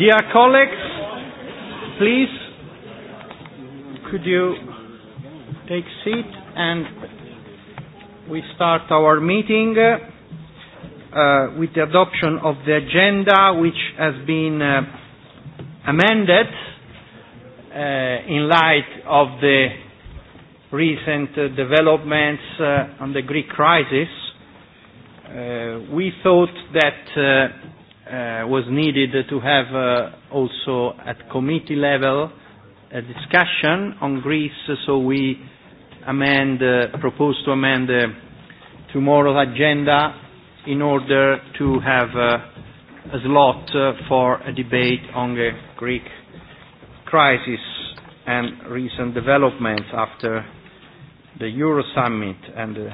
Dear colleagues, please, could you take seat and we start our meeting uh, with the adoption of the agenda which has been uh, amended uh, in light of the recent uh, developments uh, on the Greek crisis. Uh, we thought that uh, uh, was needed to have uh, also at committee level a discussion on Greece, so we amend, uh, propose to amend uh, tomorrow's agenda in order to have uh, a slot uh, for a debate on the Greek crisis and recent developments after the Euro summit and uh,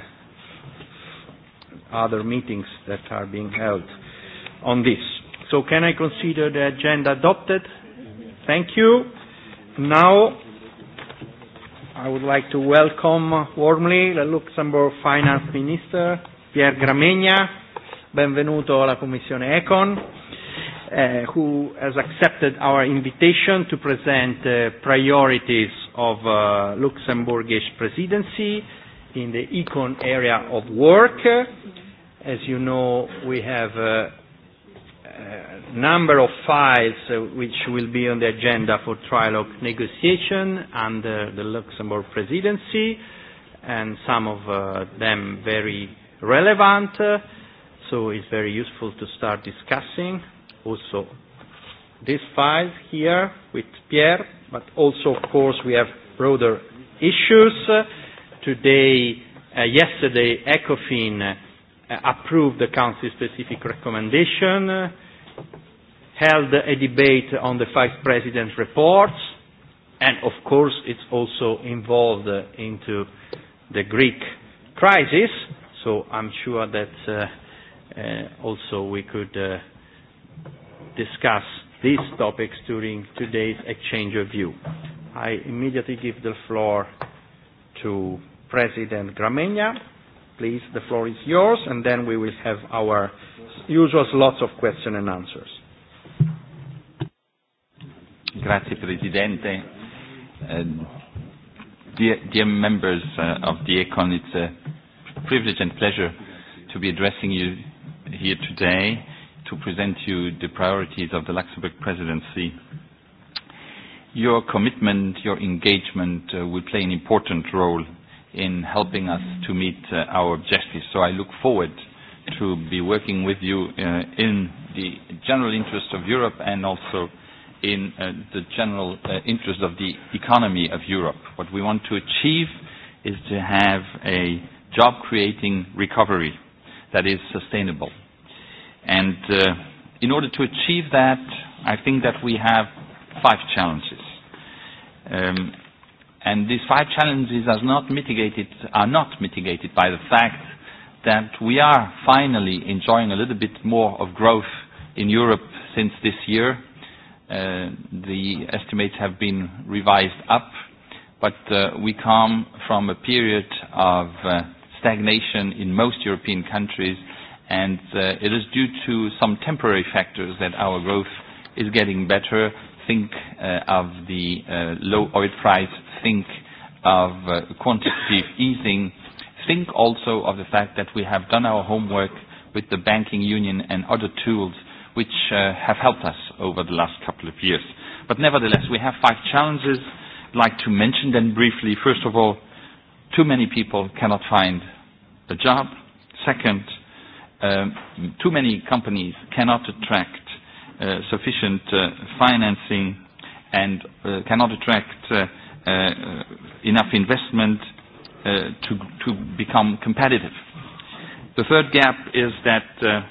other meetings that are being held on this. So can I consider the agenda adopted? Thank you. Now, I would like to welcome warmly the Luxembourg Finance Minister, Pierre Gramegna. Benvenuto alla Commissione Econ, uh, who has accepted our invitation to present uh, priorities of uh, Luxembourgish presidency in the Econ area of work. As you know, we have uh, uh, number of files uh, which will be on the agenda for trilogue negotiation under the Luxembourg presidency, and some of uh, them very relevant, uh, so it's very useful to start discussing also these files here with Pierre, but also, of course, we have broader issues. Today, uh, yesterday, ECOFIN uh, approved the Council-specific recommendation. Uh, held a debate on the vice president's reports, and of course it's also involved uh, into the Greek crisis, so I'm sure that uh, uh, also we could uh, discuss these topics during today's exchange of view. I immediately give the floor to President Gramegna. Please, the floor is yours, and then we will have our usual slots of question and answers. Grazie Presidente. Uh, dear, dear members uh, of the ECON, it's a privilege and pleasure to be addressing you here today to present you the priorities of the Luxembourg presidency. Your commitment, your engagement uh, will play an important role in helping us to meet uh, our objectives. So I look forward to be working with you uh, in the general interest of Europe and also in uh, the general uh, interest of the economy of Europe. What we want to achieve is to have a job creating recovery that is sustainable. And uh, in order to achieve that, I think that we have five challenges. Um, and these five challenges are not, mitigated, are not mitigated by the fact that we are finally enjoying a little bit more of growth in Europe since this year the estimates have been revised up, but uh we come from a period of uh stagnation in most European countries, and uh it is due to some temporary factors that our growth is getting better. Think uh of the uh low oil price, think of uh quantitative easing, think also of the fact that we have done our homework with the banking union and other tools which uh, have helped us over the last couple of years. But nevertheless, we have five challenges. I'd like to mention them briefly. First of all, too many people cannot find a job. Second, um, too many companies cannot attract uh, sufficient uh, financing and uh, cannot attract uh, uh, enough investment uh, to, to become competitive. The third gap is that uh,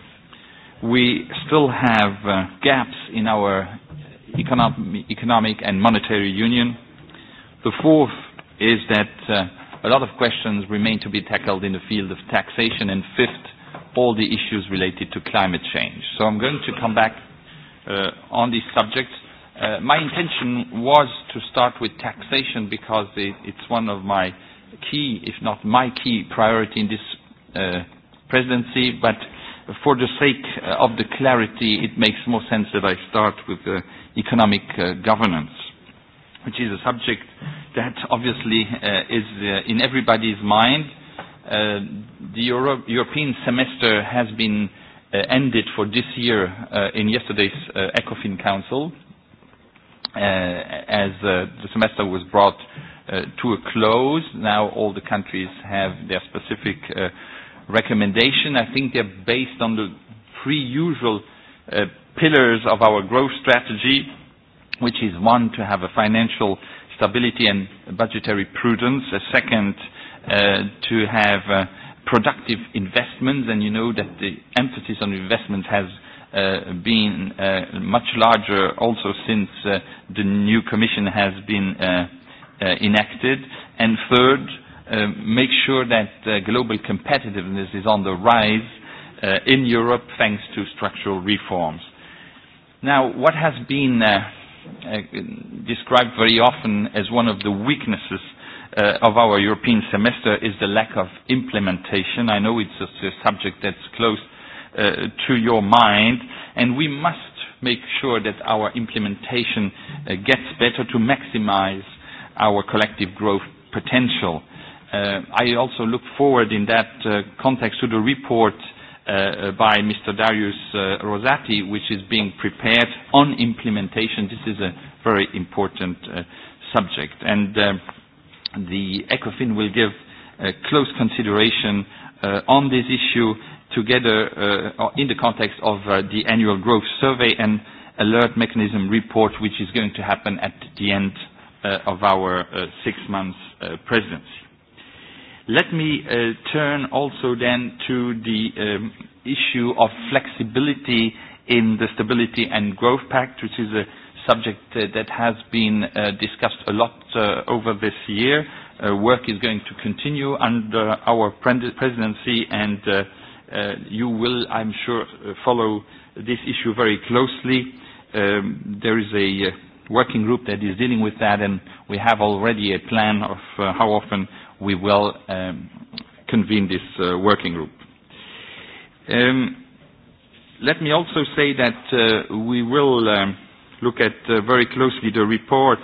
we still have uh, gaps in our economic, economic and monetary union. The fourth is that uh, a lot of questions remain to be tackled in the field of taxation. And fifth, all the issues related to climate change. So I'm going to come back uh, on these subjects. Uh, my intention was to start with taxation because it, it's one of my key, if not my key priority in this uh, presidency, but for the sake of the clarity, it makes more sense that I start with uh, economic uh, governance, which is a subject that obviously uh, is uh, in everybody's mind. Uh, the Euro- European semester has been uh, ended for this year uh, in yesterday's uh, ECOFIN Council, uh, as uh, the semester was brought uh, to a close. Now all the countries have their specific uh, recommendation. I think they're based on the three usual uh, pillars of our growth strategy, which is one, to have a financial stability and budgetary prudence. A second, uh, to have uh, productive investments, and you know that the emphasis on investments has uh, been uh, much larger also since uh, the new commission has been uh, uh, enacted. And third, uh, make sure that uh, global competitiveness is on the rise uh, in Europe thanks to structural reforms. Now, what has been uh, uh, described very often as one of the weaknesses uh, of our European semester is the lack of implementation. I know it's a, a subject that's close uh, to your mind, and we must make sure that our implementation uh, gets better to maximize our collective growth potential. Uh, I also look forward in that context to the report by Mr. Darius Rosati, which is being prepared on implementation. This is a very important subject. and The ECOFIN will give close consideration on this issue together in the context of the annual growth survey and alert mechanism report, which is going to happen at the end of our six months presidency. Let me uh, turn also then to the um, issue of flexibility in the Stability and Growth Pact, which is a subject uh, that has been uh, discussed a lot uh, over this year. Uh, work is going to continue under our presidency, and uh, uh, you will, I'm sure, uh, follow this issue very closely. Um, there is a uh, working group that is dealing with that, and we have already a plan of uh, how often we will um, convene this uh, working group. Um, let me also say that uh, we will um, look at uh, very closely the report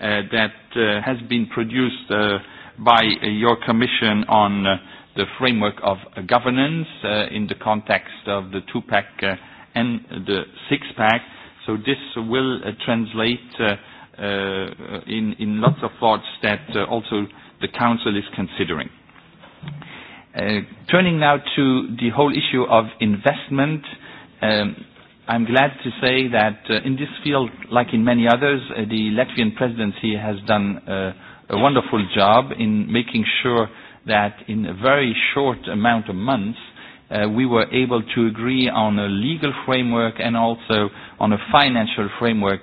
uh, that uh, has been produced uh, by uh, your commission on uh, the framework of uh, governance uh, in the context of the two-pack uh, and the six-pack. So this will uh, translate uh, uh, in, in lots of thoughts that uh, also the Council is considering. Uh, turning now to the whole issue of investment, um, I'm glad to say that uh, in this field, like in many others, uh, the Latvian presidency has done uh, a wonderful job in making sure that in a very short amount of months, uh, we were able to agree on a legal framework and also on a financial framework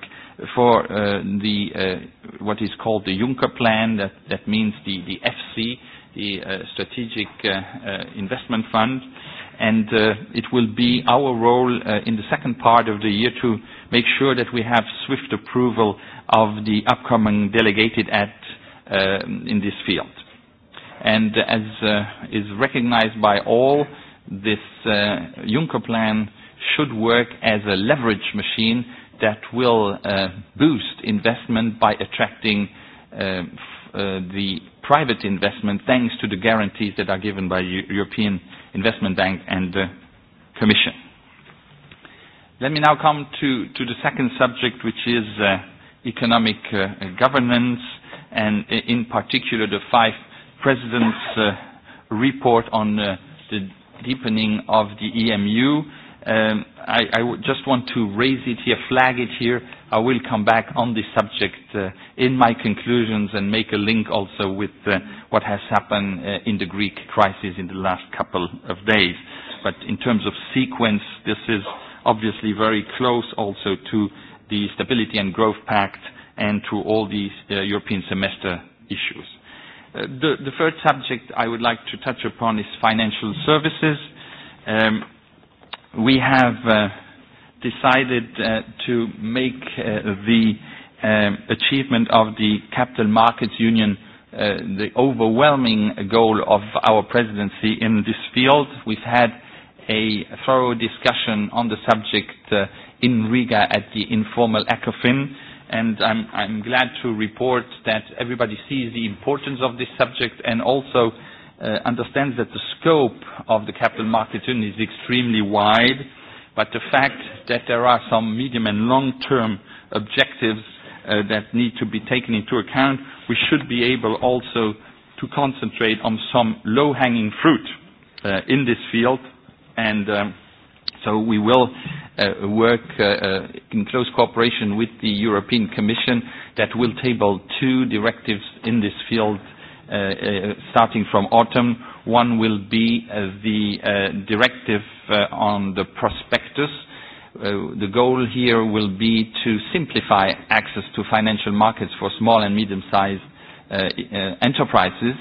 for uh, the uh, what is called the Juncker Plan. That that means the the FC, the uh, Strategic uh, uh, Investment Fund, and uh, it will be our role uh, in the second part of the year to make sure that we have swift approval of the upcoming delegated act uh, in this field. And as uh, is recognized by all, this uh, Juncker plan should work as a leverage machine that will uh, boost investment by attracting uh, f- uh, the private investment thanks to the guarantees that are given by U- European Investment Bank and the Commission. Let me now come to, to the second subject, which is uh, economic uh, governance, and in particular the five presidents' uh, report on uh, the deepening of the EMU Um, I, I w- just want to raise it here, flag it here. I will come back on this subject uh, in my conclusions and make a link also with uh, what has happened uh, in the Greek crisis in the last couple of days. But in terms of sequence, this is obviously very close also to the Stability and Growth Pact and to all these uh, European semester issues. Uh, the, the third subject I would like to touch upon is financial services. Um, we have uh, decided uh, to make uh, the um, achievement of the Capital Markets Union uh, the overwhelming goal of our presidency in this field. We've had a thorough discussion on the subject uh, in Riga at the informal ECOFIN, and I'm, I'm glad to report that everybody sees the importance of this subject and also understands that the scope of the capital market union is extremely wide, but the fact that there are some medium and long-term objectives uh, that need to be taken into account, we should be able also to concentrate on some low-hanging fruit uh, in this field. And um, so we will uh, work uh, uh, in close cooperation with the European Commission that will table two directives in this field uh, uh, starting from autumn. One will be uh, the uh, directive uh, on the prospectus. Uh, the goal here will be to simplify access to financial markets for small and medium-sized uh, uh, enterprises.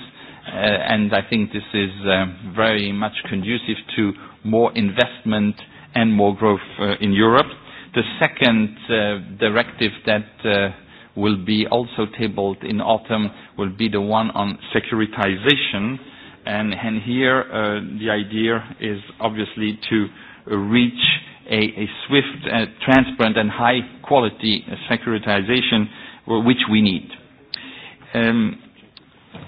Uh, and I think this is uh, very much conducive to more investment and more growth uh, in Europe. The second uh, directive that uh, will be also tabled in autumn, will be the one on securitization. And and Here, uh the idea is obviously to reach a a swift, uh transparent, and high-quality securitization, which we need. Um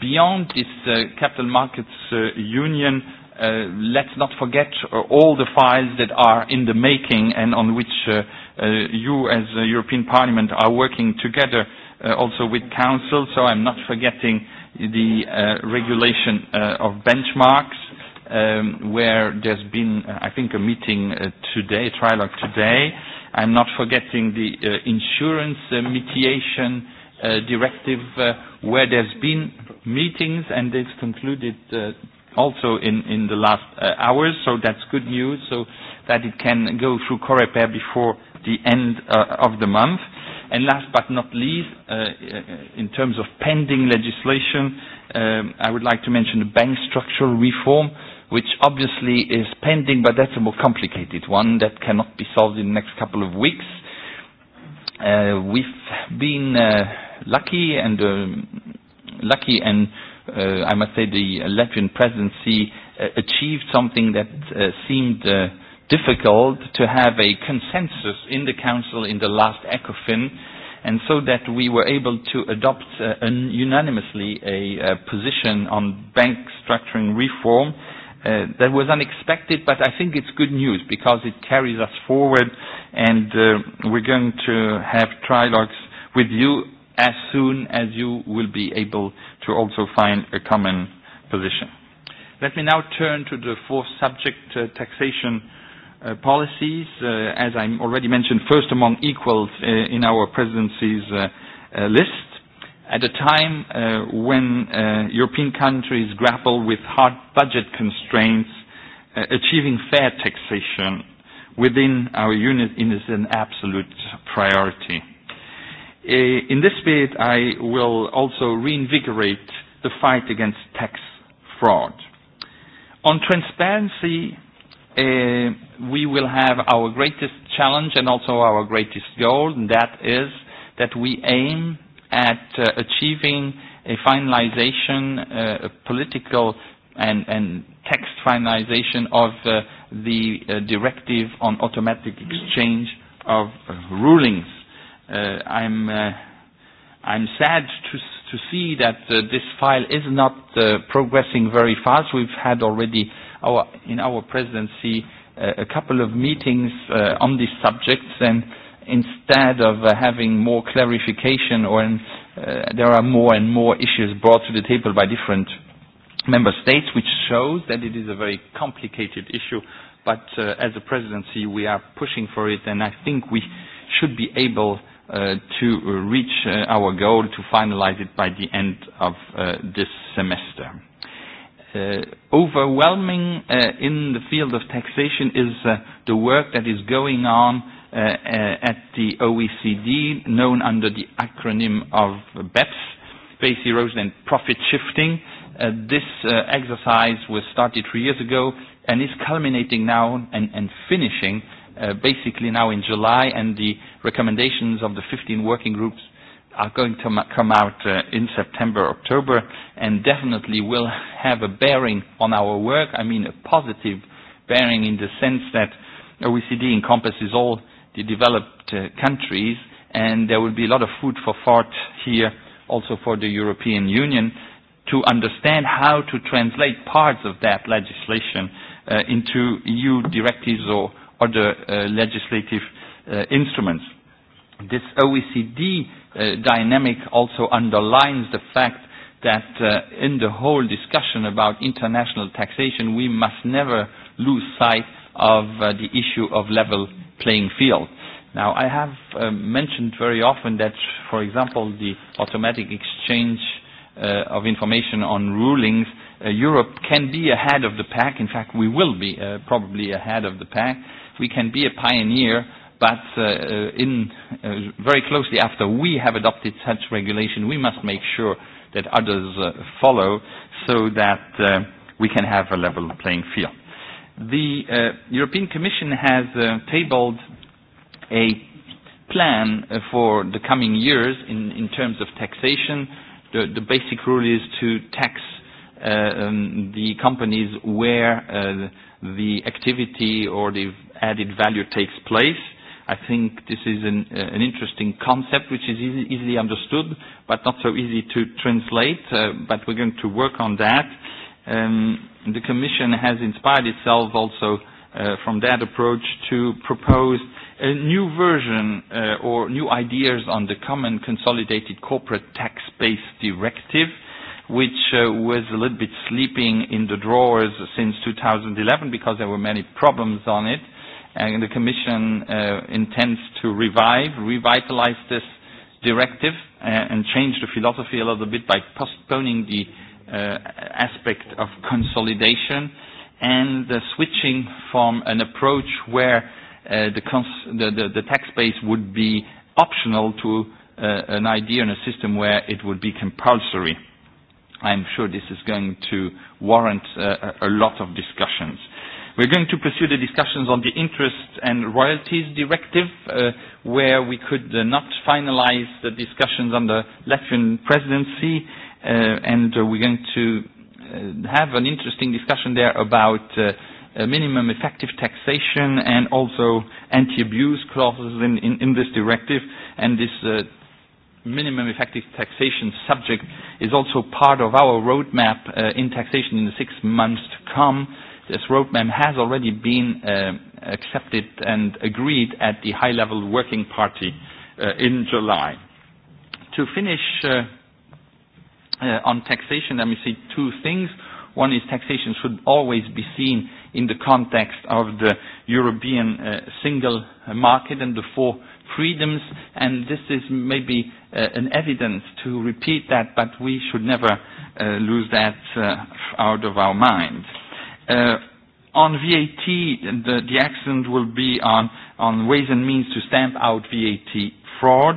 Beyond this uh capital markets uh union, uh let's not forget all the files that are in the making and on which uh uh, you as the European Parliament are working together uh, also with Council, so I'm not forgetting the uh, regulation uh, of benchmarks um, where there's been, uh, I think, a meeting uh, today, trilogue today. I'm not forgetting the uh, insurance uh, mediation uh, directive uh, where there's been meetings and it's concluded uh, also in, in the last uh, hours, so that's good news, so that it can go through COREPER before the end uh, of the month. And last but not least, uh, in terms of pending legislation, um, I would like to mention the bank structural reform, which obviously is pending, but that's a more complicated one that cannot be solved in the next couple of weeks. Uh, we've been uh, lucky and um, lucky and uh, I must say the Latvian presidency uh, achieved something that uh, seemed uh, difficult to have a consensus in the Council in the last ECOFIN, and so that we were able to adopt uh, un unanimously a uh, position on bank structuring reform. Uh, that was unexpected, but I think it's good news because it carries us forward, and uh, we're going to have trilogues with you as soon as you will be able to also find a common position. Let me now turn to the fourth subject, uh, taxation policies, uh, as I already mentioned, first among equals uh, in our presidency's uh, uh, list, at a time uh, when uh, European countries grapple with hard budget constraints, uh, achieving fair taxation within our unit is an absolute priority. Uh, in this spirit, I will also reinvigorate the fight against tax fraud. On transparency, uh, we will have our greatest challenge and also our greatest goal, and that is that we aim at uh, achieving a finalization, uh, a political and, and text finalization of uh, the uh, directive on automatic exchange of uh, rulings. Uh, I'm, uh, I'm sad to, to see that uh, this file is not uh, progressing very fast. We've had already our, in our presidency a couple of meetings uh, on these subjects, and instead of uh, having more clarification, or in, uh, there are more and more issues brought to the table by different member states, which shows that it is a very complicated issue. But uh, as a presidency, we are pushing for it, and I think we should be able uh, to reach uh, our goal to finalize it by the end of uh, this semester uh, overwhelming uh, in the field of taxation is uh, the work that is going on uh, uh, at the OECD, known under the acronym of BEPS, Base Erosion and Profit Shifting. Uh, this uh, exercise was started three years ago and is culminating now and, and finishing uh, basically now in July, and the recommendations of the 15 working groups are going to come out uh, in September, October, and definitely will have a bearing on our work. I mean, a positive bearing in the sense that OECD encompasses all the developed uh, countries, and there will be a lot of food for thought here, also for the European Union, to understand how to translate parts of that legislation uh, into EU directives or other uh, legislative uh, instruments. This OECD uh, dynamic also underlines the fact that uh, in the whole discussion about international taxation, we must never lose sight of uh, the issue of level playing field. Now, I have uh, mentioned very often that, for example, the automatic exchange uh, of information on rulings, uh, Europe can be ahead of the pack. In fact, we will be uh, probably ahead of the pack. We can be a pioneer But uh, in, uh, very closely after we have adopted such regulation, we must make sure that others uh, follow so that uh, we can have a level playing field. The uh, European Commission has uh, tabled a plan for the coming years in, in terms of taxation. The, the basic rule is to tax uh, um, the companies where uh, the activity or the added value takes place I think this is an, uh, an interesting concept which is easy, easily understood but not so easy to translate, uh, but we're going to work on that. Um, the Commission has inspired itself also uh, from that approach to propose a new version uh, or new ideas on the Common Consolidated Corporate Tax Base Directive which uh, was a little bit sleeping in the drawers since 2011 because there were many problems on it. Uh, and the Commission uh, intends to revive, revitalize this directive uh, and change the philosophy a little bit by postponing the uh, aspect of consolidation and the switching from an approach where uh, the, cons- the, the, the tax base would be optional to uh, an idea and a system where it would be compulsory. I'm sure this is going to warrant uh, a lot of discussions. We're going to pursue the discussions on the interest and royalties directive, uh, where we could uh, not finalize the discussions under Latvian presidency, uh, and uh, we're going to uh, have an interesting discussion there about uh, uh, minimum effective taxation and also anti-abuse clauses in, in, in this directive, and this uh, minimum effective taxation subject is also part of our roadmap uh, in taxation in the six months to come This roadmap has already been uh, accepted and agreed at the high-level working party uh, in July. To finish uh, uh, on taxation, let me say two things. One is taxation should always be seen in the context of the European uh, single market and the four freedoms, and this is maybe uh, an evidence to repeat that, but we should never uh, lose that uh, out of our minds. On VAT, the the accent will be on on ways and means to stamp out VAT fraud.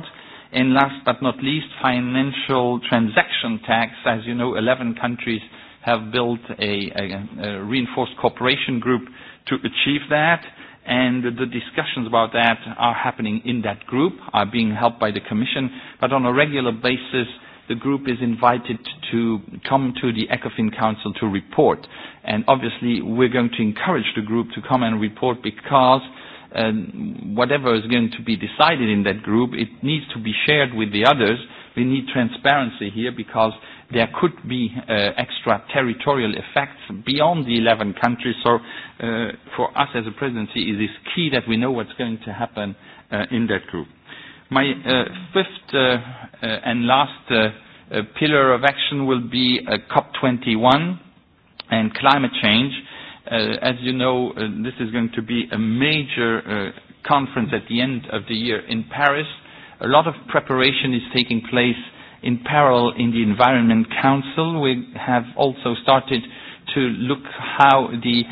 And Last but not least, financial transaction tax. As you know, 11 countries have built a a a reinforced cooperation group to achieve that, and the discussions about that are happening in that group, are being helped by the Commission. but On a regular basis, the group is invited to come to the ECOFIN Council to report. And obviously, we're going to encourage the group to come and report because and whatever is going to be decided in that group, it needs to be shared with the others. We need transparency here because there could be uh, extraterritorial effects beyond the 11 countries. So uh, for us as a presidency, it is key that we know what's going to happen uh, in that group. My uh, fifth uh, uh, and last uh, uh, pillar of action will be uh, COP21 and climate change. Uh, as you know, uh, this is going to be a major uh, conference at the end of the year in Paris. A lot of preparation is taking place in parallel in the Environment Council. We have also started to look how the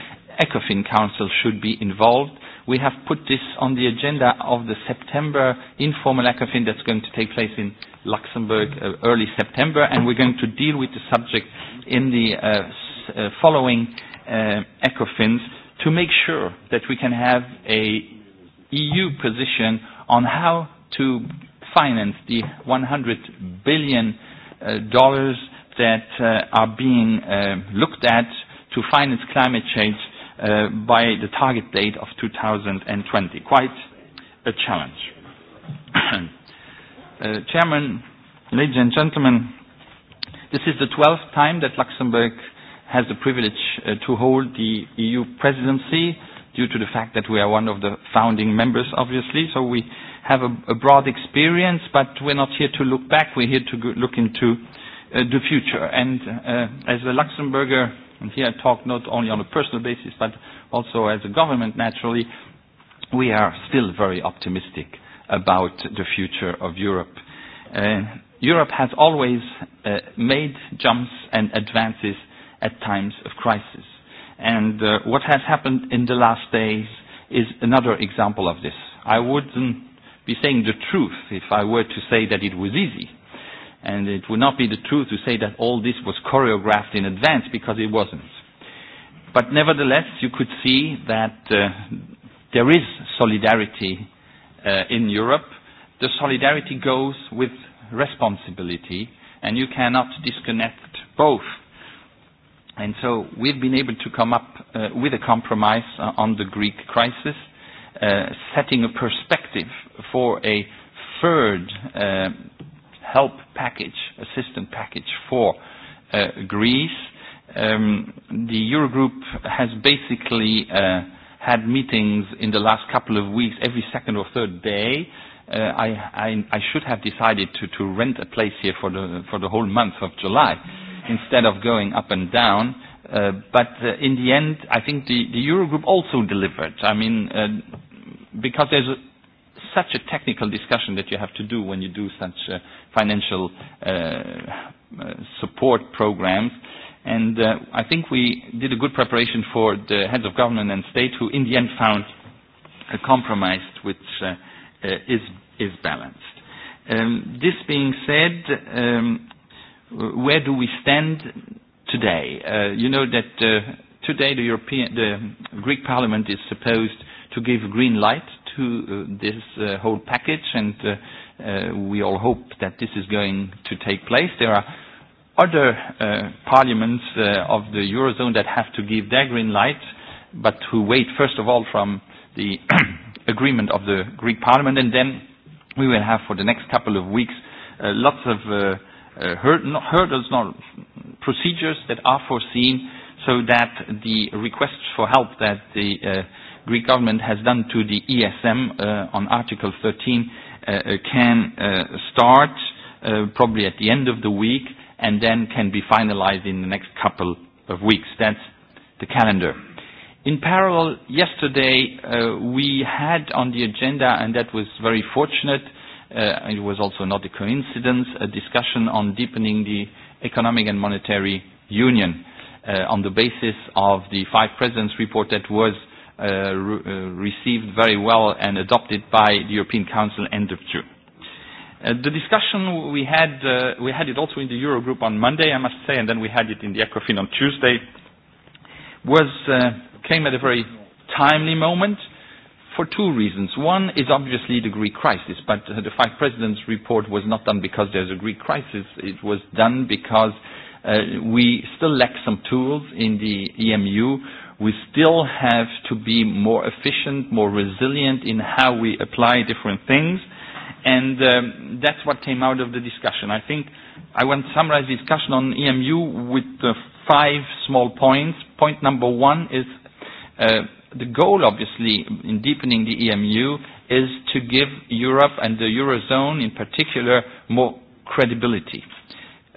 ECOFIN Council should be involved We have put this on the agenda of the September informal ECOFIN that's going to take place in Luxembourg uh, early September, and we're going to deal with the subject in the uh, s- uh, following uh, ECOFINs to make sure that we can have a EU position on how to finance the 100 billion uh, dollars that uh, are being uh, looked at to finance climate change uh, by the target date of 2020. Quite a challenge. uh, Chairman, ladies and gentlemen, this is the 12th time that Luxembourg has the privilege uh, to hold the EU presidency due to the fact that we are one of the founding members, obviously. So we have a, a broad experience, but we're not here to look back. We're here to go, look into uh, the future. And uh, as a Luxembourger, and here I talk not only on a personal basis, but also as a government, naturally, we are still very optimistic about the future of Europe. Uh, Europe has always uh, made jumps and advances at times of crisis. And uh, what has happened in the last days is another example of this. I wouldn't be saying the truth if I were to say that it was easy And it would not be the truth to say that all this was choreographed in advance because it wasn't. But nevertheless, you could see that uh, there is solidarity uh, in Europe. The solidarity goes with responsibility, and you cannot disconnect both. And so we've been able to come up uh, with a compromise uh, on the Greek crisis, uh, setting a perspective for a third uh, help package, assistance package for uh, Greece. Um, the Eurogroup has basically uh, had meetings in the last couple of weeks, every second or third day. Uh, I, I, I should have decided to, to rent a place here for the, for the whole month of July instead of going up and down. Uh, but uh, in the end, I think the, the Eurogroup also delivered. I mean, uh, because there's a such a technical discussion that you have to do when you do such uh, financial uh, uh, support programs. And uh, I think we did a good preparation for the heads of government and state, who in the end found a compromise which uh, uh, is is balanced. Um, this being said, um, where do we stand today? Uh, you know that uh, today the European, the Greek Parliament is supposed to give green light to uh, this uh, whole package, and uh, uh, we all hope that this is going to take place. There are other uh, parliaments uh, of the Eurozone that have to give their green light, but who wait, first of all, from the agreement of the Greek parliament, and then we will have for the next couple of weeks uh, lots of uh, uh, not hurdles, not procedures that are foreseen so that the requests for help that the uh, Greek government has done to the ESM uh, on Article 13 uh, can uh, start uh, probably at the end of the week and then can be finalized in the next couple of weeks. That's the calendar. In parallel, yesterday uh, we had on the agenda, and that was very fortunate, uh, it was also not a coincidence, a discussion on deepening the economic and monetary union uh, on the basis of the five presidents report that was uh, uh, received very well and adopted by the European Council end of June. Uh, the discussion we had, uh, we had it also in the Eurogroup on Monday, I must say, and then we had it in the ECOFIN on Tuesday, was, uh, came at a very timely moment for two reasons. One is obviously the Greek crisis, but uh, the five presidents' report was not done because there's a Greek crisis. It was done because uh, we still lack some tools in the EMU we still have to be more efficient, more resilient in how we apply different things. And um, that's what came out of the discussion. I think I want to summarize the discussion on EMU with uh, five small points. Point number one is uh, the goal, obviously, in deepening the EMU is to give Europe and the Eurozone in particular more credibility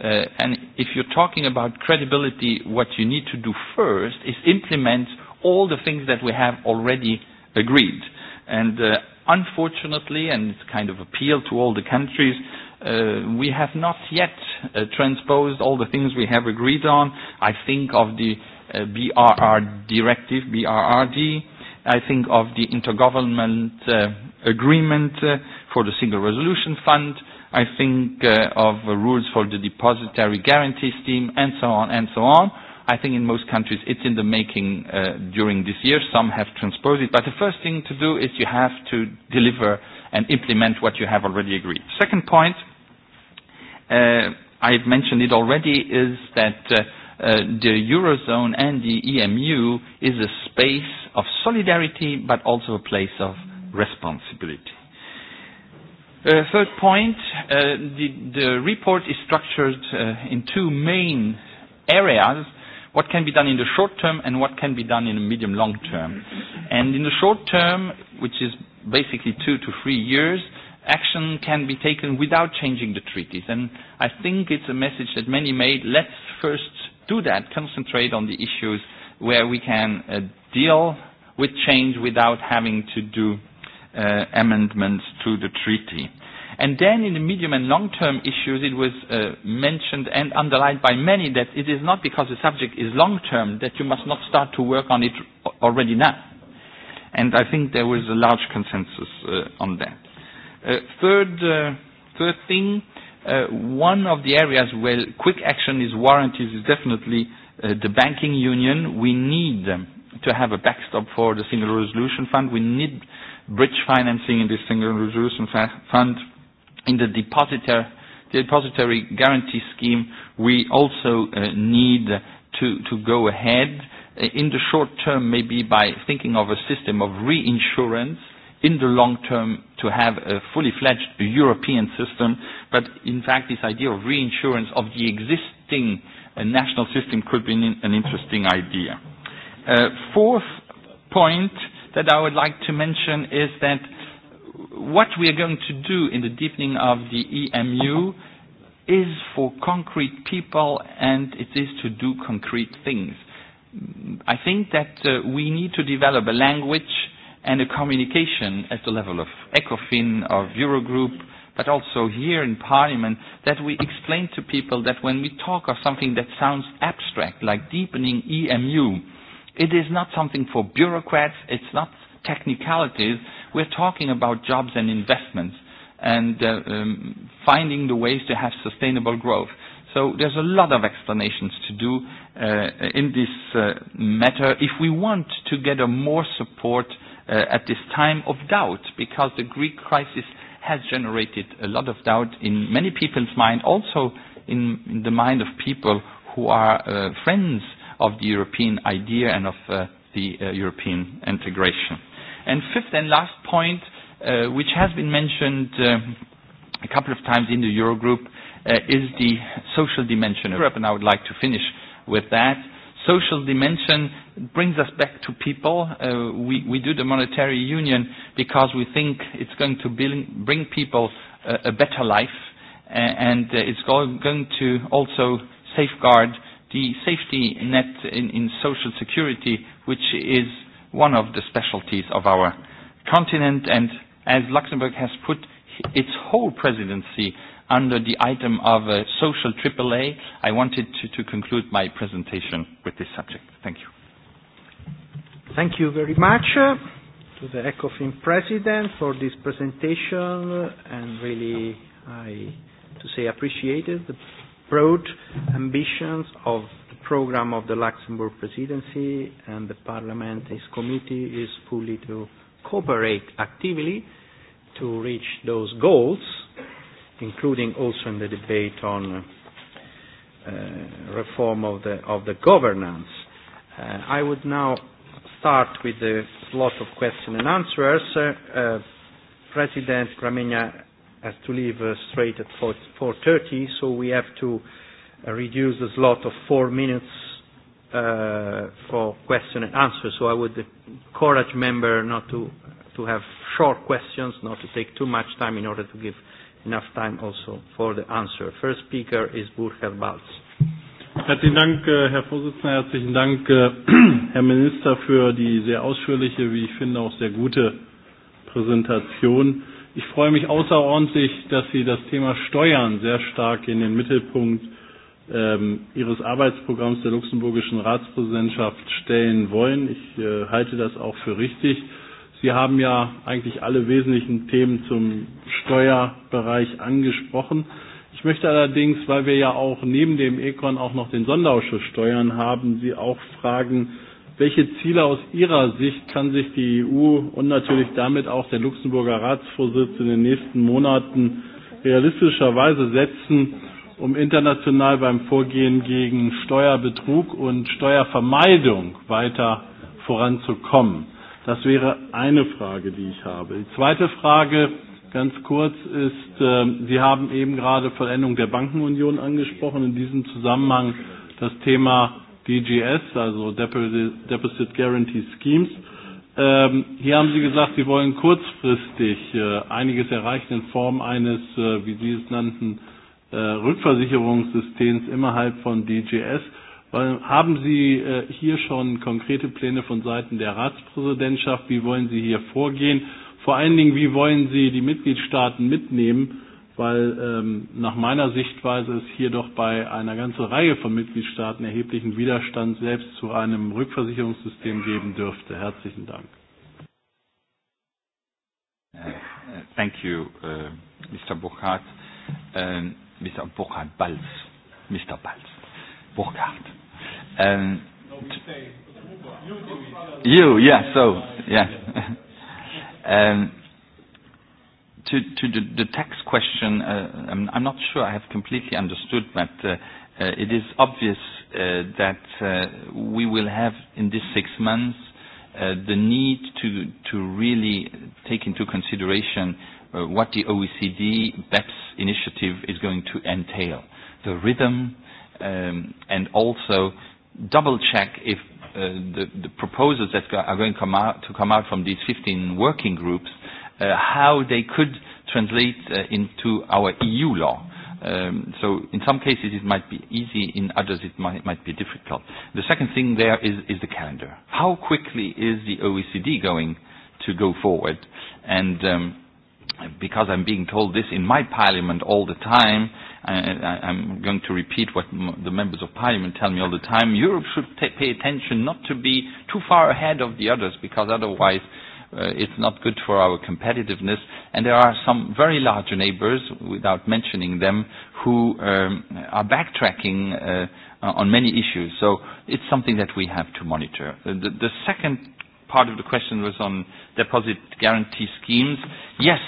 Uh, and if you're talking about credibility, what you need to do first is implement all the things that we have already agreed. And uh, unfortunately, and it's kind of appeal to all the countries, uh, we have not yet uh, transposed all the things we have agreed on. I think of the uh, BRR directive, BRRD. I think of the intergovernment uh, agreement uh, for the single resolution fund. Uh, I think uh, of uh, rules for the depositary guarantee scheme and so on and so on. I think in most countries it's in the making uh, during this year. Some have transposed it. But the first thing to do is you have to deliver and implement what you have already agreed. Second point, uh, I've mentioned it already, is that uh, uh, the Eurozone and the EMU is a space of solidarity but also a place of responsibility. Uh, third point, uh, the, the report is structured uh, in two main areas, what can be done in the short term and what can be done in the medium long term. And in the short term, which is basically two to three years, action can be taken without changing the treaties. And I think it's a message that many made, let's first do that, concentrate on the issues where we can uh, deal with change without having to do uh, amendments to the treaty. And then in the medium and long-term issues, it was uh, mentioned and underlined by many that it is not because the subject is long-term that you must not start to work on it already now. And I think there was a large consensus uh, on that. Uh, third, uh, third thing, uh, one of the areas where quick action is warranted is definitely uh, the banking union. We need um, to have a backstop for the single resolution fund. We need bridge financing in the Single Resolution Fund, in the depositor, depository guarantee scheme, we also uh, need to, to go ahead in the short term maybe by thinking of a system of reinsurance in the long term to have a fully fledged European system. But in fact, this idea of reinsurance of the existing uh, national system could be an interesting idea. Uh, fourth point, that I would like to mention is that what we are going to do in the deepening of the EMU is for concrete people and it is to do concrete things. I think that uh, we need to develop a language and a communication at the level of ECOFIN, of Eurogroup, but also here in Parliament, that we explain to people that when we talk of something that sounds abstract, like deepening EMU, It is not something for bureaucrats. It's not technicalities. We're talking about jobs and investments and uh, um, finding the ways to have sustainable growth. So there's a lot of explanations to do uh, in this uh, matter if we want to get a more support uh, at this time of doubt, because the Greek crisis has generated a lot of doubt in many people's mind, also in, in the mind of people who are uh, friends of the European idea and of uh, the uh, European integration. And fifth and last point, uh, which has been mentioned uh, a couple of times in the Eurogroup, uh, is the social dimension of Europe, and I would like to finish with that. Social dimension brings us back to people. Uh, we, we do the monetary union because we think it's going to bring, bring people uh, a better life, and uh, it's going to also safeguard uh, the safety net in, in social security, which is one of the specialties of our continent. And as Luxembourg has put its whole presidency under the item of a social AAA, I wanted to, to conclude my presentation with this subject. Thank you. Thank you very much to the ECOFIN president for this presentation and really I to say appreciated the broad ambitions of the program of the Luxembourg presidency and the parliament, its committee is fully to cooperate actively to reach those goals, including also in the debate on uh, reform of the, of the governance. Uh, I would now start with a lot of question and answers. Uh, uh, President Kramenia, has to leave uh, straight at 4, 4.30, so we have to uh, reduce the slot of four minutes uh, for question and answer. So I would encourage member not to, to have short questions, not to take too much time in order to give enough time also for the answer. First speaker is Burkhard Balz. Herzlichen Dank, Herr Vorsitzender. Herzlichen Dank, Herr Minister, für die sehr ausführliche, wie ich finde, auch sehr gute Präsentation. Ich freue mich außerordentlich, dass Sie das Thema Steuern sehr stark in den Mittelpunkt ähm, Ihres Arbeitsprogramms der luxemburgischen Ratspräsidentschaft stellen wollen. Ich äh, halte das auch für richtig. Sie haben ja eigentlich alle wesentlichen Themen zum Steuerbereich angesprochen. Ich möchte allerdings, weil wir ja auch neben dem ECON auch noch den Sonderausschuss Steuern haben, Sie auch fragen, Welche Ziele aus Ihrer Sicht kann sich die EU und natürlich damit auch der Luxemburger Ratsvorsitz in den nächsten Monaten realistischerweise setzen, um international beim Vorgehen gegen Steuerbetrug und Steuervermeidung weiter voranzukommen? Das wäre eine Frage, die ich habe. Die zweite Frage ganz kurz ist, äh, Sie haben eben gerade Vollendung der Bankenunion angesprochen, in diesem Zusammenhang das Thema DGS, also Deposit Guarantee Schemes. Ähm, hier haben Sie gesagt, Sie wollen kurzfristig äh, einiges erreichen in Form eines, äh, wie Sie es nannten, äh, Rückversicherungssystems innerhalb von DGS. Haben Sie hier schon konkrete Pläne von Seiten der Ratspräsidentschaft? Wie wollen Sie hier vorgehen? Vor allen Dingen, wie wollen Sie die Mitgliedstaaten mitnehmen weil ähm, nach meiner Sichtweise es hier doch bei einer ganzen Reihe von Mitgliedstaaten erheblichen Widerstand selbst zu einem Rückversicherungssystem geben dürfte. Herzlichen Dank. Thank you, uh, Mr. Burkhardt. Um, Mr. Burkhardt Balz. Mr. Balz. Burkhardt. Um, you, yeah, so, yeah. um, To to the the tax question, uh I'm I'm not sure I have completely understood, but uh uh it is obvious uh that uh we will have, in these six months, uh the need to to really take into consideration uh what the OECD BEPS initiative is going to entail. The rhythm, um and also double-check if uh the the proposals that are going come out to come out from these 15 working groups uh, how they could translate uh, into our EU law. Um, so in some cases it might be easy, in others it might, might be difficult. The second thing there is, is the calendar. How quickly is the OECD going to go forward? And um, because I'm being told this in my parliament all the time, I, I'm going to repeat what m- the members of parliament tell me all the time. Europe should t- pay attention not to be too far ahead of the others, because otherwise It's not good for our competitiveness. And there are some very large neighbors, without mentioning them, who um, are backtracking uh, on many issues. So it's something that we have to monitor. The, the second part of the question was on deposit guarantee schemes. Yes,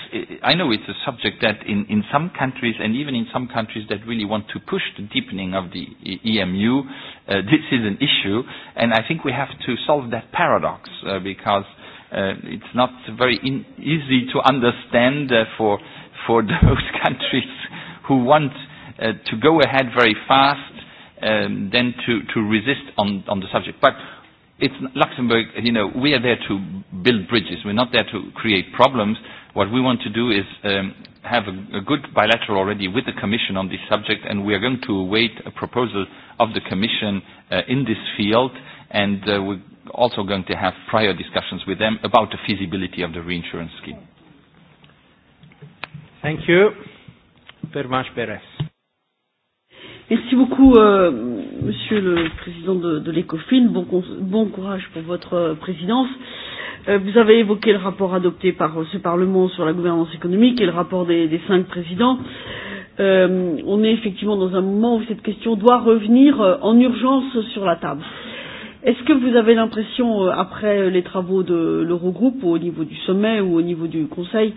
I know it's a subject that in, in some countries, and even in some countries that really want to push the deepening of the EMU, uh, this is an issue, and I think we have to solve that paradox uh, because uh, it's not very in easy to understand uh, for for those countries who want uh, to go ahead very fast, um, then to, to resist on, on the subject. But it's Luxembourg, you know, we are there to build bridges. We're not there to create problems. What we want to do is um, have a, a good bilateral already with the Commission on this subject, and we are going to await a proposal of the Commission uh, in this field and uh, we're also going to have prior discussions with them about the feasibility of the reinsurance scheme. Thank you Permash Perez. Merci beaucoup, euh, Monsieur le Président de, de l'ECOFIN. Bon, bon courage pour votre présidence. Euh, vous avez évoqué le rapport adopté par ce Parlement sur la gouvernance économique et le rapport des, des cinq présidents. Euh, on est effectivement dans un moment où cette question doit revenir en urgence sur la table. Est-ce que vous avez l'impression, après les travaux de l'Eurogroupe, au niveau du sommet ou au niveau du Conseil,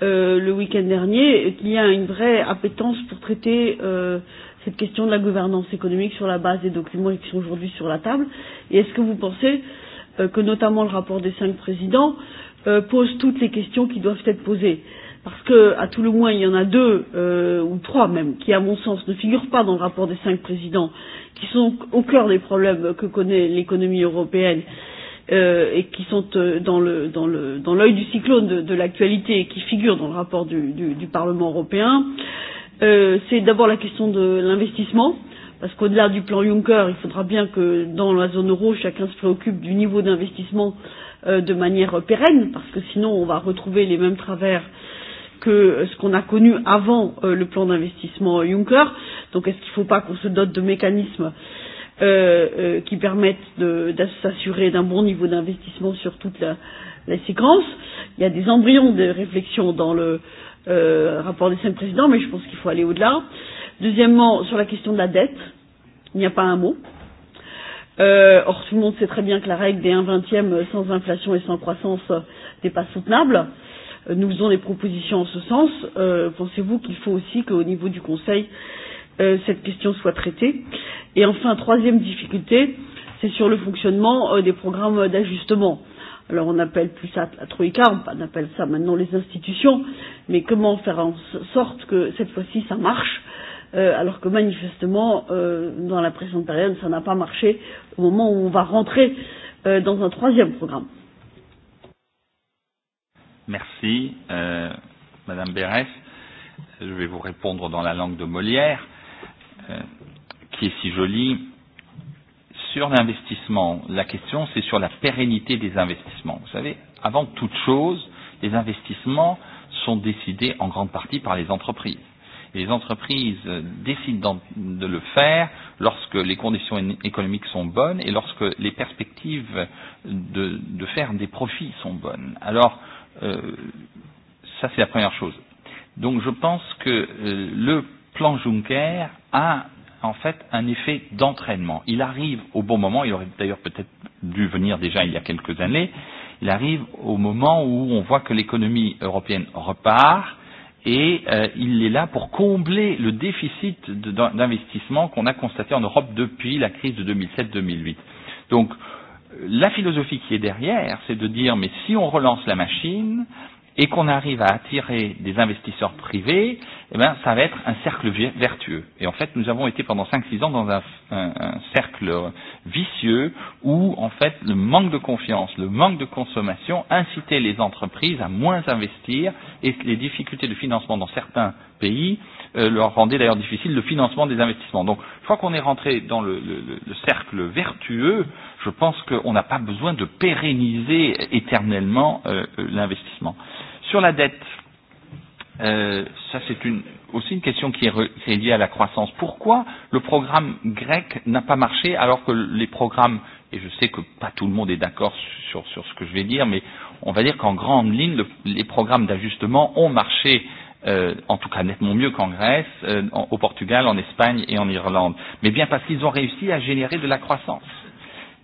euh, le week-end dernier, qu'il y a une vraie appétence pour traiter euh, cette question de la gouvernance économique sur la base des documents qui sont aujourd'hui sur la table Et est-ce que vous pensez euh, que notamment le rapport des cinq présidents euh, pose toutes les questions qui doivent être posées euh, parce que, à tout le moins, il y en a deux euh, ou trois même qui, à mon sens, ne figurent pas dans le rapport des cinq présidents, qui sont au cœur des problèmes que connaît l'économie européenne euh, et qui sont euh, dans l'œil dans le, dans du cyclone de, de l'actualité et qui figurent dans le rapport du, du, du Parlement européen. Euh, C'est d'abord la question de l'investissement. Parce qu'au-delà du plan Juncker, il faudra bien que dans la zone euro, chacun se préoccupe du niveau d'investissement euh, de manière pérenne, parce que sinon on va retrouver les mêmes travers euh, que ce qu'on a connu avant euh, le plan d'investissement Juncker. Donc est-ce qu'il ne faut pas qu'on se dote de mécanismes euh, euh, qui permettent de, de s'assurer d'un bon niveau d'investissement sur toute la, la séquence Il y a des embryons de réflexion dans le euh, rapport des cinq présidents, mais je pense qu'il faut aller au-delà. Deuxièmement, sur la question de la dette, il n'y a pas un mot. Euh, or, tout le monde sait très bien que la règle des 1 vingtième sans inflation et sans croissance n'est pas soutenable. Euh, nous faisons des propositions en ce sens. Euh, Pensez-vous qu'il faut aussi qu'au niveau du Conseil, euh, cette question soit traitée Et enfin, troisième difficulté, c'est sur le fonctionnement euh, des programmes d'ajustement. Alors on appelle plus ça la troïka, on appelle ça maintenant les institutions, mais comment faire en sorte que cette fois-ci ça marche euh, alors que manifestement, euh, dans la présente période, ça n'a pas marché au moment où on va rentrer euh, dans un troisième programme. Merci, euh, Madame Bérès. Je vais vous répondre dans la langue de Molière, euh, qui est si jolie. Sur l'investissement, la question c'est sur la pérennité des investissements. Vous savez, avant toute chose, les investissements sont décidés en grande partie par les entreprises. Et les entreprises décident de le faire lorsque les conditions économiques sont bonnes et lorsque les perspectives de, de faire des profits sont bonnes. Alors, euh, ça, c'est la première chose. Donc, je pense que euh, le plan Juncker a en fait un effet d'entraînement. Il arrive au bon moment, il aurait d'ailleurs peut-être dû venir déjà il y a quelques années, il arrive au moment où on voit que l'économie européenne repart et euh, il est là pour combler le déficit d'investissement qu'on a constaté en Europe depuis la crise de 2007-2008. Donc la philosophie qui est derrière, c'est de dire mais si on relance la machine et qu'on arrive à attirer des investisseurs privés, eh bien, ça va être un cercle vertueux. Et en fait, nous avons été pendant 5-6 ans dans un, un, un cercle vicieux où, en fait, le manque de confiance, le manque de consommation incitait les entreprises à moins investir et les difficultés de financement dans certains pays euh, leur rendaient d'ailleurs difficile le financement des investissements. Donc, je crois qu'on est rentré dans le, le, le cercle vertueux. Je pense qu'on n'a pas besoin de pérenniser éternellement euh, l'investissement. Sur la dette, ça c'est une, aussi une question qui est, re, qui est liée à la croissance. Pourquoi le programme grec n'a pas marché alors que les programmes, et je sais que pas tout le monde est d'accord sur, sur ce que je vais dire, mais on va dire qu'en grande ligne, le, les programmes d'ajustement ont marché euh, en tout cas nettement mieux qu'en Grèce, euh, en, au Portugal, en Espagne et en Irlande, mais bien parce qu'ils ont réussi à générer de la croissance.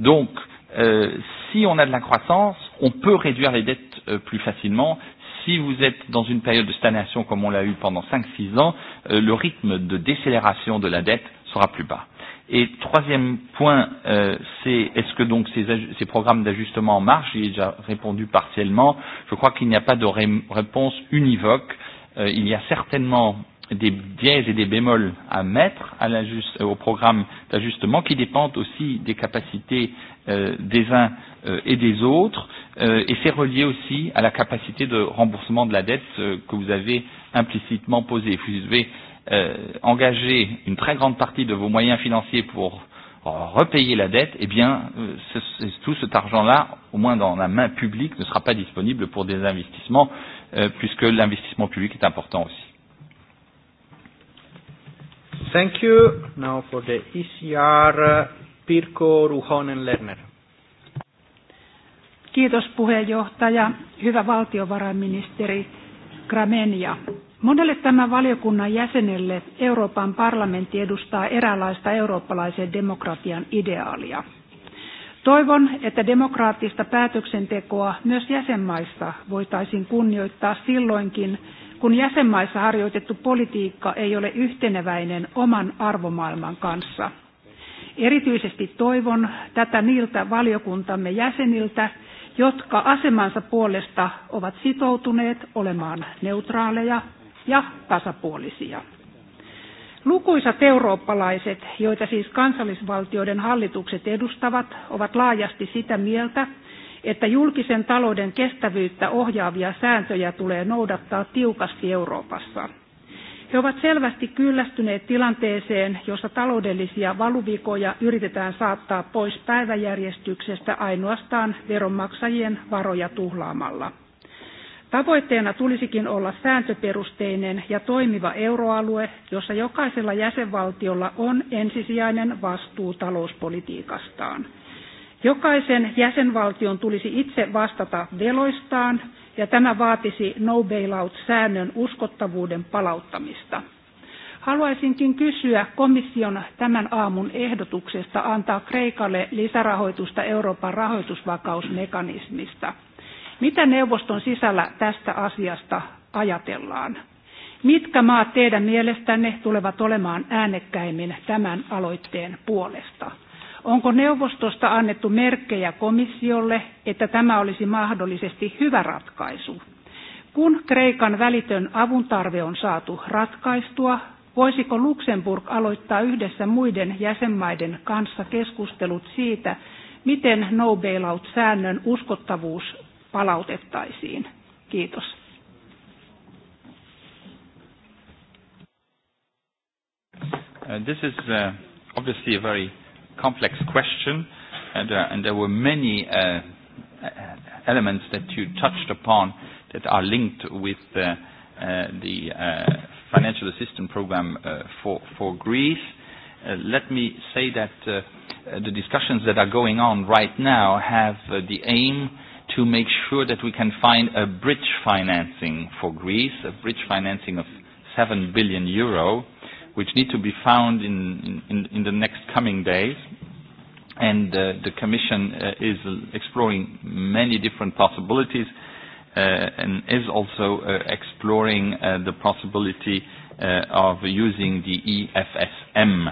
Donc, euh, si on a de la croissance, on peut réduire les dettes euh, plus facilement, si vous êtes dans une période de stagnation comme on l'a eu pendant 5-6 ans, euh, le rythme de décélération de la dette sera plus bas. Et troisième point, euh, c'est est-ce que donc ces, ces programmes d'ajustement en marche, j'y ai déjà répondu partiellement, je crois qu'il n'y a pas de ré réponse univoque. Euh, il y a certainement des biais et des bémols à mettre à au programme d'ajustement qui dépendent aussi des capacités euh, des uns euh, et des autres euh, et c'est relié aussi à la capacité de remboursement de la dette euh, que vous avez implicitement posée. Vous devez euh, engager une très grande partie de vos moyens financiers pour repayer la dette, eh bien, euh, ce, tout cet argent-là, au moins dans la main publique, ne sera pas disponible pour des investissements, euh, puisque l'investissement public est important aussi. Thank you. Now for the ECR, Pirko Ruhonen Lerner. Kiitos puheenjohtaja, hyvä valtiovarainministeri Kramenia. Monelle tämän valiokunnan jäsenelle Euroopan parlamentti edustaa eräänlaista eurooppalaisen demokratian ideaalia. Toivon, että demokraattista päätöksentekoa myös jäsenmaissa voitaisiin kunnioittaa silloinkin, kun jäsenmaissa harjoitettu politiikka ei ole yhteneväinen oman arvomaailman kanssa. Erityisesti toivon tätä niiltä valiokuntamme jäseniltä, jotka asemansa puolesta ovat sitoutuneet olemaan neutraaleja ja tasapuolisia. Lukuisat eurooppalaiset, joita siis kansallisvaltioiden hallitukset edustavat, ovat laajasti sitä mieltä, että julkisen talouden kestävyyttä ohjaavia sääntöjä tulee noudattaa tiukasti Euroopassa – He ovat selvästi kyllästyneet tilanteeseen, jossa taloudellisia valuvikoja yritetään saattaa pois päiväjärjestyksestä ainoastaan veronmaksajien varoja tuhlaamalla. Tavoitteena tulisikin olla sääntöperusteinen ja toimiva euroalue, jossa jokaisella jäsenvaltiolla on ensisijainen vastuu talouspolitiikastaan. Jokaisen jäsenvaltion tulisi itse vastata veloistaan ja tämä vaatisi no bailout-säännön uskottavuuden palauttamista. Haluaisinkin kysyä komission tämän aamun ehdotuksesta antaa Kreikalle lisärahoitusta Euroopan rahoitusvakausmekanismista. Mitä neuvoston sisällä tästä asiasta ajatellaan? Mitkä maat teidän mielestänne tulevat olemaan äänekkäimmin tämän aloitteen puolesta? Onko neuvostosta annettu merkkejä komissiolle, että tämä olisi mahdollisesti hyvä ratkaisu? Kun Kreikan välitön avuntarve on saatu ratkaistua, voisiko Luxemburg aloittaa yhdessä muiden jäsenmaiden kanssa keskustelut siitä, miten no bailout-säännön uskottavuus palautettaisiin? Kiitos. Uh, this is uh, obviously a very complex question, and, uh, and there were many uh, elements that you touched upon that are linked with uh, uh, the uh, financial assistance program uh, for, for Greece. Uh, let me say that uh, the discussions that are going on right now have uh, the aim to make sure that we can find a bridge financing for Greece, a bridge financing of 7 billion euro which need to be found in, in, in the next coming days. And uh, the Commission uh, is exploring many different possibilities uh, and is also uh, exploring uh, the possibility uh, of using the EFSM.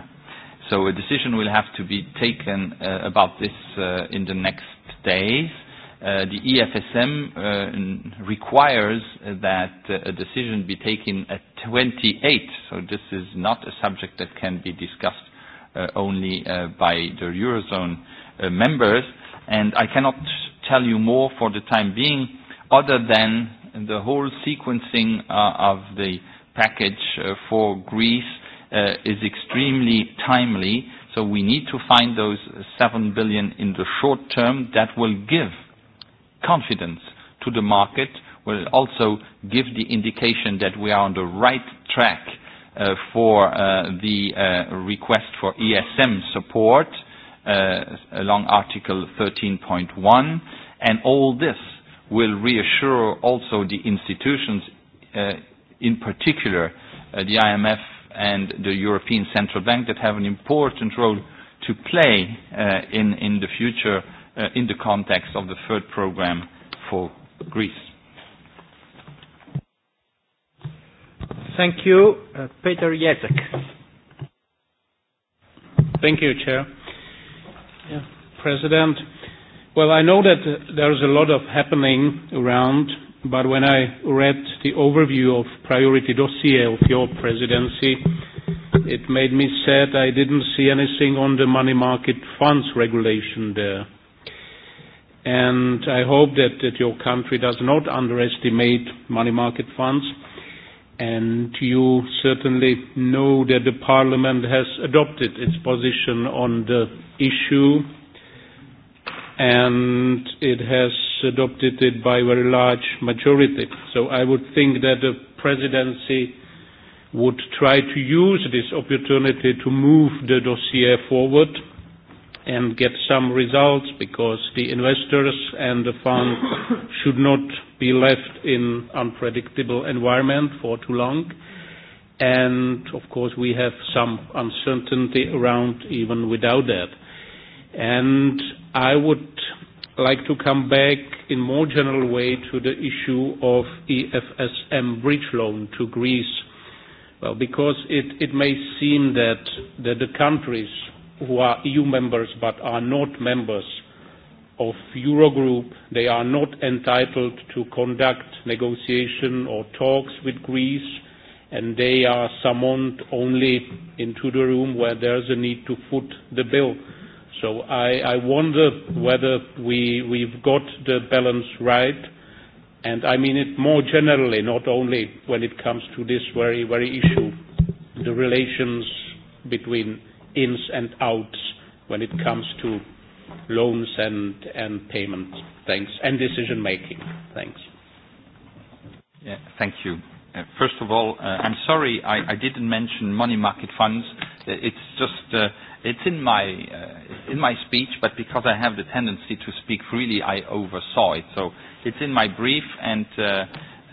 So a decision will have to be taken uh, about this uh, in the next days. Uh, the EFSM uh, requires that a decision be taken at 28. So this is not a subject that can be discussed uh, only uh, by the Eurozone uh, members. And I cannot tell you more for the time being other than the whole sequencing uh, of the package uh, for Greece uh, is extremely timely. So we need to find those 7 billion in the short term that will give confidence to the market, will also give the indication that we are on the right track uh, for uh, the uh, request for ESM support uh, along Article 13.1, and all this will reassure also the institutions, uh, in particular uh, the IMF and the European Central Bank, that have an important role to play uh, in, in the future uh, in the context of the third program for Greece. Thank you. Uh, Peter Jezek. Thank you, Chair. Yeah. President, well, I know that there is a lot of happening around, but when I read the overview of priority dossier of your presidency, it made me sad I didn't see anything on the money market funds regulation there. And I hope that, that your country does not underestimate money market funds and you certainly know that the Parliament has adopted its position on the issue, and it has adopted it by a very large majority. So I would think that the Presidency would try to use this opportunity to move the dossier forward and get some results because the investors and the fund should not be left in unpredictable environment for too long. And of course, we have some uncertainty around even without that. And I would like to come back in more general way to the issue of EFSM bridge loan to Greece. Well, because it, it may seem that, that the countries who are EU members but are not members of Eurogroup, they are not entitled to conduct negotiation or talks with Greece, and they are summoned only into the room where there's a need to foot the bill. So I, I wonder whether we, we've got the balance right, and I mean it more generally, not only when it comes to this very, very issue, the relations between ins and outs when it comes to loans and and payment. Thanks. And decision-making. Thanks. Yeah. Thank you. First of all, uh I'm sorry I I didn't mention money market funds. It's just uh it's in my uh in my speech, but because I have the tendency to speak freely, I oversaw it. So It's in my brief, and uh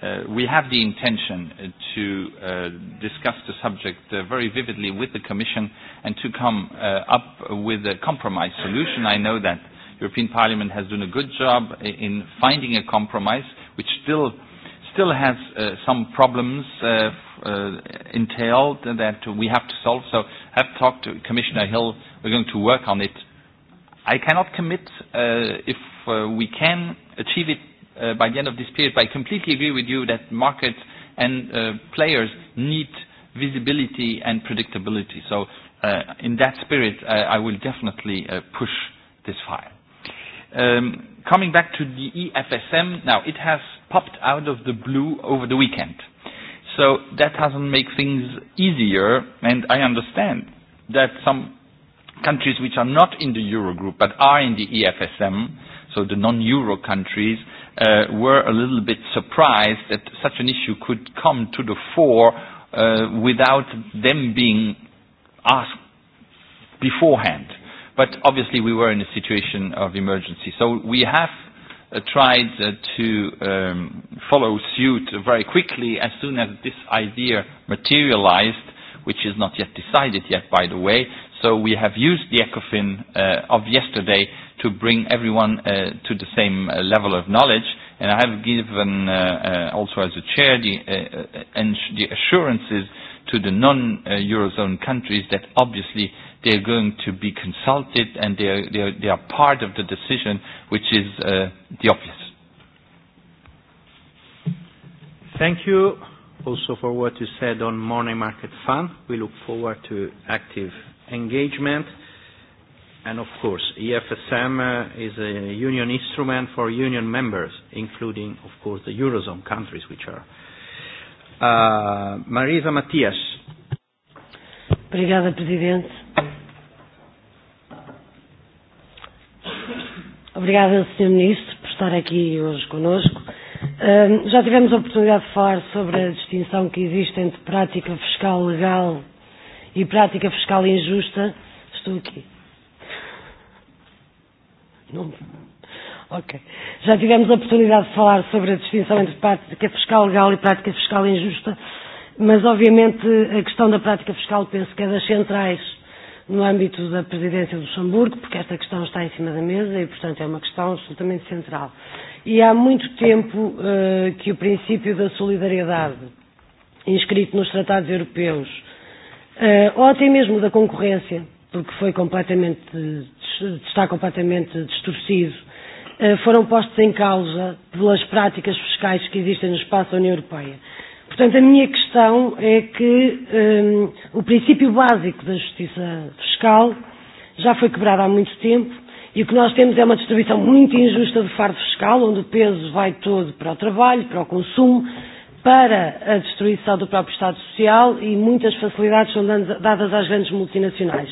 Uh, we have the intention to uh, discuss the subject uh, very vividly with the Commission and to come uh, up with a compromise solution. I know that European Parliament has done a good job in finding a compromise, which still still has uh, some problems uh, uh, entailed that we have to solve. So I have talked to Commissioner Hill. We're going to work on it. I cannot commit uh, if uh, we can achieve it by the end of this period. But I completely agree with you that markets and uh, players need visibility and predictability. So uh, in that spirit, uh, I will definitely uh, push this file. Um, coming back to the EFSM, now it has popped out of the blue over the weekend. So that doesn't make things easier, and I understand that some countries which are not in the Eurogroup but are in the EFSM, so the non-Euro countries, uh, were a little bit surprised that such an issue could come to the fore uh, without them being asked beforehand. But obviously we were in a situation of emergency. So we have uh, tried uh, to um, follow suit very quickly as soon as this idea materialized, which is not yet decided yet, by the way. So we have used the ECOFIN uh, of yesterday to bring everyone uh, to the same uh, level of knowledge. And I have given uh, uh, also as a chair the, uh, and the assurances to the non-Eurozone countries that obviously they are going to be consulted and they are, they are, they are part of the decision, which is uh, the obvious. Thank you also for what you said on money market fund. We look forward to active engagement. And of course, EFSM uh, is a union instrument for union members, including, of course, the Eurozone countries, which are. Uh, Marisa Matias. Obrigada, Presidente. Obrigada, Sr. Ministro, por estar aqui hoje conosco. Um, já tivemos a oportunidade de falar sobre a distinção que existe entre prática fiscal legal e prática fiscal injusta. Estou aqui Não. Ok. Já tivemos a oportunidade de falar sobre a distinção entre prática fiscal legal e prática fiscal injusta, mas obviamente a questão da prática fiscal penso que é das centrais no âmbito da presidência do Luxemburgo, porque esta questão está em cima da mesa e, portanto, é uma questão absolutamente central. E há muito tempo uh, que o princípio da solidariedade, inscrito nos tratados europeus, uh, ou até mesmo da concorrência, porque foi completamente está completamente distorcido, foram postos em causa pelas práticas fiscais que existem no espaço da União Europeia. Portanto, a minha questão é que um, o princípio básico da justiça fiscal já foi quebrado há muito tempo e o que nós temos é uma distribuição muito injusta do fardo fiscal, onde o peso vai todo para o trabalho, para o consumo, para a destruição do próprio Estado Social e muitas facilidades são dadas às grandes multinacionais.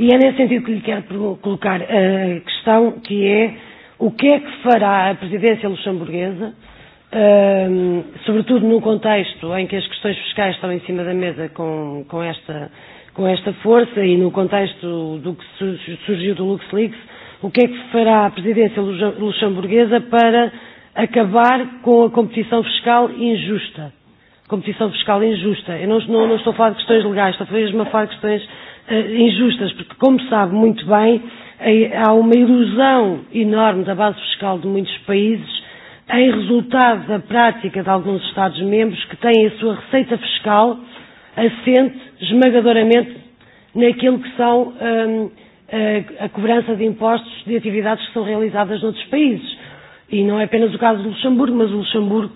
E é nesse sentido que lhe quero colocar a questão que é o que é que fará a presidência luxemburguesa, sobretudo no contexto em que as questões fiscais estão em cima da mesa com, com, esta, com esta força e no contexto do que surgiu do LuxLeaks, o que é que fará a presidência luxemburguesa para acabar com a competição fiscal injusta? competição fiscal injusta. Eu não, não, não estou a falar de questões legais, estou mesmo a falar de questões uh, injustas, porque, como sabe muito bem, há uma ilusão enorme da base fiscal de muitos países em resultado da prática de alguns Estados-membros que têm a sua receita fiscal assente esmagadoramente naquilo que são um, a, a cobrança de impostos de atividades que são realizadas noutros países. E não é apenas o caso do Luxemburgo, mas o Luxemburgo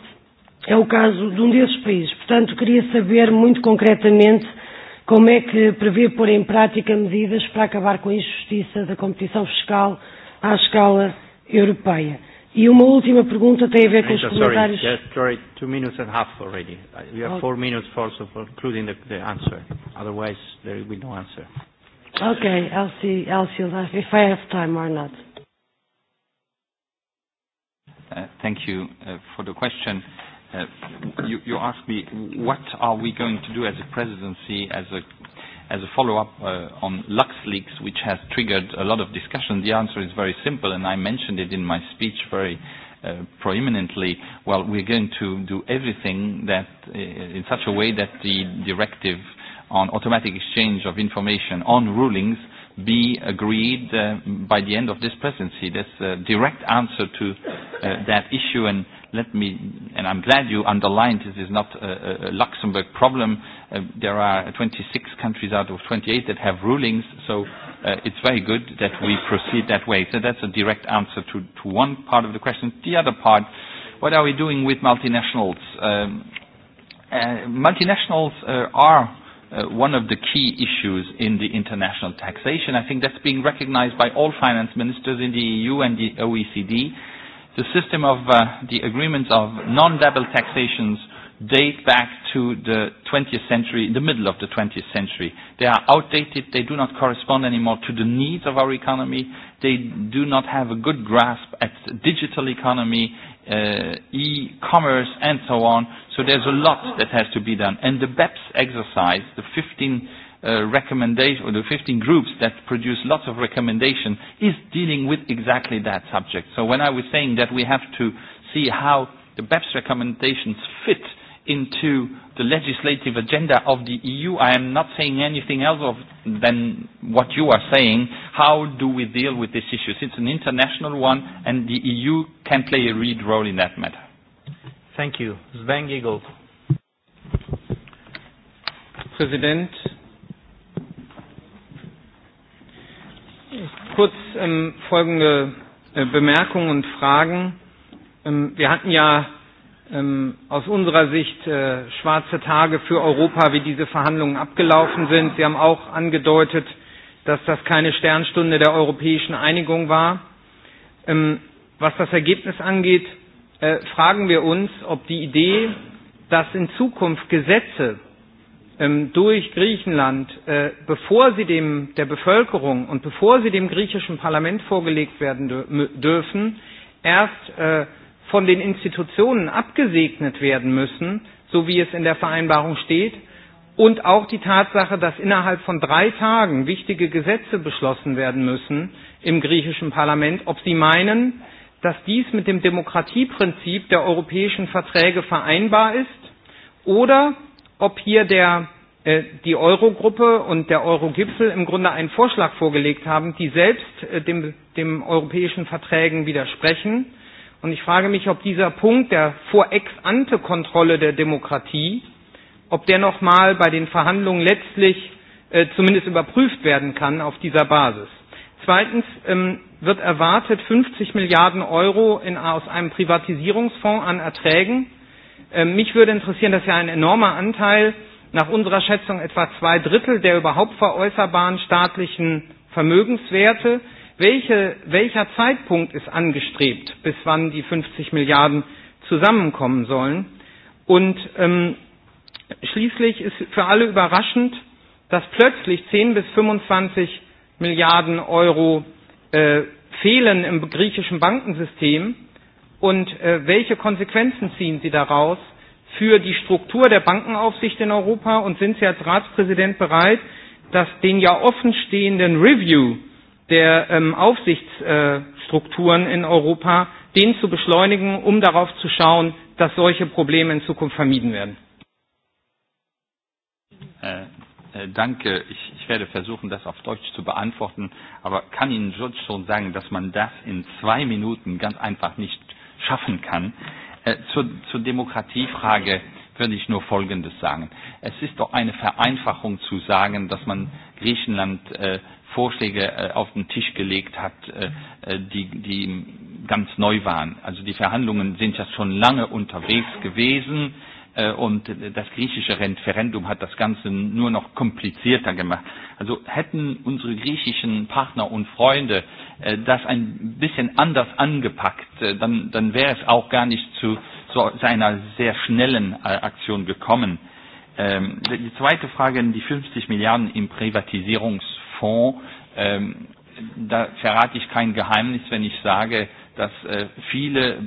é o caso de um desses países. Portanto, queria saber muito concretamente como é que prevê pôr em prática medidas para acabar com a injustiça da competição fiscal à escala europeia. E uma última pergunta tem a ver com os comentários. Sorry, two minutes and a half already. We have four minutes for concluding the, the answer. Otherwise, there will be no answer. Okay, I'll see. I'll see if I have time or not. Uh, thank you uh, for the question. Uh, you, you asked me what are we going to do as a presidency as a as a follow-up uh, on LuxLeaks, which has triggered a lot of discussion. The answer is very simple, and I mentioned it in my speech very uh, proeminently. Well, we're going to do everything that uh, in such a way that the directive on automatic exchange of information on rulings be agreed uh, by the end of this presidency. That's a direct answer to uh, that issue, and let me, and I'm glad you underlined this is not a, a Luxembourg problem. Uh, there are 26 countries out of 28 that have rulings, so uh, it's very good that we proceed that way. So that's a direct answer to, to one part of the question. The other part, what are we doing with multinationals? Um, uh, multinationals uh, are uh, one of the key issues in the international taxation. I think that's being recognized by all finance ministers in the EU and the OECD The system of uh, the agreements of non-double taxations date back to the 20th century, the middle of the 20th century. They are outdated. They do not correspond anymore to the needs of our economy. They do not have a good grasp at digital economy, uh, e-commerce, and so on. So there's a lot that has to be done. And the BEPS exercise, the 15 uh, recommendation, or the 15 groups that produce lots of recommendation, is dealing with exactly that subject. So when I was saying that we have to see how the BEPS recommendations fit into the legislative agenda of the EU. I am not saying anything else of, than what you are saying. How do we deal with this issue? It's an international one, and the EU can play a lead role in that matter. Thank you. Sven Giegel. President, Kurz ähm, folgende äh, Bemerkungen und Fragen. Ähm, wir hatten ja ähm, aus unserer Sicht äh, schwarze Tage für Europa, wie diese Verhandlungen abgelaufen sind. Sie haben auch angedeutet, dass das keine Sternstunde der europäischen Einigung war. Ähm, was das Ergebnis angeht, äh, fragen wir uns, ob die Idee, dass in Zukunft Gesetze ähm, durch Griechenland, äh, bevor sie dem, der Bevölkerung und bevor sie dem griechischen Parlament vorgelegt werden dürfen, erst äh, von den Institutionen abgesegnet werden müssen, so wie es in der Vereinbarung steht, und auch die Tatsache, dass innerhalb von drei Tagen wichtige Gesetze beschlossen werden müssen im griechischen Parlament, ob sie meinen, dass dies mit dem Demokratieprinzip der europäischen Verträge vereinbar ist oder ob hier der die Eurogruppe und der Eurogipfel im Grunde einen Vorschlag vorgelegt haben, die selbst dem, dem europäischen Verträgen widersprechen. Und ich frage mich, ob dieser Punkt der vor ex ante Kontrolle der Demokratie, ob der nochmal bei den Verhandlungen letztlich äh, zumindest überprüft werden kann auf dieser Basis. Zweitens ähm, wird erwartet 50 Milliarden Euro in, aus einem Privatisierungsfonds an Erträgen. Äh, Mich würde interessieren, dass ja ein enormer Anteil, nach unserer Schätzung etwa zwei Drittel der überhaupt veräußerbaren staatlichen Vermögenswerte, welche, welcher Zeitpunkt ist angestrebt, bis wann die 50 Milliarden zusammenkommen sollen? Und ähm, schließlich ist für alle überraschend, dass plötzlich 10 bis 25 Milliarden Euro äh, fehlen im griechischen Bankensystem und äh, welche Konsequenzen ziehen Sie daraus für die Struktur der Bankenaufsicht in Europa und sind Sie als Ratspräsident bereit, dass den ja offenstehenden Review der ähm, Aufsichtsstrukturen in Europa, den zu beschleunigen, um darauf zu schauen, dass solche Probleme in Zukunft vermieden werden? danke. Ich, ich werde versuchen, das auf Deutsch zu beantworten, aber kann Ihnen schon sagen, dass man das in zwei Minuten ganz einfach nicht schaffen kann. Zur, zur Demokratiefrage würde ich nur Folgendes sagen. Es ist doch eine Vereinfachung zu sagen, dass man Griechenland äh, Vorschläge äh, auf den Tisch gelegt hat, äh, die, die ganz neu waren. Also die Verhandlungen sind ja schon lange unterwegs gewesen äh, und das griechische Referendum hat das Ganze nur noch komplizierter gemacht. Also hätten unsere griechischen Partner und Freunde das ein bisschen anders angepackt, dann, dann wäre es auch gar nicht zu so einer sehr schnellen Aktion gekommen. Die zweite Frage, die 50 Milliarden im Privatisierungsfonds, da verrate ich kein Geheimnis, wenn ich sage, dass viele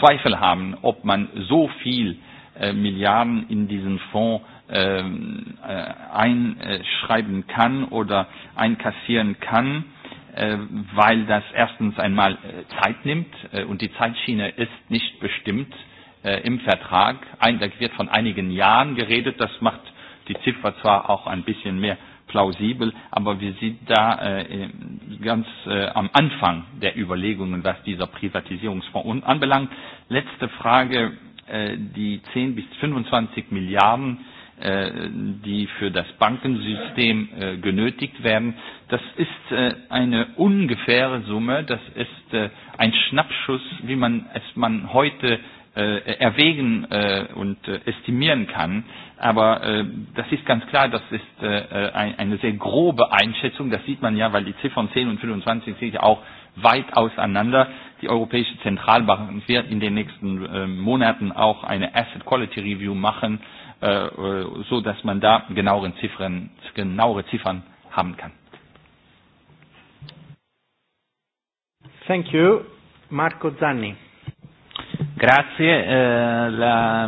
Zweifel haben, ob man so viel Milliarden in diesen Fonds äh, einschreiben kann oder einkassieren kann, äh, weil das erstens einmal äh, Zeit nimmt äh, und die Zeitschiene ist nicht bestimmt äh, im Vertrag. Ein, da wird von einigen Jahren geredet, das macht die Ziffer zwar auch ein bisschen mehr plausibel, aber wir sind da äh, ganz äh, am Anfang der Überlegungen, was dieser Privatisierungsfonds anbelangt. Letzte Frage, äh, die 10 bis 25 Milliarden die für das Bankensystem genötigt werden. Das ist eine ungefähre Summe, das ist ein Schnappschuss, wie man es man heute äh, erwägen äh, und äh, estimieren kann. Aber äh, das ist ganz klar, das ist äh, ein, eine sehr grobe Einschätzung. Das sieht man ja, weil die Ziffern 10 und 25 sind ja auch weit auseinander. Die Europäische Zentralbank wird in den nächsten äh, Monaten auch eine Asset Quality Review machen, äh, so dass man da genaueren Ziffern, genauere Ziffern haben kann. Thank you. Marco Zanni. Grazie. Eh, la,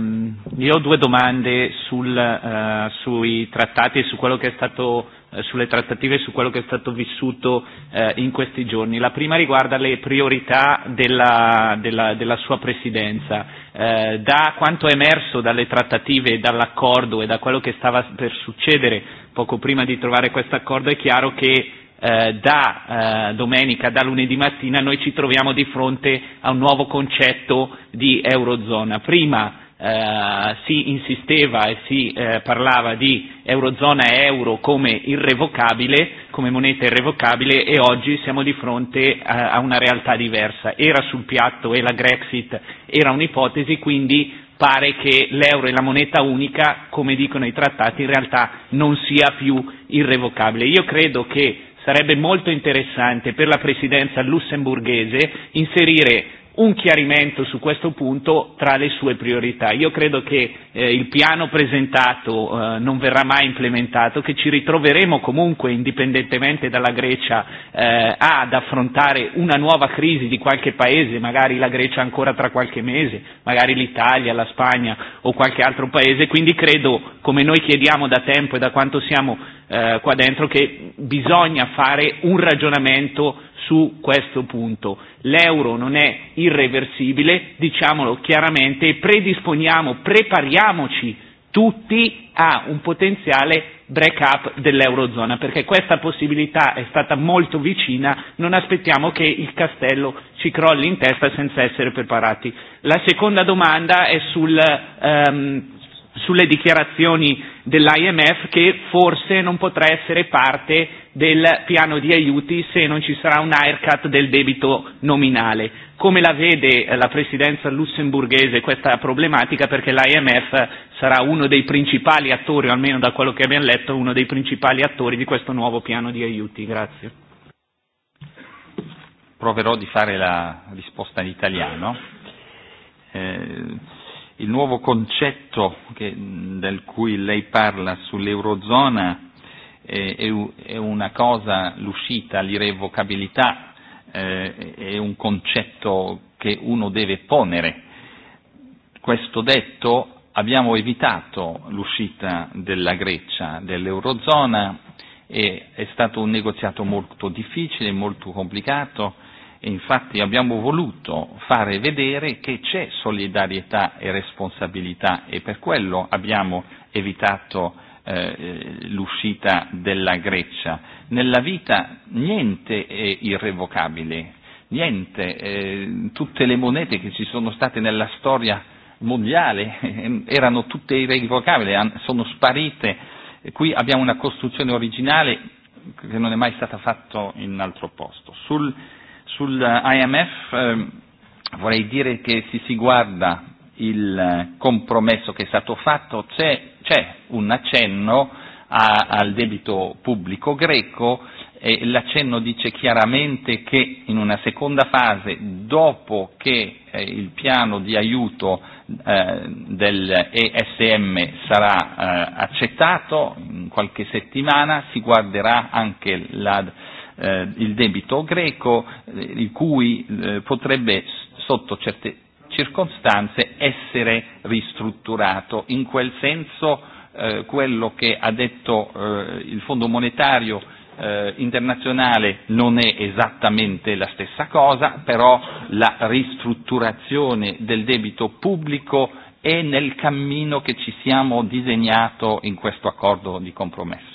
io ho due domande sul, eh, sui trattati e su quello che è stato sulle trattative e su quello che è stato vissuto eh, in questi giorni. La prima riguarda le priorità della, della, della sua presidenza. Eh, da quanto è emerso dalle trattative, dall'accordo e da quello che stava per succedere poco prima di trovare questo accordo è chiaro che eh, da eh, domenica, da lunedì mattina, noi ci troviamo di fronte a un nuovo concetto di Eurozona. Prima eh, si insisteva e si eh, parlava di Eurozona e Euro come irrevocabile, come moneta irrevocabile e oggi siamo di fronte a, a una realtà diversa. Era sul piatto e la Grexit era un'ipotesi, quindi pare che l'euro e la moneta unica, come dicono i trattati, in realtà non sia più irrevocabile. Io credo che Sarebbe molto interessante per la presidenza lussemburghese inserire un chiarimento su questo punto tra le sue priorità. Io credo che eh, il piano presentato eh, non verrà mai implementato, che ci ritroveremo comunque, indipendentemente dalla Grecia, eh, ad affrontare una nuova crisi di qualche paese, magari la Grecia ancora tra qualche mese, magari l'Italia, la Spagna o qualche altro paese. Quindi credo, come noi chiediamo da tempo e da quanto siamo eh, qua dentro, che bisogna fare un ragionamento su questo punto. L'euro non è irreversibile, diciamolo chiaramente, e predisponiamo, prepariamoci tutti a un potenziale break up dell'Eurozona, perché questa possibilità è stata molto vicina, non aspettiamo che il castello ci crolli in testa senza essere preparati. La seconda domanda è sul, um, sulle dichiarazioni dell'IMF che forse non potrà essere parte del piano di aiuti se non ci sarà un haircut del debito nominale. Come la vede la presidenza lussemburghese questa problematica? Perché l'IMF sarà uno dei principali attori, o almeno da quello che abbiamo letto, uno dei principali attori di questo nuovo piano di aiuti. Grazie. Proverò di fare la risposta in italiano. Eh, il nuovo concetto che, del cui lei parla sull'Eurozona è una cosa, l'uscita, l'irrevocabilità, è un concetto che uno deve ponere. Questo detto abbiamo evitato l'uscita della Grecia dell'Eurozona e è stato un negoziato molto difficile, molto complicato e infatti abbiamo voluto fare vedere che c'è solidarietà e responsabilità e per quello abbiamo evitato l'uscita della Grecia. Nella vita niente è irrevocabile, niente, eh, tutte le monete che ci sono state nella storia mondiale eh, erano tutte irrevocabili, sono sparite. Qui abbiamo una costruzione originale che non è mai stata fatta in un altro posto. Sul, IMF eh, vorrei dire che se si guarda il compromesso che è stato fatto c'è c'è un accenno a, al debito pubblico greco, e l'accenno dice chiaramente che in una seconda fase, dopo che eh, il piano di aiuto eh, del ESM sarà eh, accettato, in qualche settimana si guarderà anche la, eh, il debito greco, eh, il cui eh, potrebbe sotto certe circostanze essere ristrutturato. In quel senso eh, quello che ha detto eh, il Fondo Monetario eh, internazionale non è esattamente la stessa cosa, però la ristrutturazione del debito pubblico è nel cammino che ci siamo disegnato in questo accordo di compromesso.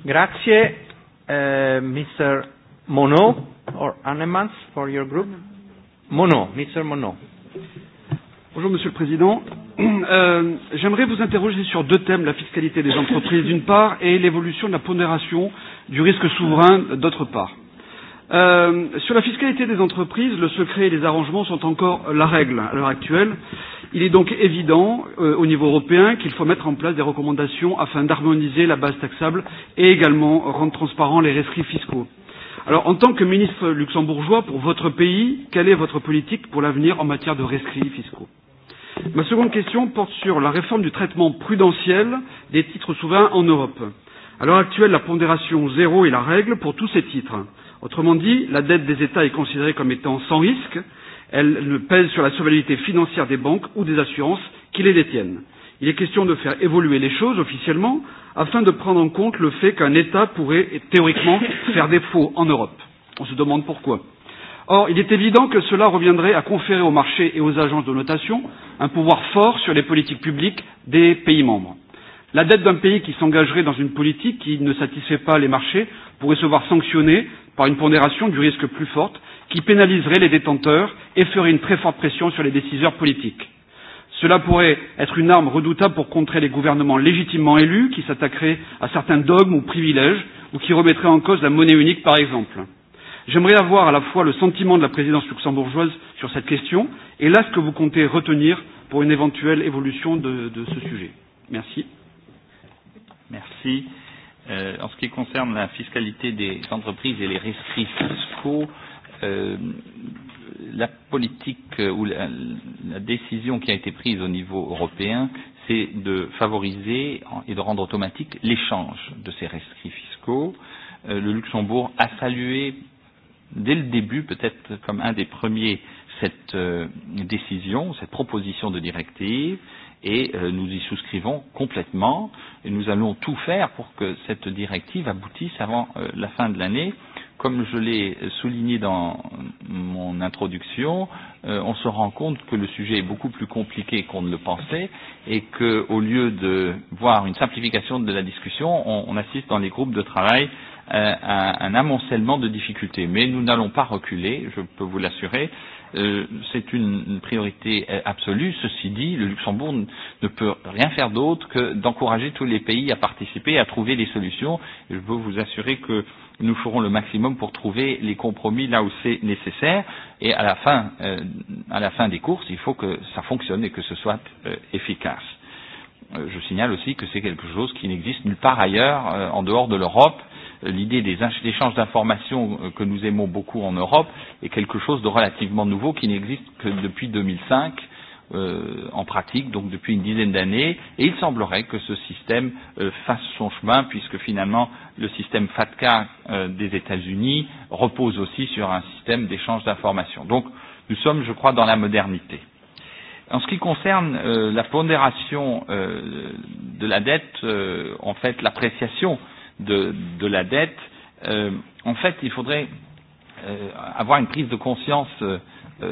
Grazie, uh, Mr. Monod or Annemans for your group. Monon, Mr. Monon. Bonjour Monsieur le Président. Euh, J'aimerais vous interroger sur deux thèmes, la fiscalité des entreprises d'une part et l'évolution de la pondération du risque souverain d'autre part. Euh, sur la fiscalité des entreprises, le secret et les arrangements sont encore la règle à l'heure actuelle. Il est donc évident euh, au niveau européen qu'il faut mettre en place des recommandations afin d'harmoniser la base taxable et également rendre transparents les rescrits fiscaux. Alors, en tant que ministre luxembourgeois pour votre pays, quelle est votre politique pour l'avenir en matière de rescrits fiscaux Ma seconde question porte sur la réforme du traitement prudentiel des titres souverains en Europe. À l'heure actuelle, la pondération zéro est la règle pour tous ces titres. Autrement dit, la dette des États est considérée comme étant sans risque, elle ne pèse sur la solvabilité financière des banques ou des assurances qui les détiennent. Il est question de faire évoluer les choses officiellement afin de prendre en compte le fait qu'un État pourrait théoriquement faire défaut en Europe. On se demande pourquoi. Or, il est évident que cela reviendrait à conférer au marché et aux agences de notation un pouvoir fort sur les politiques publiques des pays membres. La dette d'un pays qui s'engagerait dans une politique qui ne satisfait pas les marchés pourrait se voir sanctionnée par une pondération du risque plus forte qui pénaliserait les détenteurs et ferait une très forte pression sur les décideurs politiques. Cela pourrait être une arme redoutable pour contrer les gouvernements légitimement élus qui s'attaqueraient à certains dogmes ou privilèges ou qui remettraient en cause la monnaie unique, par exemple. J'aimerais avoir à la fois le sentiment de la présidence luxembourgeoise sur cette question et là ce que vous comptez retenir pour une éventuelle évolution de, de ce sujet. Merci. Merci. Euh, en ce qui concerne la fiscalité des entreprises et les risques fiscaux, euh, la politique ou la, la décision qui a été prise au niveau européen, c'est de favoriser et de rendre automatique l'échange de ces rescrits fiscaux. Euh, le Luxembourg a salué dès le début, peut-être comme un des premiers, cette euh, décision, cette proposition de directive, et euh, nous y souscrivons complètement. Et nous allons tout faire pour que cette directive aboutisse avant euh, la fin de l'année. Euh, comme je l'ai souligné dans mon introduction, euh, on se rend compte que le sujet est beaucoup plus compliqué qu'on ne le pensait et qu'au lieu de voir une simplification de la discussion, on, on assiste dans les groupes de travail euh, à un amoncellement de difficultés. Mais nous n'allons pas reculer, je peux vous l'assurer. Euh, C'est une, une priorité absolue. Ceci dit, le Luxembourg ne peut rien faire d'autre que d'encourager tous les pays à participer, à trouver des solutions. Je peux vous assurer que euh, nous ferons le maximum pour trouver les compromis là où c'est nécessaire. Et à la fin, euh, à la fin des courses, il faut que ça fonctionne et que ce soit euh, efficace. Je signale aussi que c'est quelque chose qui n'existe nulle part ailleurs euh, en dehors de l'Europe. L'idée des échanges d'informations que nous aimons beaucoup en Europe est quelque chose de relativement nouveau qui n'existe que depuis 2005 euh, en pratique, donc depuis une dizaine d'années, et il semblerait que ce système euh, fasse son chemin, puisque finalement le système FATCA euh, des États-Unis repose aussi sur un système d'échange d'informations. Donc nous sommes, je crois, dans la modernité. En ce qui concerne euh, la pondération euh, de la dette, euh, en fait l'appréciation de, de la dette, euh, en fait il faudrait euh, avoir une prise de conscience euh,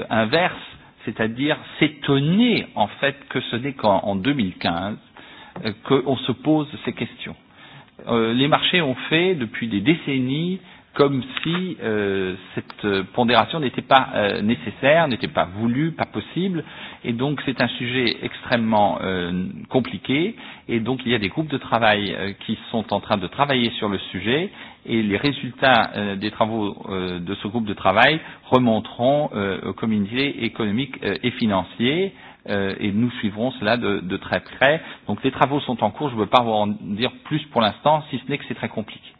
inverse c'est-à-dire s'étonner en fait que ce n'est qu'en 2015 euh, qu'on se pose ces questions. Euh, les marchés ont fait depuis des décennies comme si euh, cette pondération n'était pas euh, nécessaire, n'était pas voulue, pas possible. Et donc c'est un sujet extrêmement euh, compliqué. Et donc il y a des groupes de travail euh, qui sont en train de travailler sur le sujet. Et les résultats euh, des travaux euh, de ce groupe de travail remonteront euh, au comité économique euh, et financier euh, et nous suivrons cela de, de très près. Donc les travaux sont en cours, je ne veux pas vous en dire plus pour l'instant, si ce n'est que c'est très compliqué.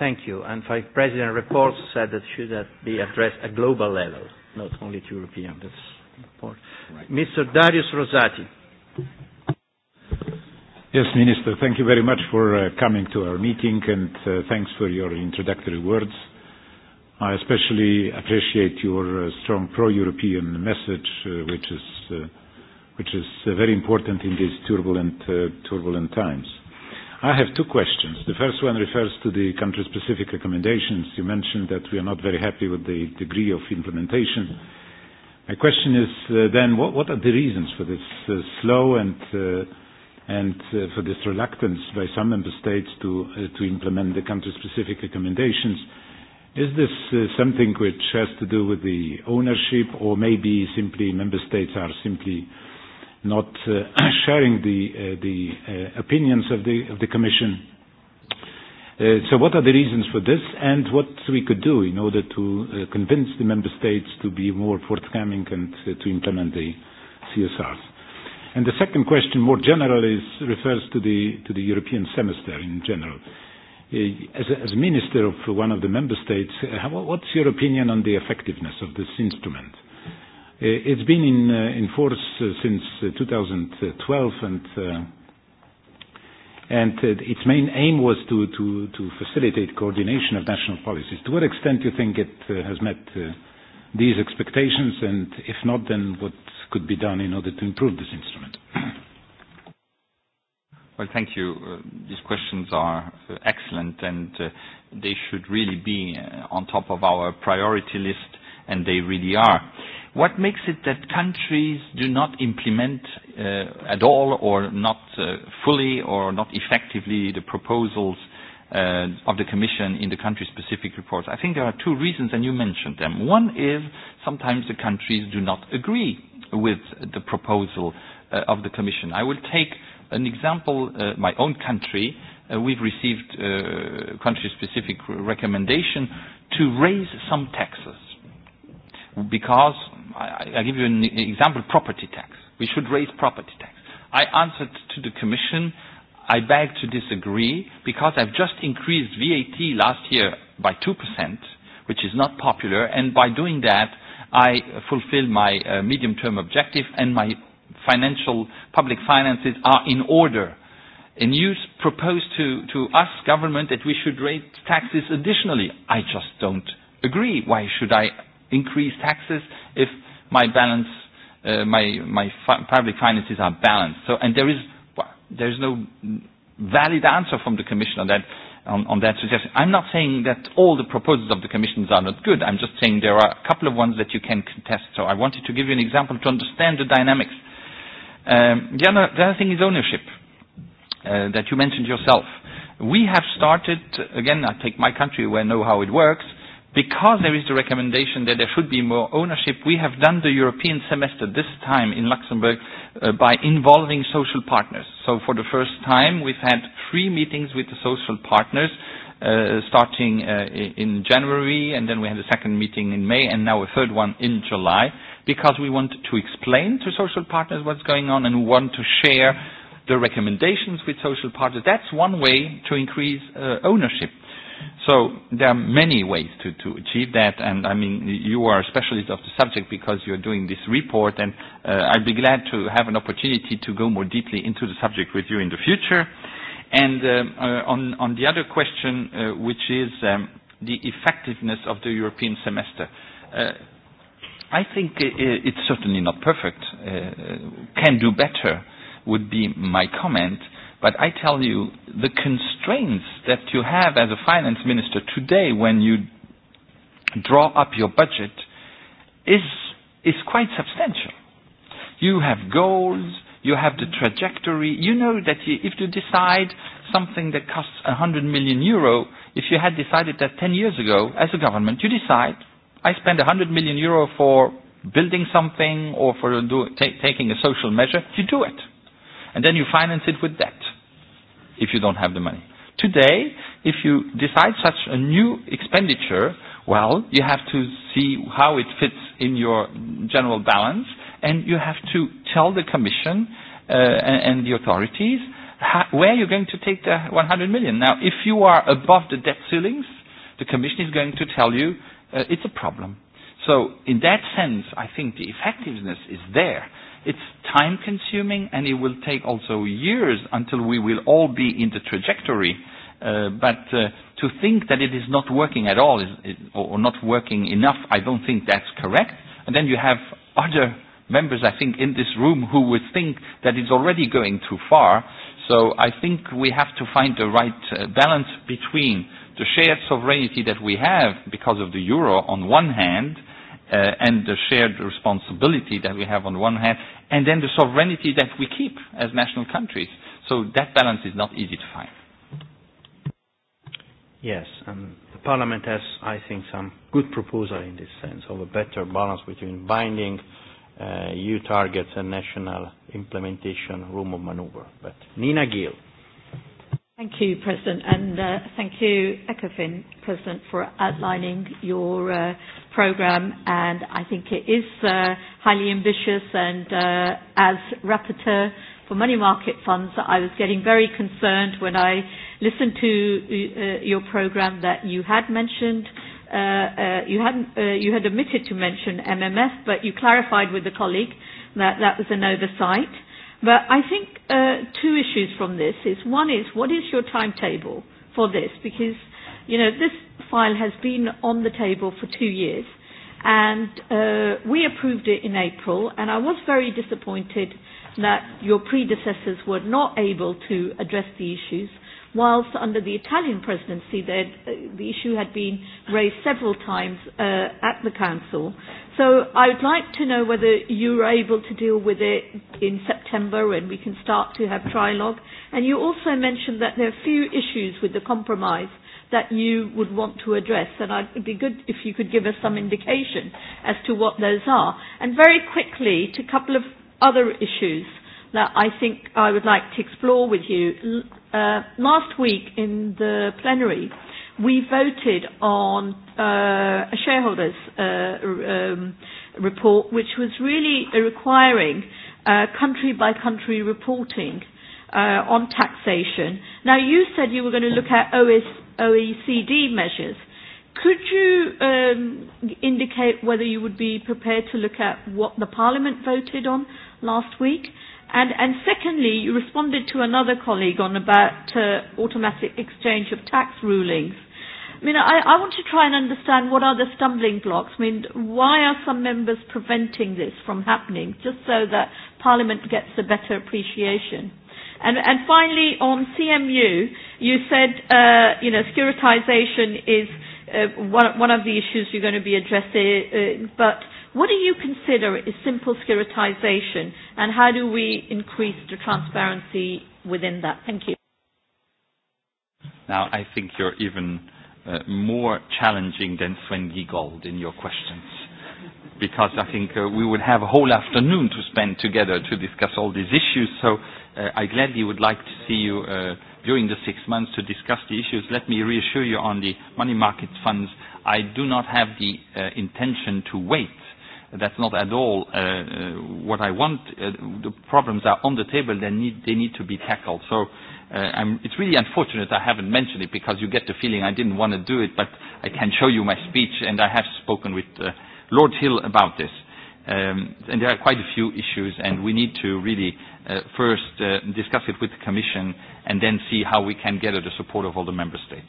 Thank you. And Vice President reports said that should that be addressed at global level, not only to European. That's important. Right. Mr. Darius Rosati. Yes, Minister, thank you very much for uh, coming to our meeting and uh, thanks for your introductory words. I especially appreciate your uh, strong pro-European message, uh, which is uh, which is uh, very important in these turbulent uh, turbulent times. I have two questions. The first one refers to the country-specific recommendations. You mentioned that we are not very happy with the degree of implementation. My question is uh, then, what, what are the reasons for this uh, slow and, uh, and uh, for this reluctance by some member states to, uh, to implement the country-specific recommendations? Is this uh, something which has to do with the ownership or maybe simply member states are simply not uh, sharing the, uh, the uh, opinions of the, of the Commission. Uh, so what are the reasons for this and what we could do in order to uh, convince the member states to be more forthcoming and uh, to implement the CSRs? And the second question, more general, is, refers to the, to the European semester in general. As a, as a minister of one of the member states, how, what's your opinion on the effectiveness of this instrument? Uh, It's been in in force since 2012, and and its main aim was to to to facilitate coordination of national policies. To what extent do you think it has met these expectations? And if not, then what could be done in order to improve this instrument? Well, thank you. These questions are excellent, and they should really be on top of our priority list and they really are. What makes it that countries do not implement uh, at all or not uh, fully or not effectively the proposals uh, of the Commission in the country-specific reports? I think there are two reasons, and you mentioned them. One is sometimes the countries do not agree with the proposal uh, of the Commission. I will take an example, uh, my own country, uh, we've received uh, country-specific recommendation to raise some taxes Because, I, I give you an example, property tax. We should raise property tax. I answered to the Commission, I beg to disagree, because I've just increased VAT last year by 2%, which is not popular, and by doing that, I fulfill my uh, medium-term objective and my financial public finances are in order. And you propose to, to us, government, that we should raise taxes additionally. I just don't agree. Why should I increase taxes if my balance, uh, my, my fi- public finances are balanced. So, and there is, there is no valid answer from the Commission on that, on, on that suggestion. I'm not saying that all the proposals of the Commission are not good. I'm just saying there are a couple of ones that you can contest. So I wanted to give you an example to understand the dynamics. Um, the, other, the other thing is ownership uh, that you mentioned yourself. We have started, again, I take my country where I know how it works, because there is the recommendation that there should be more ownership, we have done the European semester this time in Luxembourg uh, by involving social partners. So for the first time, we've had three meetings with the social partners, uh, starting uh, in January, and then we had a second meeting in May, and now a third one in July, because we want to explain to social partners what's going on and we want to share the recommendations with social partners. That's one way to increase uh, ownership So there are many ways to, to achieve that, and I mean, you are a specialist of the subject because you're doing this report, and uh, I'd be glad to have an opportunity to go more deeply into the subject with you in the future. And um, uh, on, on the other question, uh, which is um, the effectiveness of the European semester, uh, I think it's certainly not perfect. Uh, can do better would be my comment. But I tell you, the constraints that you have as a finance minister today when you draw up your budget is, is quite substantial. You have goals, you have the trajectory, you know that you, if you decide something that costs 100 million euro, if you had decided that 10 years ago as a government, you decide, I spend 100 million euro for building something or for do, ta- taking a social measure, you do it and then you finance it with debt if you don't have the money. Today, if you decide such a new expenditure, well, you have to see how it fits in your general balance, and you have to tell the Commission uh, and, and the authorities how, where you're going to take the 100 million. Now, if you are above the debt ceilings, the Commission is going to tell you uh, it's a problem. So, in that sense, I think the effectiveness is there. It's time consuming and it will take also years until we will all be in the trajectory. Uh, but uh, to think that it is not working at all is, is, or not working enough, I don't think that's correct. And then you have other members, I think, in this room who would think that it's already going too far. So I think we have to find the right uh, balance between the shared sovereignty that we have because of the euro on one hand – uh, and the shared responsibility that we have on one hand, and then the sovereignty that we keep as national countries. So that balance is not easy to find. Yes, and the Parliament has, I think, some good proposal in this sense of a better balance between binding uh, EU targets and national implementation room of maneuver. But Nina Gill. Thank you, President, and uh, thank you, ECOFIN President, for outlining your uh, program. And I think it is uh, highly ambitious. And uh, as rapporteur for money market funds, I was getting very concerned when I listened to uh, your program that you had mentioned. Uh, uh, you, hadn't, uh, you had omitted to mention MMF, but you clarified with the colleague that that was an oversight. But I think uh, two issues from this is one is what is your timetable for this? Because you know this file has been on the table for two years, and uh, we approved it in April, and I was very disappointed that your predecessors were not able to address the issues whilst under the Italian presidency, uh, the issue had been raised several times uh, at the Council. So I would like to know whether you were able to deal with it in September and we can start to have trilogue. And you also mentioned that there are a few issues with the compromise that you would want to address. And it would be good if you could give us some indication as to what those are. And very quickly, to a couple of other issues that I think I would like to explore with you. Uh, last week in the plenary, we voted on uh, a shareholders uh, um, report, which was really requiring uh, country by country reporting uh, on taxation. Now, you said you were going to look at OS, OECD measures. Could you um, indicate whether you would be prepared to look at what the Parliament voted on last week? And, and secondly, you responded to another colleague on about uh, automatic exchange of tax rulings. I mean, I, I want to try and understand what are the stumbling blocks. I mean, why are some members preventing this from happening, just so that Parliament gets a better appreciation? And, and finally, on CMU, you said, uh, you know, securitization is uh, one, one of the issues you're going to be addressing, uh, but What do you consider is simple securitization, and how do we increase the transparency within that? Thank you. Now, I think you're even uh, more challenging than Sven Giegold in your questions, because I think uh, we would have a whole afternoon to spend together to discuss all these issues. So uh, I gladly would like to see you uh, during the six months to discuss the issues. Let me reassure you on the money market funds. I do not have the uh, intention to wait That's not at all uh, what I want. Uh, the problems are on the table. They need, they need to be tackled. So uh, I'm, it's really unfortunate I haven't mentioned it because you get the feeling I didn't want to do it, but I can show you my speech, and I have spoken with uh, Lord Hill about this. Um, and there are quite a few issues, and we need to really uh, first uh, discuss it with the Commission and then see how we can gather the support of all the Member States.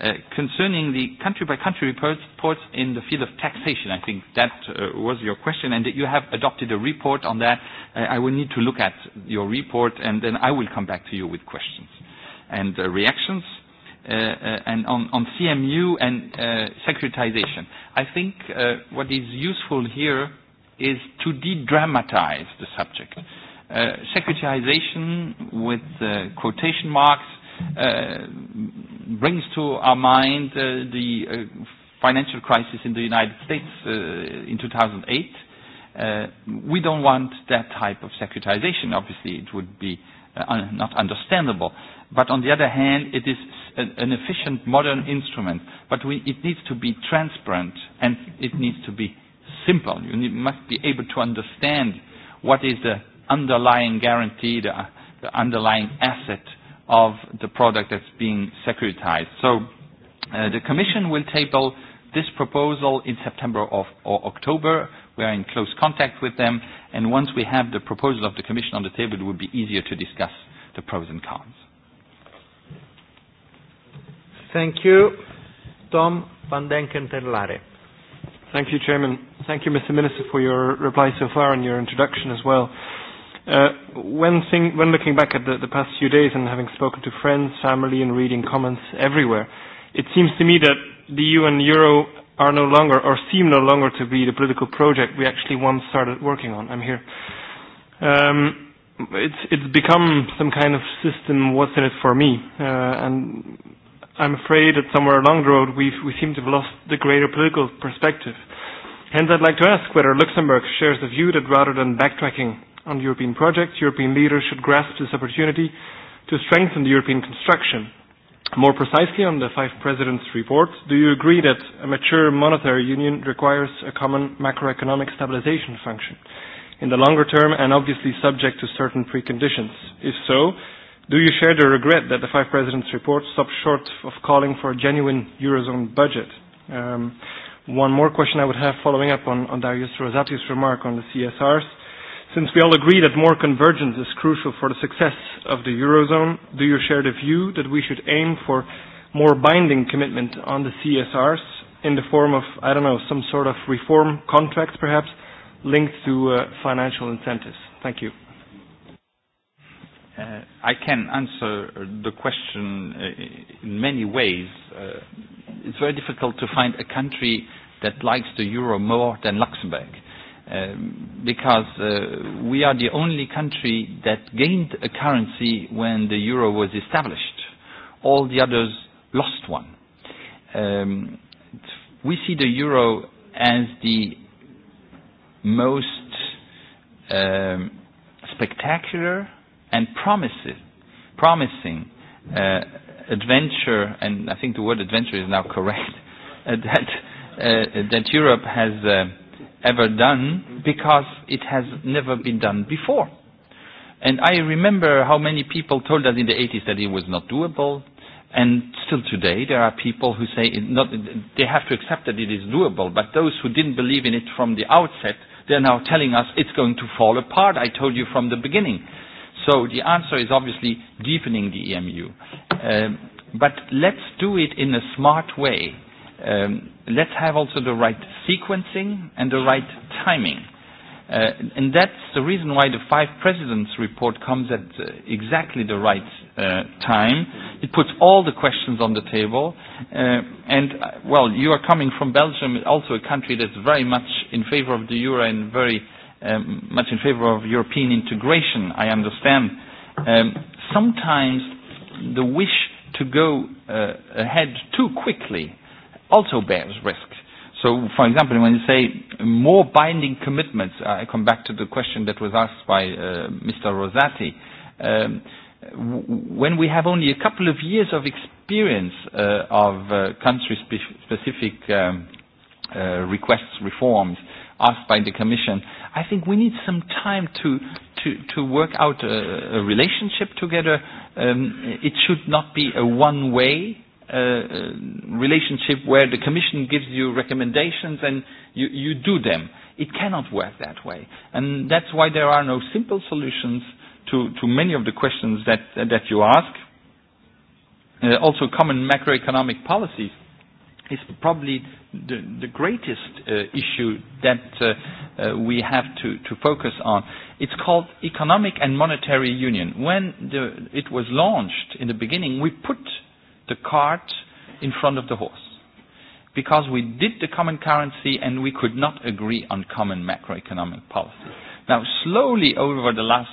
Uh, concerning the country-by-country reports in the field of taxation, I think that uh, was your question, and that you have adopted a report on that. Uh, I will need to look at your report, and then I will come back to you with questions and uh, reactions. Uh, uh, and on, on CMU and uh, securitization, I think uh, what is useful here is to de-dramatize the subject. Uh, securitization with uh, quotation marks uh, brings to our mind uh, the uh, financial crisis in the United States uh, in 2008. Uh, we don't want that type of securitization. Obviously, it would be uh, un- not understandable. But on the other hand, it is an efficient modern instrument. But we, it needs to be transparent and it needs to be simple. You need, must be able to understand what is the underlying guarantee, the, uh the underlying asset of the product that's being securitized. So uh, the Commission will table this proposal in September of, or October. We are in close contact with them, and once we have the proposal of the Commission on the table, it will be easier to discuss the pros and cons. Thank you. Tom van Denken Terlare. Thank you, Chairman. Thank you, Mr. Minister, for your reply so far and your introduction as well. Uh, when, thing, when looking back at the, the past few days and having spoken to friends, family, and reading comments everywhere, it seems to me that the EU and Euro are no longer, or seem no longer to be the political project we actually once started working on. I'm here. Um, it's it's become some kind of system. What's in it for me? Uh, and I'm afraid that somewhere along the road we've we seem to have lost the greater political perspective. Hence, I'd like to ask whether Luxembourg shares the view that rather than backtracking on European projects, European leaders should grasp this opportunity to strengthen the European construction. More precisely, on the five presidents' report, do you agree that a mature monetary union requires a common macroeconomic stabilization function in the longer term and obviously subject to certain preconditions? If so, do you share the regret that the five presidents' report stopped short of calling for a genuine eurozone budget? Um, one more question I would have following up on, on Darius Rosati's remark on the CSRs Since we all agree that more convergence is crucial for the success of the Eurozone, do you share the view that we should aim for more binding commitment on the CSRs in the form of, I don't know, some sort of reform contracts perhaps linked to uh, financial incentives? Thank you. Uh, I can answer the question uh, in many ways. Uh, it's very difficult to find a country that likes the euro more than Luxembourg. Uh, because uh, we are the only country that gained a currency when the euro was established. All the others lost one. Um, we see the euro as the most um, spectacular and promising, promising uh, adventure, and I think the word adventure is now correct, uh, that, uh, that Europe has. Uh, ever done because it has never been done before. And I remember how many people told us in the 80s that it was not doable. And still today, there are people who say it not, they have to accept that it is doable. But those who didn't believe in it from the outset, they're now telling us it's going to fall apart. I told you from the beginning. So the answer is obviously deepening the EMU. Um, but let's do it in a smart way Um, let's have also the right sequencing and the right timing. Uh, and that's the reason why the five presidents report comes at uh, exactly the right uh, time. It puts all the questions on the table. Uh, and, uh, well, you are coming from Belgium, also a country that's very much in favor of the euro and very um, much in favor of European integration, I understand. Um, sometimes the wish to go uh, ahead too quickly also bears risk. So, for example, when you say more binding commitments, I come back to the question that was asked by uh, Mr. Rosati. Um, when we have only a couple of years of experience uh, of uh, country-specific um, uh, requests, reforms asked by the Commission, I think we need some time to to, to work out a, a relationship together. Um, it should not be a one-way uh, relationship where the Commission gives you recommendations and you, you do them. It cannot work that way. And that's why there are no simple solutions to, to many of the questions that, uh, that you ask. Uh, also, common macroeconomic policies is probably the, the greatest uh, issue that uh, uh, we have to, to focus on. It's called Economic and Monetary Union. When the, it was launched in the beginning, we put the cart in front of the horse. Because we did the common currency and we could not agree on common macroeconomic policy. Now, slowly over the last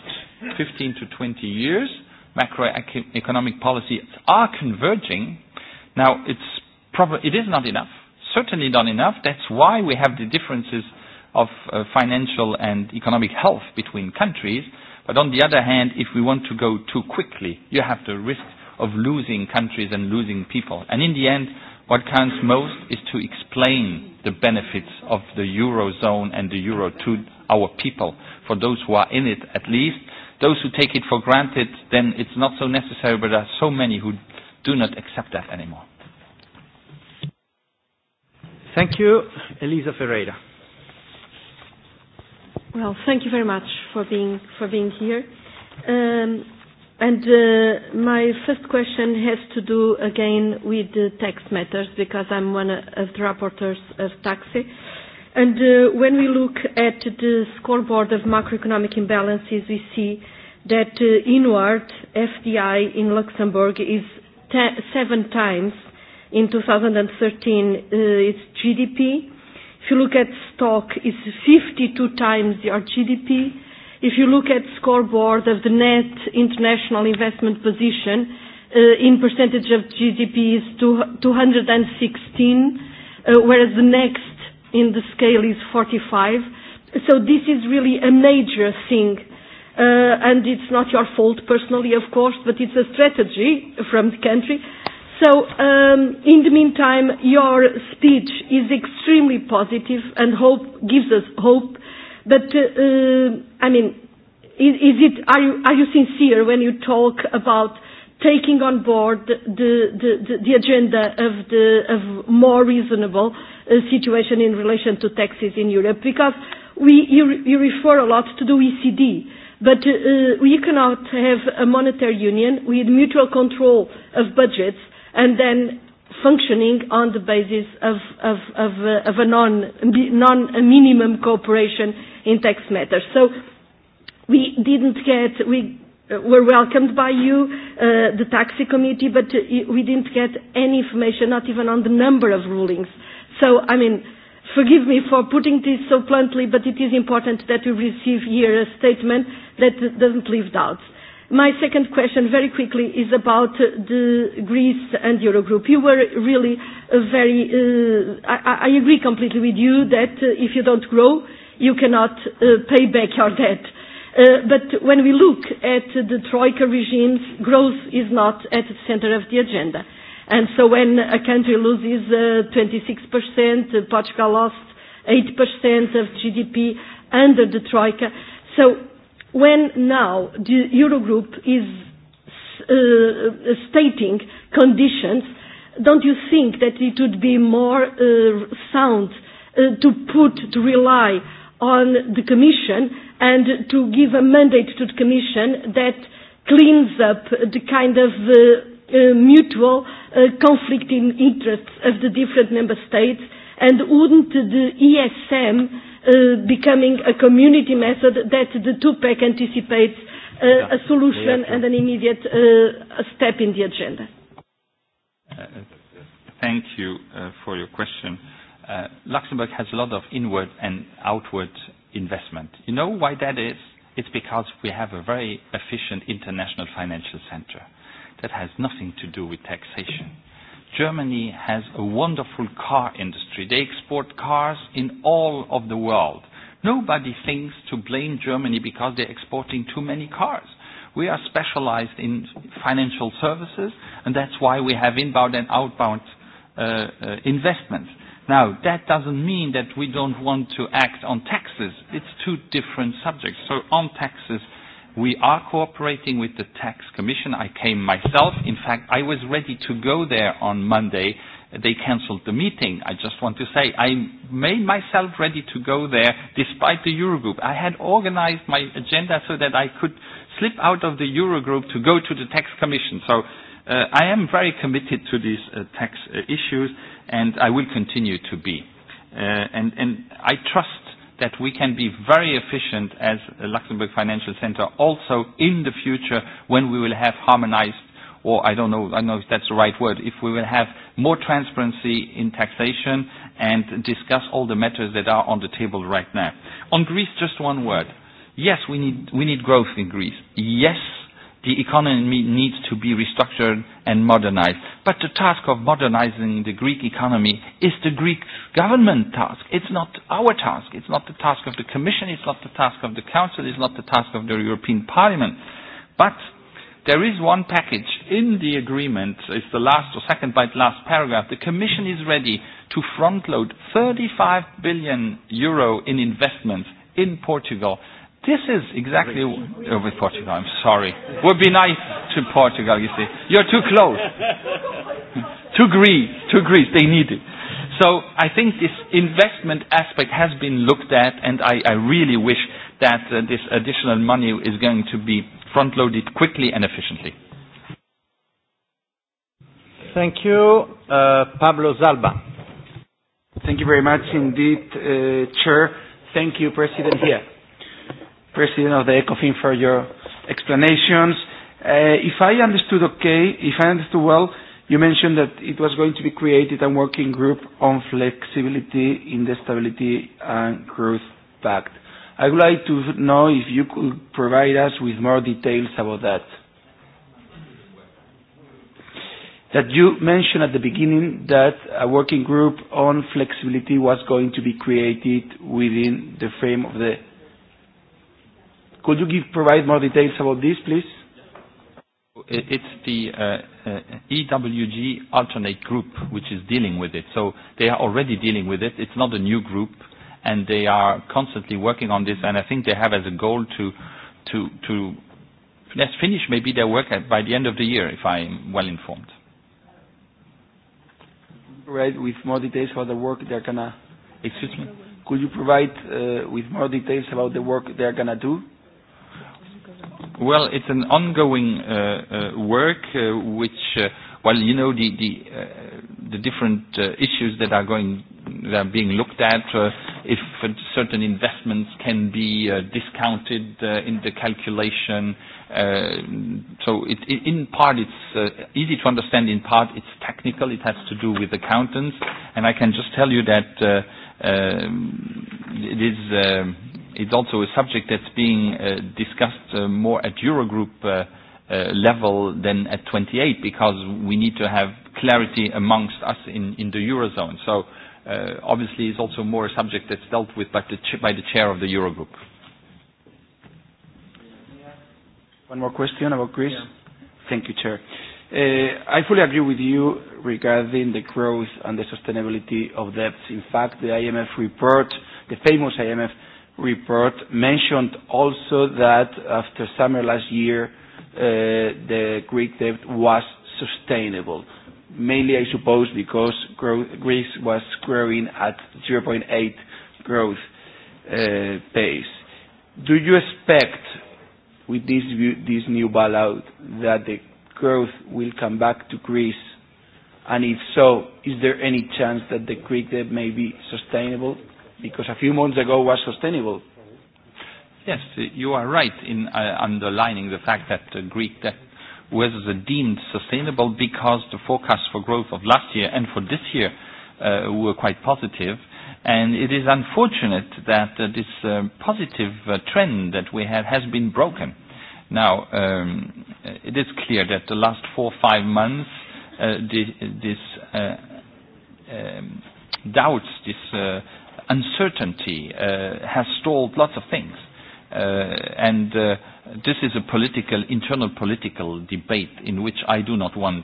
15 to 20 years, macroeconomic policies are converging. Now, it's prob- it is not enough, certainly not enough. That's why we have the differences of uh, financial and economic health between countries. But on the other hand, if we want to go too quickly, you have the risk of losing countries and losing people. And in the end, what counts most is to explain the benefits of the Eurozone and the Euro to our people, for those who are in it at least. Those who take it for granted, then it's not so necessary, but there are so many who do not accept that anymore. Thank you, Elisa Ferreira. Well, thank you very much for being, for being here. Um, And uh, my first question has to do again with the tax matters because I'm one of the rapporteurs of taxi. And uh, when we look at the scoreboard of macroeconomic imbalances, we see that uh, inward FDI in Luxembourg is seven times in 2013 uh, its GDP. If you look at stock, it's 52 times your GDP if you look at scoreboard of the net international investment position uh, in percentage of GDP is two, 216, uh, whereas the next in the scale is 45. So this is really a major thing. Uh, and it's not your fault personally, of course, but it's a strategy from the country. So, um, in the meantime, your speech is extremely positive and hope gives us hope But, uh, I mean, is, is it, are you, are you sincere when you talk about taking on board the, the, the, the agenda of, the, of more reasonable uh, situation in relation to taxes in Europe? Because we, you, you refer a lot to the OECD, but uh, we cannot have a monetary union with mutual control of budgets and then functioning on the basis of, of, of, uh, of a non, non a minimum cooperation in tax matters. So we didn't get we uh, were welcomed by you, uh, the taxi committee, but uh, we didn't get any information, not even on the number of rulings. So I mean. Forgive me for putting this so bluntly, but it is important that we receive here a statement that doesn't leave doubts. My second question, very quickly, is about the Greece and Eurogroup. You were really very. uh I I agree completely with you that if you don't grow, you cannot uh pay back your debt. Uh But when we look at the troika regimes, growth is not at the center of the agenda. And so when a country loses uh 26%, Portugal lost 8% of GDP under the troika. So when now the Eurogroup is uh, stating conditions, don't you think that it would be more uh, sound uh, to put, to rely on the Commission and to give a mandate to the Commission that cleans up the kind of uh, uh, mutual uh, conflicting interests of the different member states and wouldn't the ESM uh, becoming a community method that the two-pack anticipates uh, a solution and an immediate uh, step in the agenda. Uh, thank you uh, for your question. Uh, Luxembourg has a lot of inward and outward investment. You know why that is? It's because we have a very efficient international financial center that has nothing to do with taxation. Mm-hmm Germany has a wonderful car industry. They export cars in all of the world. Nobody thinks to blame Germany because they're exporting too many cars. We are specialized in financial services, and that's why we have inbound and outbound uh, uh, investments. Now, that doesn't mean that we don't want to act on taxes. It's two different subjects. So on taxes, We are cooperating with the tax commission. I came myself. In fact, I was ready to go there on Monday. They cancelled the meeting. I just want to say I made myself ready to go there despite the Eurogroup. I had organized my agenda so that I could slip out of the Eurogroup to go to the tax commission. So uh, I am very committed to these uh, tax uh, issues and I will continue to be. Uh, and, and I trust that we can be very efficient as a Luxembourg Financial Center also in the future when we will have harmonized or I don't know, I don't know if that's the right word, if we will have more transparency in taxation and discuss all the matters that are on the table right now. On Greece, just one word. Yes, we need, we need growth in Greece. Yes, the economy needs to be restructured and modernized. But the task of modernizing the Greek economy is the Greek government task. It's not our task. It's not the task of the Commission. It's not the task of the Council. It's not the task of the European Parliament. But there is one package in the agreement. It's the last or second by the last paragraph. The Commission is ready to front load 35 billion euro in investments in Portugal This is exactly oh, with Portugal. I'm sorry. Would be nice to Portugal. You see, you're too close. to Greece, to Greece, they need it. So I think this investment aspect has been looked at, and I, I really wish that uh, this additional money is going to be front-loaded quickly and efficiently. Thank you, uh, Pablo Zalba. Thank you very much indeed, uh, Chair. Thank you, President. Here. President of the ECOFIN, for your explanations. Uh, if I understood okay, if I understood well, you mentioned that it was going to be created a working group on flexibility in the Stability and Growth Pact. I would like to know if you could provide us with more details about that. That you mentioned at the beginning that a working group on flexibility was going to be created within the frame of the Could you give, provide more details about this, please? It's the uh, uh, EWG alternate group which is dealing with it. So they are already dealing with it. It's not a new group, and they are constantly working on this. And I think they have as a goal to to to let's finish maybe their work at, by the end of the year, if I'm well informed. Right, with more details about the work they're going to... Excuse me. Could you provide uh, with more details about the work they're going to do? Well, it's an ongoing uh, uh, work uh, which, uh, well, you know, the the, uh, the different uh, issues that are going that are being looked at, uh, if certain investments can be uh, discounted uh, in the calculation. Uh, so, it, it, in part, it's uh, easy to understand. In part, it's technical. It has to do with accountants, and I can just tell you that uh, uh, it is. Uh, It's also a subject that's being uh, discussed uh, more at Eurogroup uh, uh, level than at 28 because we need to have clarity amongst us in, in the Eurozone. So uh, obviously it's also more a subject that's dealt with by the, ch- by the chair of the Eurogroup. One more question about Greece. Yeah. Thank you, Chair. Uh, I fully agree with you regarding the growth and the sustainability of debts. In fact, the IMF report, the famous IMF report mentioned also that after summer last year, uh, the Greek debt was sustainable, mainly, I suppose, because growth, Greece was growing at 0.8 growth uh, pace. Do you expect, with this, view, this new bailout, that the growth will come back to Greece? And if so, is there any chance that the Greek debt may be sustainable? because a few months ago was sustainable. Yes, you are right in uh, underlining the fact that the Greek debt was deemed sustainable because the forecast for growth of last year and for this year uh, were quite positive. And it is unfortunate that uh, this uh, positive uh, trend that we have has been broken. Now, um, it is clear that the last four or five months, uh, this, this uh, um, doubts, this uh, uncertainty uh, has stalled lots of things. Uh, and uh, this is a political, internal political debate in which I do not want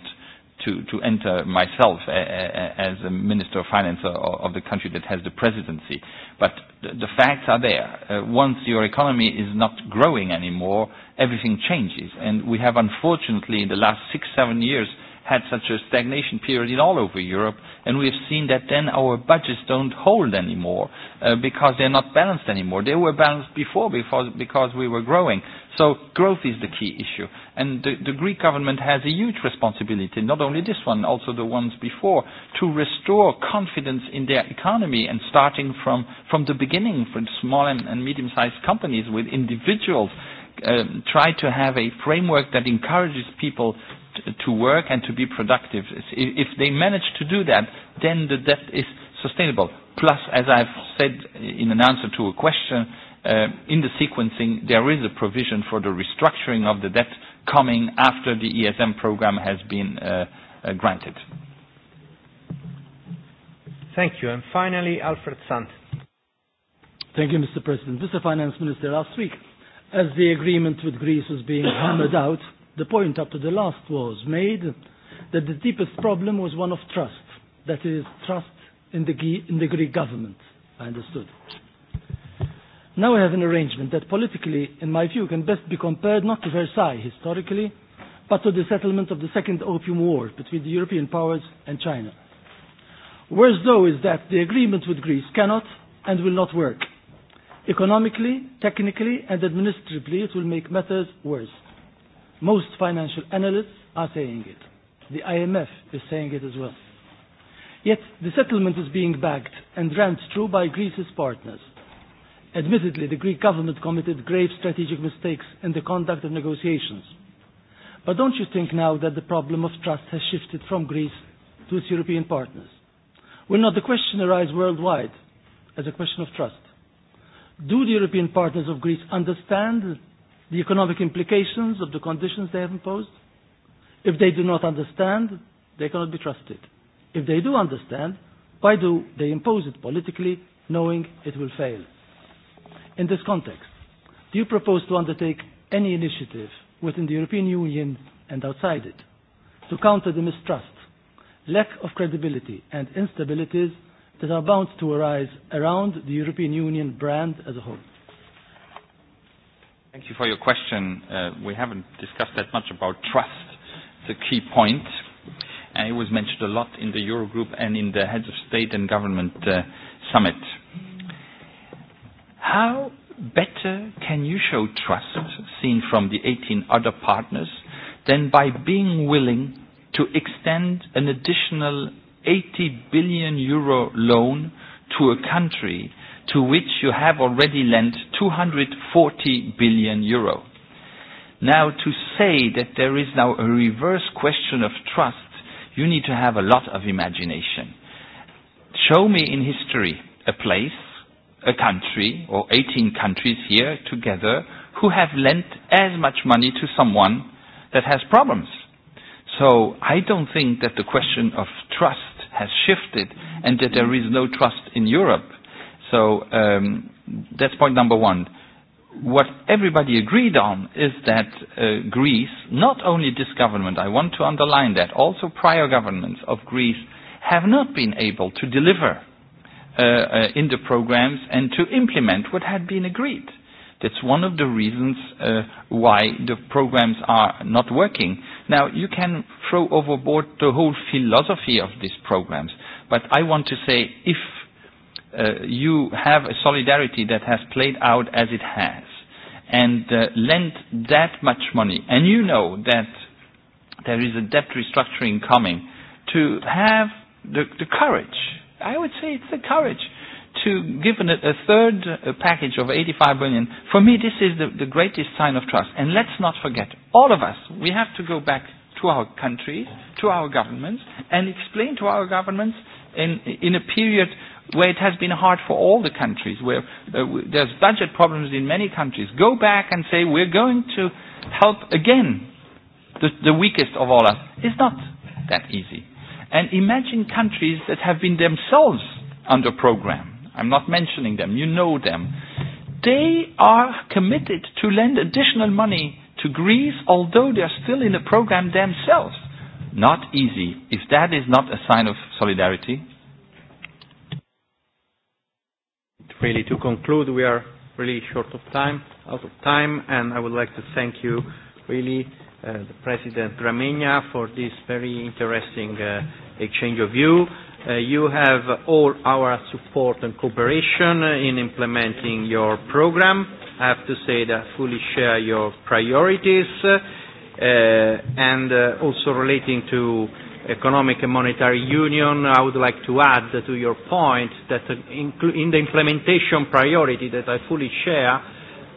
to, to enter myself a a as a minister of finance of the country that has the presidency. But the, the facts are there. Uh, once your economy is not growing anymore, everything changes. And we have unfortunately in the last six, seven years had such a stagnation period in all over Europe, and we have seen that then our budgets don't hold anymore uh, because they're not balanced anymore. They were balanced before, before because we were growing. So growth is the key issue, and the, the Greek government has a huge responsibility, not only this one, also the ones before, to restore confidence in their economy and starting from from the beginning for small and, and medium-sized companies with individuals um, try to have a framework that encourages people to work and to be productive. If they manage to do that, then the debt is sustainable. Plus, as I've said in an answer to a question, uh, in the sequencing, there is a provision for the restructuring of the debt coming after the ESM program has been uh, uh, granted. Thank you. And finally, Alfred Sand. Thank you, Mr. President. Mr. Finance Minister, last week, as the agreement with Greece was being hammered out, The point up to the last was made that the deepest problem was one of trust, that is, trust in the, in the Greek government, I understood. Now we have an arrangement that politically, in my view, can best be compared not to Versailles historically, but to the settlement of the Second Opium War between the European powers and China. Worse though is that the agreement with Greece cannot and will not work. Economically, technically, and administratively, it will make matters worse. Most financial analysts are saying it. The IMF is saying it as well. Yet the settlement is being backed and ran through by Greece's partners. Admittedly, the Greek government committed grave strategic mistakes in the conduct of negotiations. But don't you think now that the problem of trust has shifted from Greece to its European partners? Will not the question arise worldwide as a question of trust? Do the European partners of Greece understand the economic implications of the conditions they have imposed. If they do not understand, they cannot be trusted. If they do understand, why do they impose it politically, knowing it will fail? In this context, do you propose to undertake any initiative within the European Union and outside it to counter the mistrust, lack of credibility and instabilities that are bound to arise around the European Union brand as a whole? Thank you for your question. Uh, we haven't discussed that much about trust. It's a key point, and it was mentioned a lot in the Eurogroup and in the heads of state and government uh, summit. How better can you show trust, seen from the 18 other partners, than by being willing to extend an additional 80 billion euro loan to a country to which you have already lent 240 billion euro. Now, to say that there is now a reverse question of trust, you need to have a lot of imagination. Show me in history a place, a country, or 18 countries here together who have lent as much money to someone that has problems. So I don't think that the question of trust has shifted and that there is no trust in Europe. So um, that's point number one. What everybody agreed on is that uh, Greece, not only this government, I want to underline that, also prior governments of Greece have not been able to deliver uh, uh, in the programs and to implement what had been agreed. That's one of the reasons uh, why the programs are not working. Now, you can throw overboard the whole philosophy of these programs, but I want to say if uh, you have a solidarity that has played out as it has and uh, lent that much money, and you know that there is a debt restructuring coming, to have the, the courage, I would say it's the courage, to give an, a third uh, package of 85 billion, for me this is the, the greatest sign of trust. And let's not forget, all of us, we have to go back to our countries, to our governments, and explain to our governments in, in a period where it has been hard for all the countries, where uh, there's budget problems in many countries, go back and say we're going to help again the, the weakest of all us. It's not that easy. And imagine countries that have been themselves under program. I'm not mentioning them. You know them. They are committed to lend additional money to Greece, although they're still in the program themselves. Not easy. If that is not a sign of solidarity, really to conclude, we are really short of time, out of time, and I would like to thank you really, uh, the President Ramenia for this very interesting uh, exchange of view. Uh, you have all our support and cooperation in implementing your program. I have to say that I fully share your priorities uh, and uh, also relating to Economic and Monetary Union, I would like to add to your point that in the implementation priority that I fully share,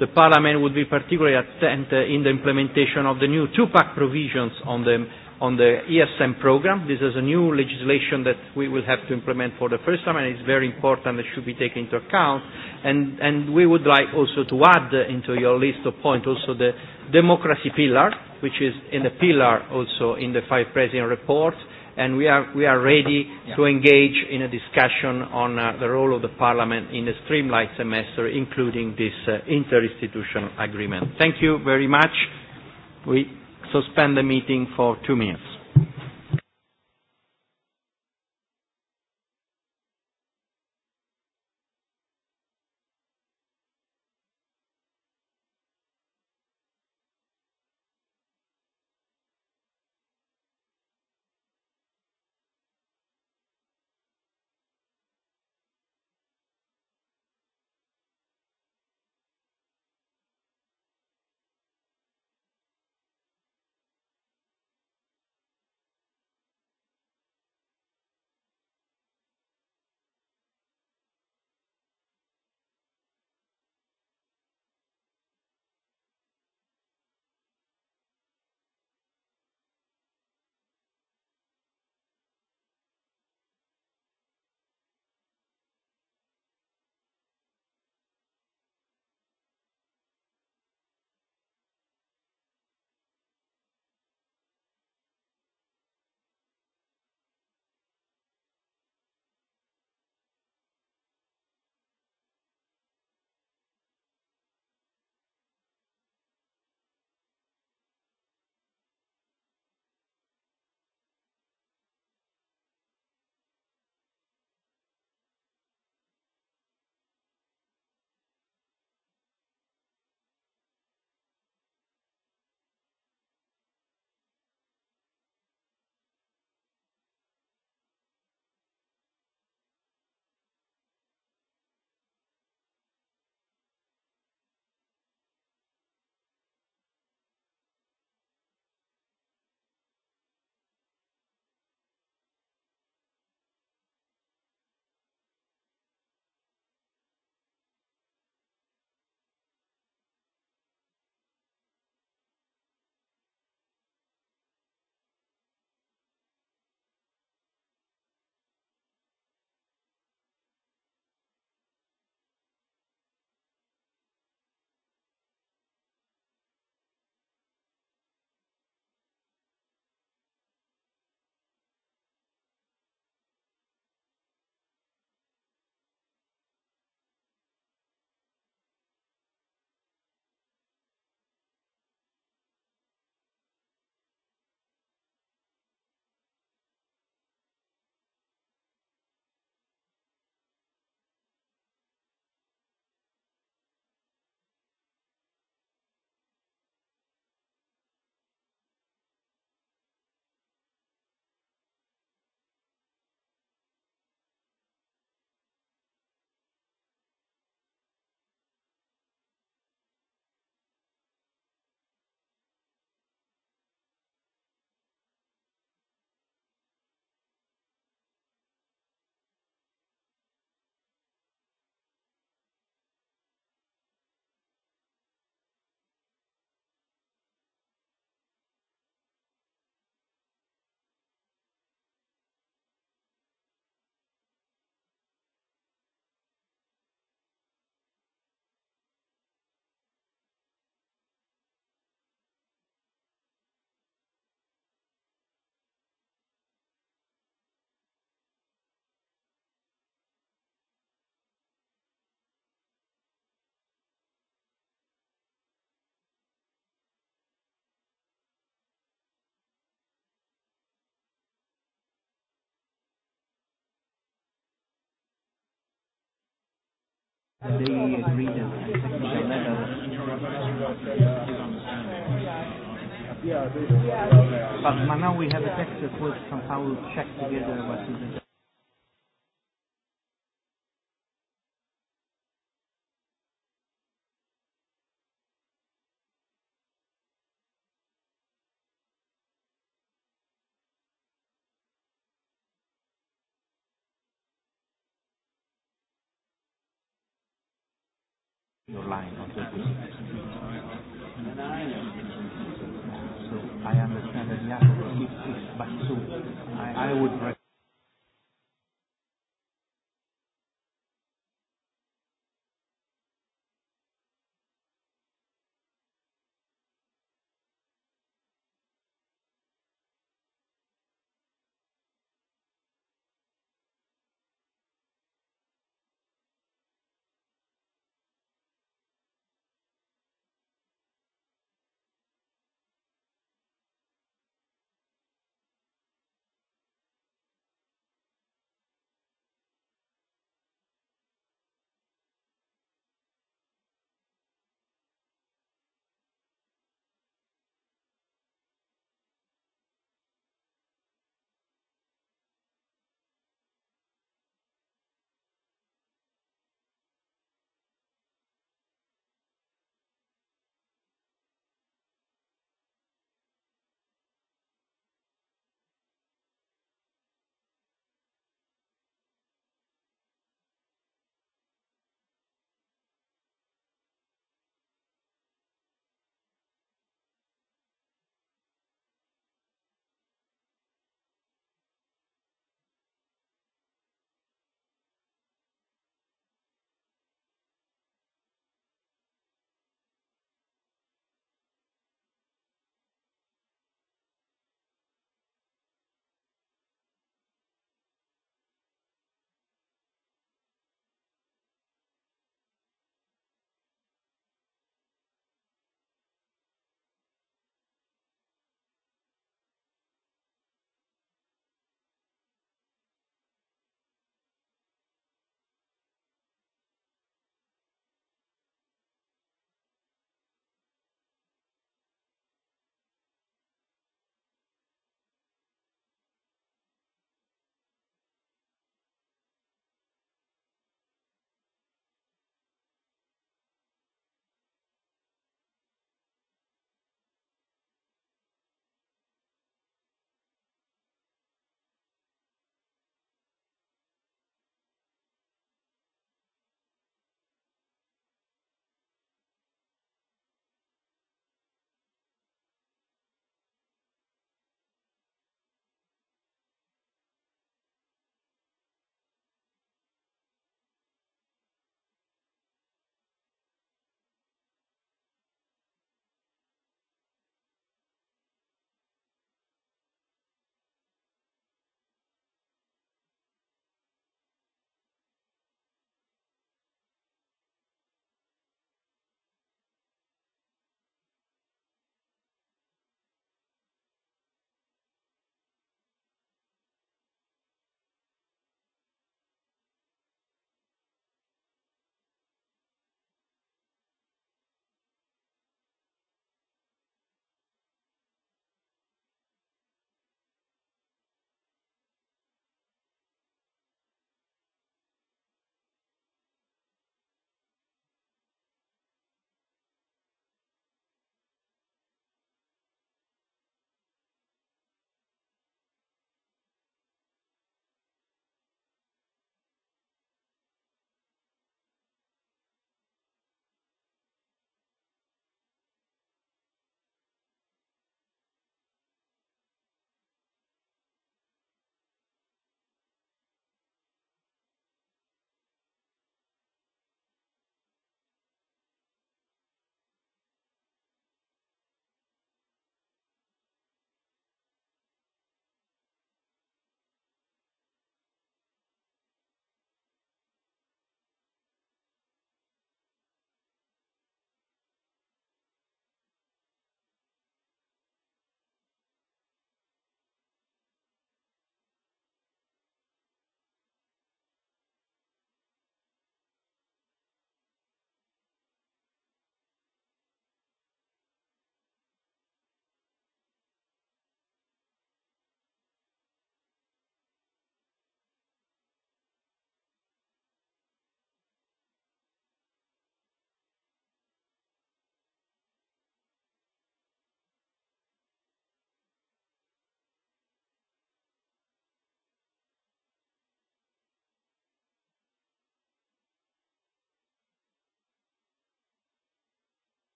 the Parliament would be particularly attentive in the implementation of the new two-pack provisions on the, on the ESM program. This is a new legislation that we will have to implement for the first time, and it's very important that should be taken into account. And, and we would like also to add into your list of points also the democracy pillar, which is in the pillar also in the five president report, and we are, we are ready yeah. to engage in a discussion on uh, the role of the parliament in the streamlined semester, including this uh, interinstitutional agreement. Thank you very much. We suspend the meeting for two minutes. Yeah, But now we have a text that was somehow checked together what is the your line on the So I understand that you have to keep six, but so I, I would. recommend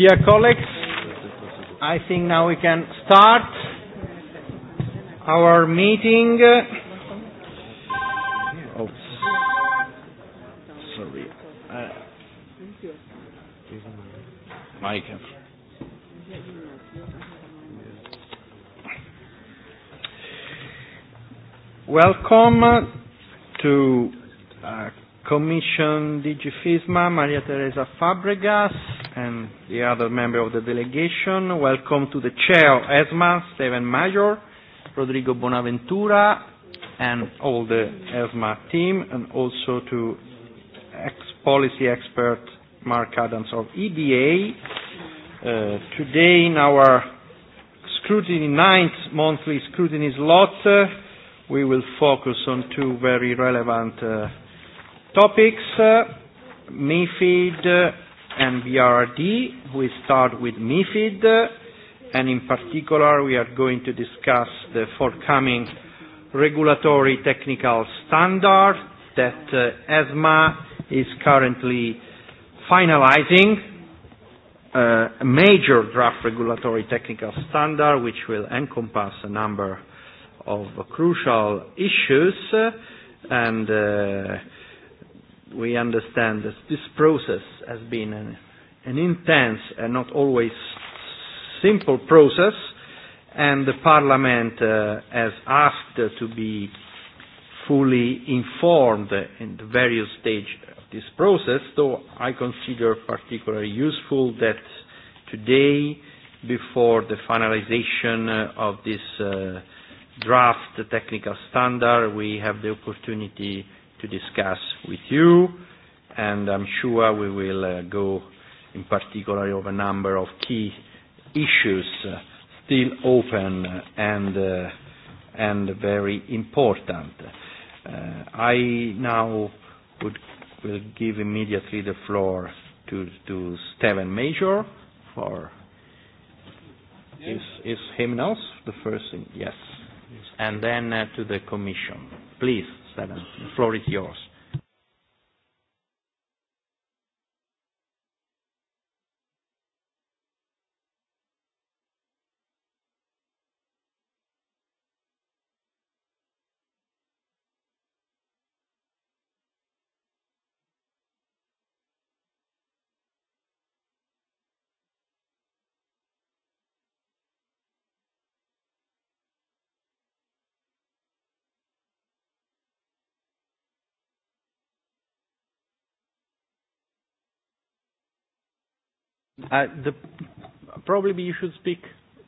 Dear colleagues, I think now we can start our meeting. Oops. sorry. Uh, Mike. Welcome to uh, Commission DG FISMA, Maria Teresa Fabregas and the other member of the delegation. Welcome to the chair of ESMA, Steven Major, Rodrigo Bonaventura, and all the ESMA team, and also to ex-policy expert Mark Adams of EBA. Uh, today in our scrutiny, ninth monthly scrutiny slot, uh, we will focus on two very relevant uh, topics, uh, MIFID MBRD. We start with MIFID, and in particular, we are going to discuss the forthcoming regulatory technical standard that uh, ESMA is currently finalizing a major draft regulatory technical standard which will encompass a number of crucial issues and uh, we understand that this process has been an, an intense and not always simple process, and the Parliament uh, has asked to be fully informed in the various stages of this process, so I consider particularly useful that today, before the finalization of this uh, draft technical standard, we have the opportunity to discuss with you, and I'm sure we will uh, go in particular over a number of key issues uh, still open and, uh, and very important. Uh, I now would, will give immediately the floor to, to Steven Major for yes. is, is hymnals, the first thing, yes. yes. And then uh, to the Commission. Please. Seven. The floor is yours. Uh, the, probably you should speak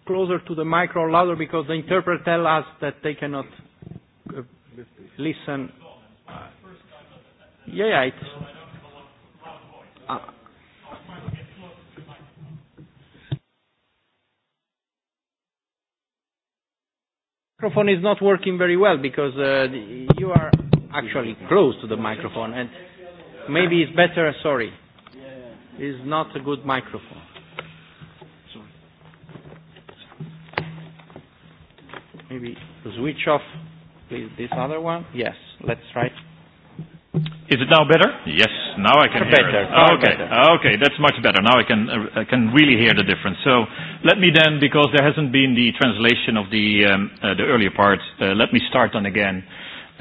closer to the mic or louder because the interpreter tell us that they cannot uh, listen. Yeah, yeah, it's. microphone is not working very well because uh, you are actually close to the microphone and maybe it's better sorry is not a good microphone. Maybe switch off please this other one. Yes, let's try. Is it now better? Yes, now I can better, hear it. okay, better. okay, that's much better. Now I can uh, I can really hear the difference. So let me then, because there hasn't been the translation of the um, uh, the earlier part, uh, let me start on again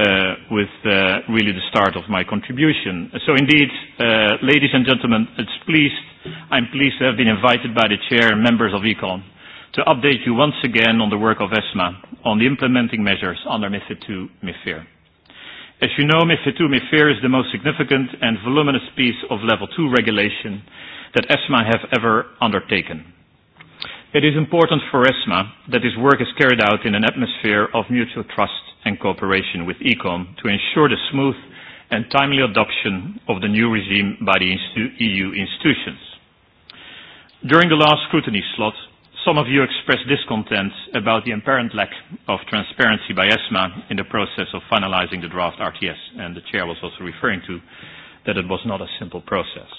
uh, with uh, really the start of my contribution. So indeed, uh, ladies and gentlemen, it's pleased, I'm pleased to have been invited by the chair and members of ECON to update you once again on the work of ESMA on the implementing measures under MIFID II MIFIR. As you know, MIFID II MIFIR is the most significant and voluminous piece of Level 2 regulation that ESMA have ever undertaken. It is important for ESMA that this work is carried out in an atmosphere of mutual trust and cooperation with ECOM to ensure the smooth and timely adoption of the new regime by the EU institutions. During the last scrutiny slot, some of you expressed discontent about the apparent lack of transparency by ESMA in the process of finalizing the draft RTS, and the chair was also referring to that it was not a simple process.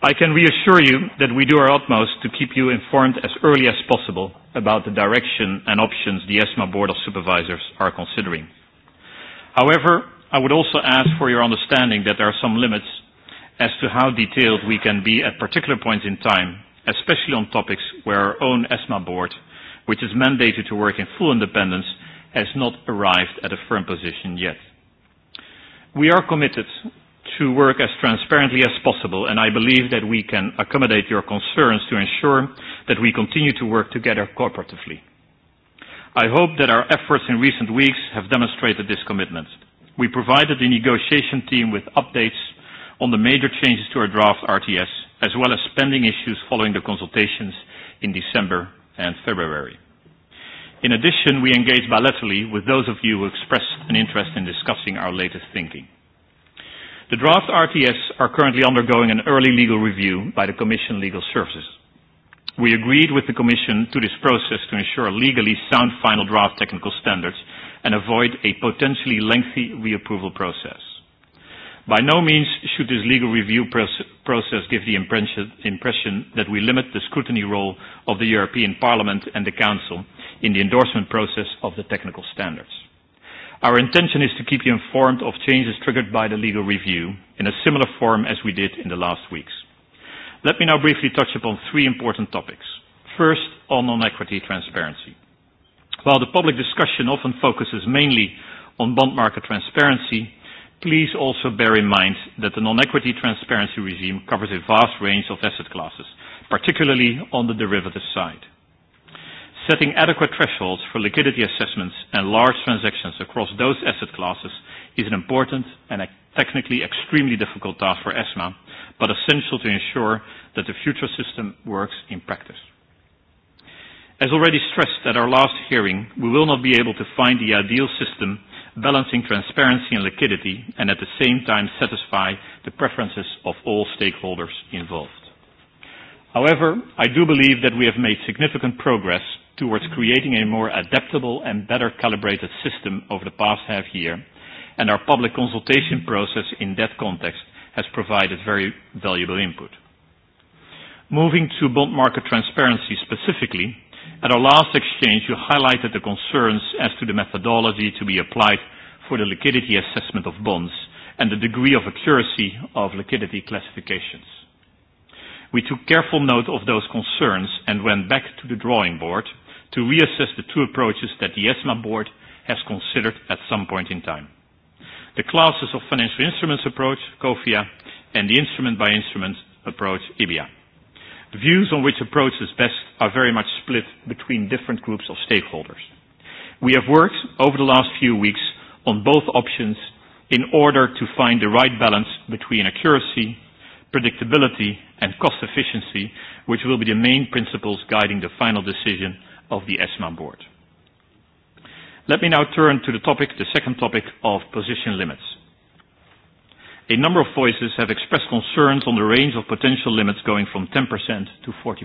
I can reassure you that we do our utmost to keep you informed as early as possible about the direction and options the ESMA Board of Supervisors are considering. However, I would also ask for your understanding that there are some limits as to how detailed we can be at particular points in time, especially on topics where our own ESMA board, which is mandated to work in full independence, has not arrived at a firm position yet. We are committed to work as transparently as possible, and I believe that we can accommodate your concerns to ensure that we continue to work together cooperatively. I hope that our efforts in recent weeks have demonstrated this commitment. We provided the negotiation team with updates on the major changes to our draft RTS, as well as spending issues following the consultations in December and February. In addition, we engaged bilaterally with those of you who expressed an interest in discussing our latest thinking. The draft RTS are currently undergoing an early legal review by the Commission Legal Services. We agreed with the Commission to this process to ensure legally sound final draft technical standards and avoid a potentially lengthy reapproval process. By no means should this legal review process give the impression that we limit the scrutiny role of the European Parliament and the Council in the endorsement process of the technical standards. Our intention is to keep you informed of changes triggered by the legal review in a similar form as we did in the last weeks. Let me now briefly touch upon three important topics. First, on non-equity transparency. While the public discussion often focuses mainly on bond market transparency, please also bear in mind that the non-equity transparency regime covers a vast range of asset classes, particularly on the derivative side setting adequate thresholds for liquidity assessments and large transactions across those asset classes is an important and a technically extremely difficult task for ESMA, but essential to ensure that the future system works in practice. As already stressed at our last hearing, we will not be able to find the ideal system balancing transparency and liquidity and at the same time satisfy the preferences of all stakeholders involved. However, I do believe that we have made significant progress towards creating a more adaptable and better calibrated system over the past half year, and our public consultation process in that context has provided very valuable input. Moving to bond market transparency specifically, at our last exchange, you highlighted the concerns as to the methodology to be applied for the liquidity assessment of bonds and the degree of accuracy of liquidity classifications. We took careful note of those concerns and went back to the drawing board to reassess the two approaches that the ESMA board has considered at some point in time. The classes of financial instruments approach, COFIA, and the instrument by instrument approach, IBIA. The views on which approach is best are very much split between different groups of stakeholders. We have worked over the last few weeks on both options in order to find the right balance between accuracy, predictability, and cost efficiency, which will be the main principles guiding the final decision of the ESMA board. Let me now turn to the topic, the second topic of position limits. A number of voices have expressed concerns on the range of potential limits going from 10% to 40%.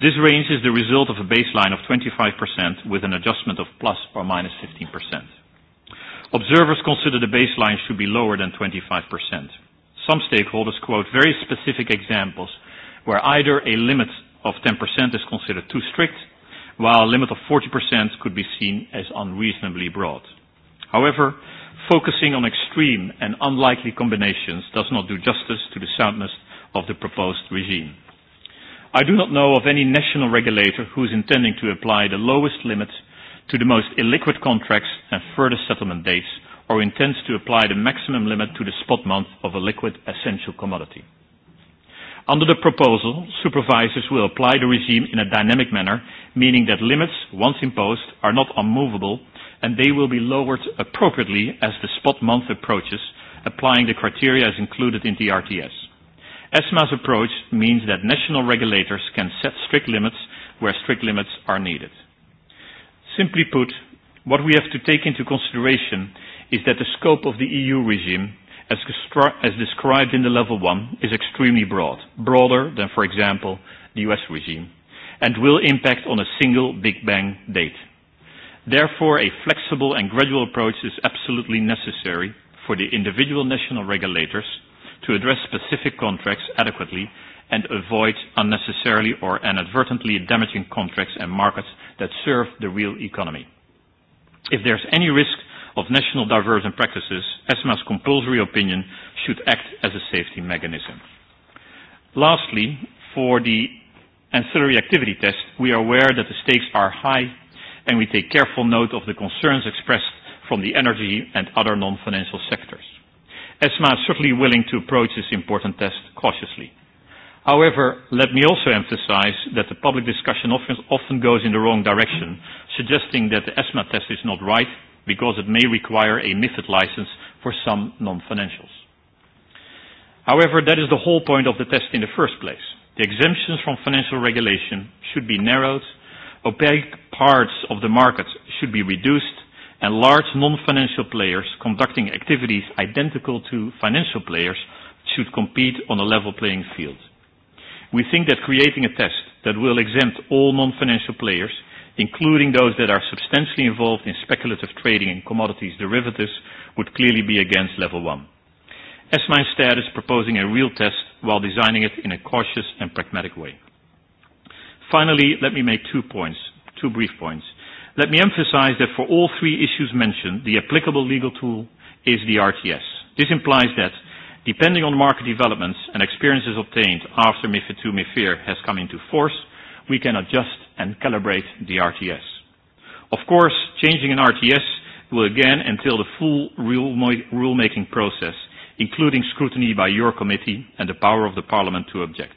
This range is the result of a baseline of 25% with an adjustment of plus or minus 15%. Observers consider the baseline should be lower than 25%. Some stakeholders quote very specific examples where either a limit of 10% is considered too strict, while a limit of 40% could be seen as unreasonably broad. However, focusing on extreme and unlikely combinations does not do justice to the soundness of the proposed regime. I do not know of any national regulator who is intending to apply the lowest limit to the most illiquid contracts and further settlement dates, or intends to apply the maximum limit to the spot month of a liquid essential commodity. Under the proposal, supervisors will apply the regime in a dynamic manner, meaning that limits, once imposed, are not unmovable, and they will be lowered appropriately as the spot month approaches, applying the criteria as included in the RTS. ESMA's approach means that national regulators can set strict limits where strict limits are needed. Simply put, what we have to take into consideration is that the scope of the EU regime as described in the Level 1, is extremely broad, broader than, for example, the U.S. regime, and will impact on a single Big Bang date. Therefore, a flexible and gradual approach is absolutely necessary for the individual national regulators to address specific contracts adequately and avoid unnecessarily or inadvertently damaging contracts and markets that serve the real economy. If there's any risk of national diversion practices, ESMA's compulsory opinion should act as a safety mechanism. Lastly, for the ancillary activity test, we are aware that the stakes are high, and we take careful note of the concerns expressed from the energy and other non-financial sectors. ESMA is certainly willing to approach this important test cautiously. However, let me also emphasize that the public discussion often, often goes in the wrong direction, suggesting that the ESMA test is not right because it may require a MiFID license for some non-financials. However, that is the whole point of the test in the first place. The exemptions from financial regulation should be narrowed, opaque parts of the market should be reduced, and large non-financial players conducting activities identical to financial players should compete on a level playing field. We think that creating a test that will exempt all non-financial players including those that are substantially involved in speculative trading in commodities derivatives, would clearly be against level one. ESMA instead is proposing a real test while designing it in a cautious and pragmatic way. Finally, let me make two points, two brief points. Let me emphasize that for all three issues mentioned, the applicable legal tool is the RTS. This implies that depending on market developments and experiences obtained after MiFID II MiFIR has come into force, we can adjust and calibrate the RTS. Of course, changing an RTS will again entail the full rulemaking process, including scrutiny by your committee and the power of the parliament to object.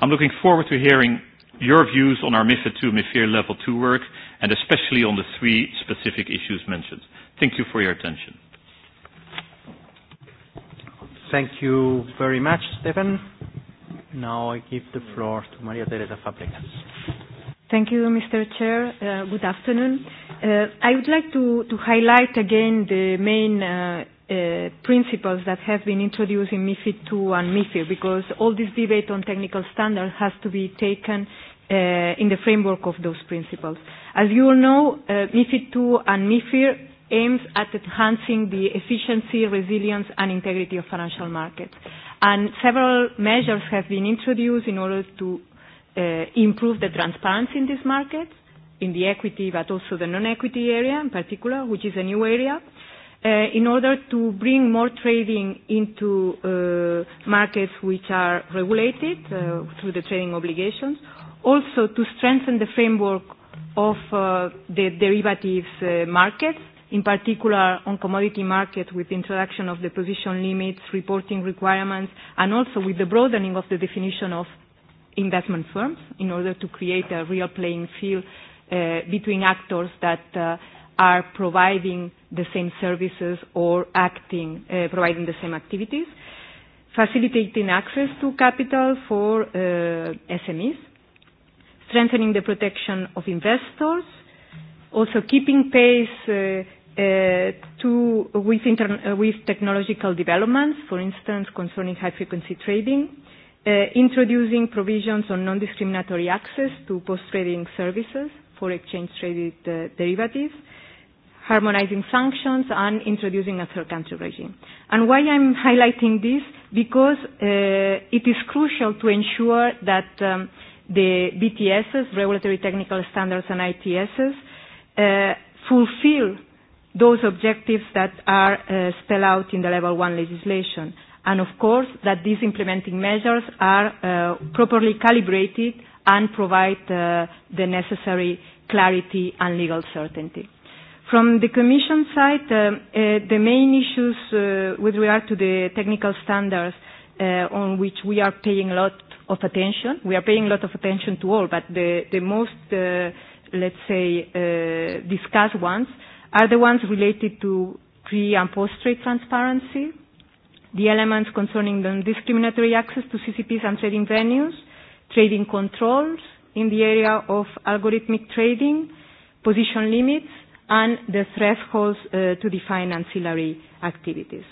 I'm looking forward to hearing your views on our MiFID II, MiFIR Level 2 work, and especially on the three specific issues mentioned. Thank you for your attention. Thank you very much, Stephen. Now I give the floor to Maria Teresa Fabregas. Thank you, Mr. Chair. Uh, good afternoon. Uh, I would like to, to highlight again the main uh, uh, principles that have been introduced in MIFID II and MIFIR because all this debate on technical standards has to be taken uh, in the framework of those principles. As you all know, uh, MIFID II and MIFIR aims at enhancing the efficiency, resilience, and integrity of financial markets. And several measures have been introduced in order to uh, improve the transparency in these markets, in the equity, but also the non-equity area in particular, which is a new area, uh, in order to bring more trading into uh, markets which are regulated uh, through the trading obligations, also to strengthen the framework of uh, the derivatives uh, markets in particular on commodity market with the introduction of the position limits, reporting requirements, and also with the broadening of the definition of investment firms in order to create a real playing field uh, between actors that uh, are providing the same services or acting, uh, providing the same activities, facilitating access to capital for uh, SMEs, strengthening the protection of investors, also keeping pace uh, to with, inter, with technological developments, for instance, concerning high-frequency trading, uh, introducing provisions on non-discriminatory access to post-trading services for exchange-traded uh, derivatives, harmonizing sanctions, and introducing a third-country regime. And why I'm highlighting this? Because uh, it is crucial to ensure that um, the BTSs, regulatory technical standards and ITSs, uh, fulfill those objectives that are uh, spelled out in the level one legislation. And of course that these implementing measures are uh, properly calibrated and provide uh, the necessary clarity and legal certainty. From the Commission side, uh, uh, the main issues uh, with regard to the technical standards uh, on which we are paying a lot of attention, we are paying a lot of attention to all, but the, the most, uh, let's say, uh, discussed ones are the ones related to pre and post-trade transparency, the elements concerning non-discriminatory access to CCPs and trading venues, trading controls in the area of algorithmic trading, position limits, and the thresholds uh, to define ancillary activities.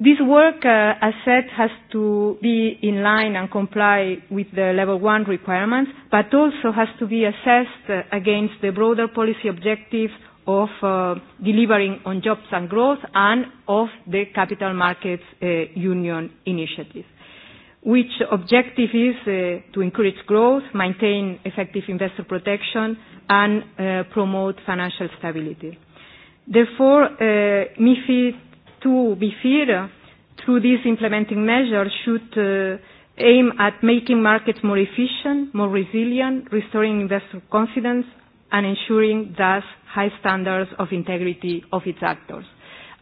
This work, uh, as said, has to be in line and comply with the level one requirements, but also has to be assessed uh, against the broader policy objectives of uh, delivering on jobs and growth and of the capital markets uh, union initiative, which objective is uh, to encourage growth, maintain effective investor protection, and uh, promote financial stability. Therefore, uh, MIFID to be BFIR, through these implementing measures, should uh, aim at making markets more efficient, more resilient, restoring investor confidence, and ensuring thus high standards of integrity of its actors.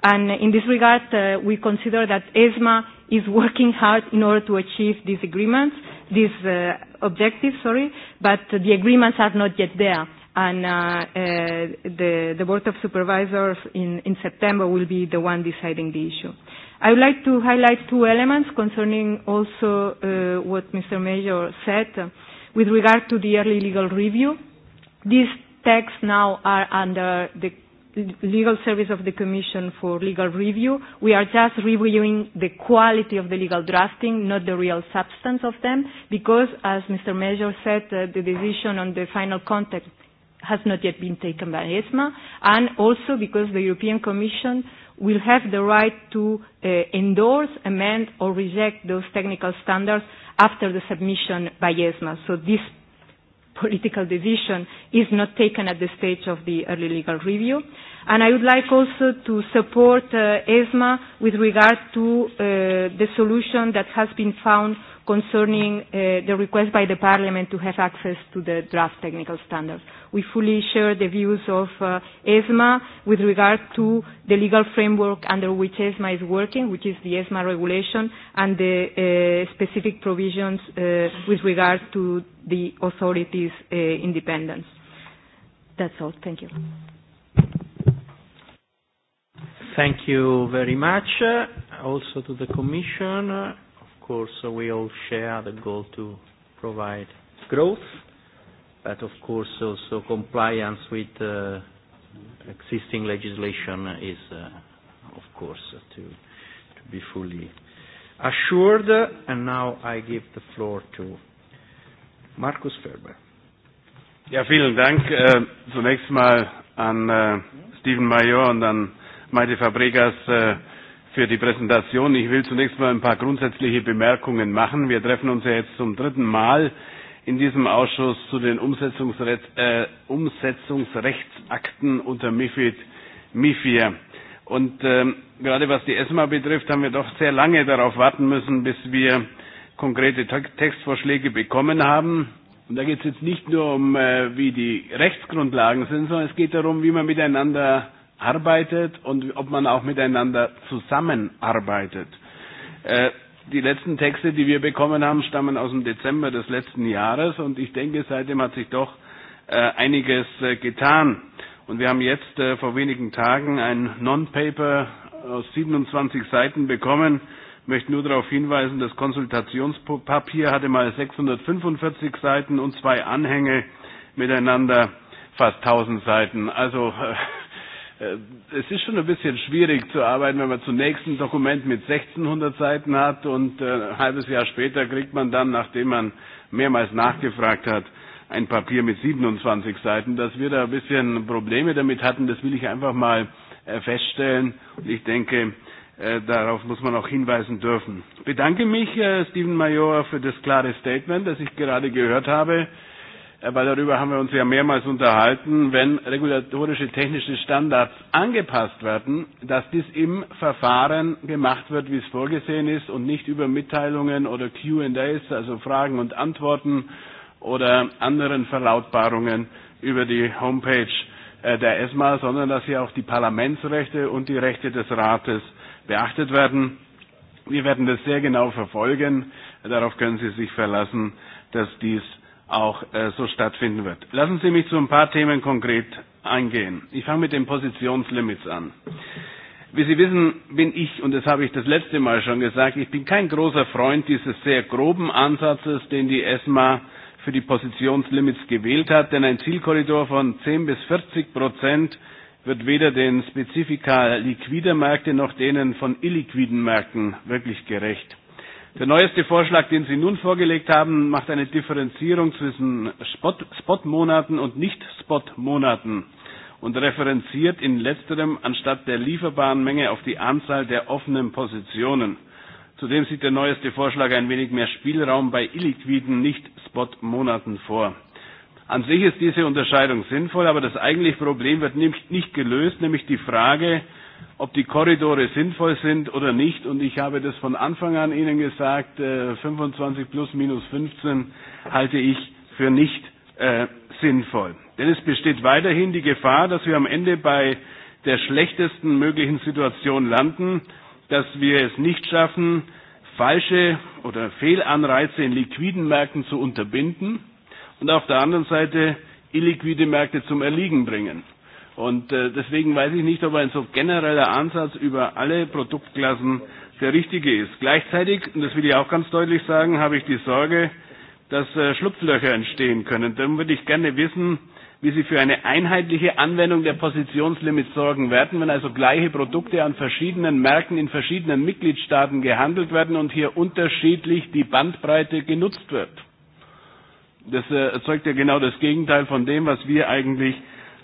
And in this regard, uh, we consider that ESMA is working hard in order to achieve these agreements, these uh, objectives, sorry, but the agreements are not yet there and uh, uh, the, the Board of Supervisors in, in September will be the one deciding the issue. I would like to highlight two elements concerning also uh, what Mr. Major said with regard to the early legal review. These texts now are under the legal service of the Commission for legal review. We are just reviewing the quality of the legal drafting, not the real substance of them, because, as Mr. Major said, uh, the decision on the final context has not yet been taken by ESMA, and also because the European Commission will have the right to uh, endorse, amend, or reject those technical standards after the submission by ESMA. So this political decision is not taken at the stage of the early legal review. And I would like also to support uh, ESMA with regard to uh, the solution that has been found concerning uh, the request by the Parliament to have access to the draft technical standards. We fully share the views of uh, ESMA with regard to the legal framework under which ESMA is working, which is the ESMA regulation, and the uh, specific provisions uh, with regard to the authorities' uh, independence. That's all. Thank you. Thank you very much, uh, also to the Commission. Uh, course, we all share the goal to provide growth, but of course, also compliance with uh, existing legislation is, uh, of course, to, to be fully assured. And now I give the floor to Markus Ferber. Ja, vielen Dank. Äh, zunächst mal an uh Stephen Mayer und an Maite Fabregas. uh für die Präsentation. Ich will zunächst mal ein paar grundsätzliche Bemerkungen machen. Wir treffen uns ja jetzt zum dritten Mal in diesem Ausschuss zu den Umsetzungsre äh, Umsetzungsrechtsakten unter MIFID, MIFIR. Und ähm, gerade was die ESMA betrifft, haben wir doch sehr lange darauf warten müssen, bis wir konkrete Textvorschläge bekommen haben. Und da geht es jetzt nicht nur um, äh, wie die Rechtsgrundlagen sind, sondern es geht darum, wie man miteinander arbeitet und ob man auch miteinander zusammenarbeitet. Die letzten Texte, die wir bekommen haben, stammen aus dem Dezember des letzten Jahres und ich denke, seitdem hat sich doch einiges getan. Und wir haben jetzt vor wenigen Tagen ein Non-Paper aus 27 Seiten bekommen. Ich möchte nur darauf hinweisen, das Konsultationspapier hatte mal 645 Seiten und zwei Anhänge miteinander fast 1000 Seiten. Also Es ist schon ein bisschen schwierig zu arbeiten, wenn man zunächst ein Dokument mit 1600 Seiten hat und ein halbes Jahr später kriegt man dann, nachdem man mehrmals nachgefragt hat, ein Papier mit 27 Seiten. Dass wir da ein bisschen Probleme damit hatten, das will ich einfach mal feststellen. Und ich denke, darauf muss man auch hinweisen dürfen. Ich bedanke mich, Stephen Major, für das klare Statement, das ich gerade gehört habe weil darüber haben wir uns ja mehrmals unterhalten, wenn regulatorische technische Standards angepasst werden, dass dies im Verfahren gemacht wird, wie es vorgesehen ist und nicht über Mitteilungen oder Q&As, also Fragen und Antworten oder anderen Verlautbarungen über die Homepage der ESMA, sondern dass hier auch die Parlamentsrechte und die Rechte des Rates beachtet werden. Wir werden das sehr genau verfolgen. Darauf können Sie sich verlassen, dass dies auch äh, so stattfinden wird. Lassen Sie mich zu ein paar Themen konkret eingehen. Ich fange mit den Positionslimits an. Wie Sie wissen, bin ich, und das habe ich das letzte Mal schon gesagt, ich bin kein großer Freund dieses sehr groben Ansatzes, den die ESMA für die Positionslimits gewählt hat, denn ein Zielkorridor von 10 bis 40 Prozent wird weder den Spezifika liquider Märkte noch denen von illiquiden Märkten wirklich gerecht. Der neueste Vorschlag, den Sie nun vorgelegt haben, macht eine Differenzierung zwischen Spot-Monaten und Nicht-Spot-Monaten und referenziert in letzterem anstatt der lieferbaren Menge auf die Anzahl der offenen Positionen. Zudem sieht der neueste Vorschlag ein wenig mehr Spielraum bei illiquiden Nicht-Spot-Monaten vor. An sich ist diese Unterscheidung sinnvoll, aber das eigentliche Problem wird nicht gelöst, nämlich die Frage, ob die Korridore sinnvoll sind oder nicht. Und ich habe das von Anfang an Ihnen gesagt, 25 plus minus 15 halte ich für nicht äh, sinnvoll. Denn es besteht weiterhin die Gefahr, dass wir am Ende bei der schlechtesten möglichen Situation landen, dass wir es nicht schaffen, falsche oder Fehlanreize in liquiden Märkten zu unterbinden und auf der anderen Seite illiquide Märkte zum Erliegen bringen. Und äh, deswegen weiß ich nicht, ob ein so genereller Ansatz über alle Produktklassen der richtige ist. Gleichzeitig, und das will ich auch ganz deutlich sagen, habe ich die Sorge, dass äh, Schlupflöcher entstehen können. Dann würde ich gerne wissen, wie Sie für eine einheitliche Anwendung der Positionslimits sorgen werden, wenn also gleiche Produkte an verschiedenen Märkten in verschiedenen Mitgliedstaaten gehandelt werden und hier unterschiedlich die Bandbreite genutzt wird. Das erzeugt ja genau das Gegenteil von dem, was wir eigentlich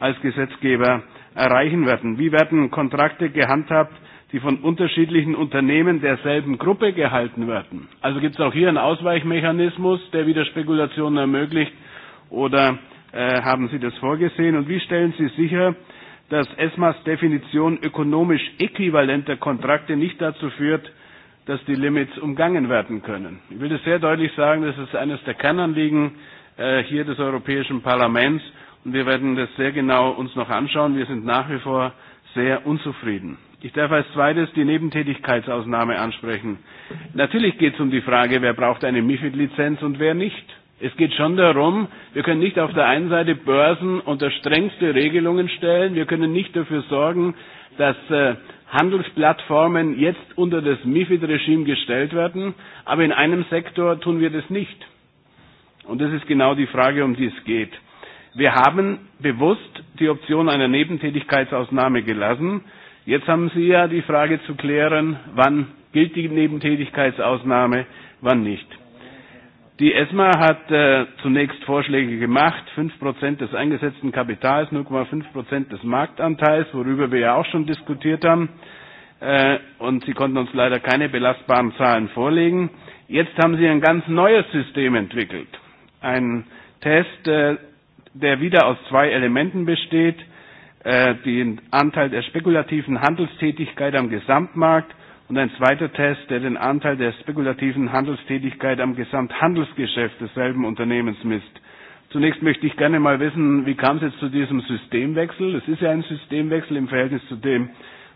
als Gesetzgeber erreichen werden. Wie werden Kontrakte gehandhabt, die von unterschiedlichen Unternehmen derselben Gruppe gehalten werden? Also gibt es auch hier einen Ausweichmechanismus, der wieder Spekulationen ermöglicht oder äh, haben Sie das vorgesehen? Und wie stellen Sie sicher, dass ESMAs Definition ökonomisch äquivalenter Kontrakte nicht dazu führt, dass die Limits umgangen werden können. Ich will das sehr deutlich sagen, das ist eines der Kernanliegen hier des Europäischen Parlaments Wir werden das sehr genau uns noch anschauen. Wir sind nach wie vor sehr unzufrieden. Ich darf als zweites die Nebentätigkeitsausnahme ansprechen. Natürlich geht es um die Frage, wer braucht eine MIFID-Lizenz und wer nicht. Es geht schon darum, wir können nicht auf der einen Seite Börsen unter strengste Regelungen stellen, wir können nicht dafür sorgen, dass äh, Handelsplattformen jetzt unter das MIFID-Regime gestellt werden, aber in einem Sektor tun wir das nicht. Und das ist genau die Frage, um die es geht. Wir haben bewusst die Option einer Nebentätigkeitsausnahme gelassen. Jetzt haben Sie ja die Frage zu klären, wann gilt die Nebentätigkeitsausnahme, wann nicht. Die ESMA hat äh, zunächst Vorschläge gemacht, 5% des eingesetzten Kapitals, 0,5% des Marktanteils, worüber wir ja auch schon diskutiert haben. Äh, und sie konnten uns leider keine belastbaren Zahlen vorlegen. Jetzt haben sie ein ganz neues System entwickelt. Ein Test, äh, der wieder aus zwei Elementen besteht, äh, den Anteil der spekulativen Handelstätigkeit am Gesamtmarkt und ein zweiter Test, der den Anteil der spekulativen Handelstätigkeit am Gesamthandelsgeschäft desselben Unternehmens misst. Zunächst möchte ich gerne mal wissen, wie kam es jetzt zu diesem Systemwechsel? Es ist ja ein Systemwechsel im Verhältnis zu dem,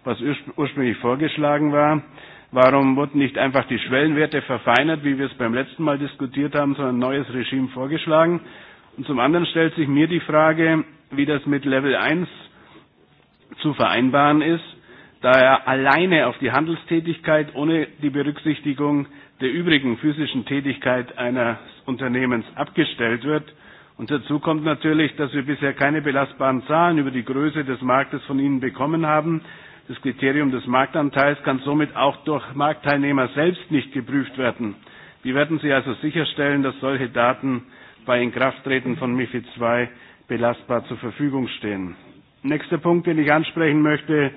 was ursprünglich vorgeschlagen war. Warum wurden nicht einfach die Schwellenwerte verfeinert, wie wir es beim letzten Mal diskutiert haben, sondern ein neues Regime vorgeschlagen? Und zum anderen stellt sich mir die Frage, wie das mit Level 1 zu vereinbaren ist, da er alleine auf die Handelstätigkeit ohne die Berücksichtigung der übrigen physischen Tätigkeit eines Unternehmens abgestellt wird. Und dazu kommt natürlich, dass wir bisher keine belastbaren Zahlen über die Größe des Marktes von Ihnen bekommen haben. Das Kriterium des Marktanteils kann somit auch durch Marktteilnehmer selbst nicht geprüft werden. Wie werden Sie also sicherstellen, dass solche Daten bei Inkrafttreten von MIFID II belastbar zur Verfügung stehen. Nächster Punkt, den ich ansprechen möchte,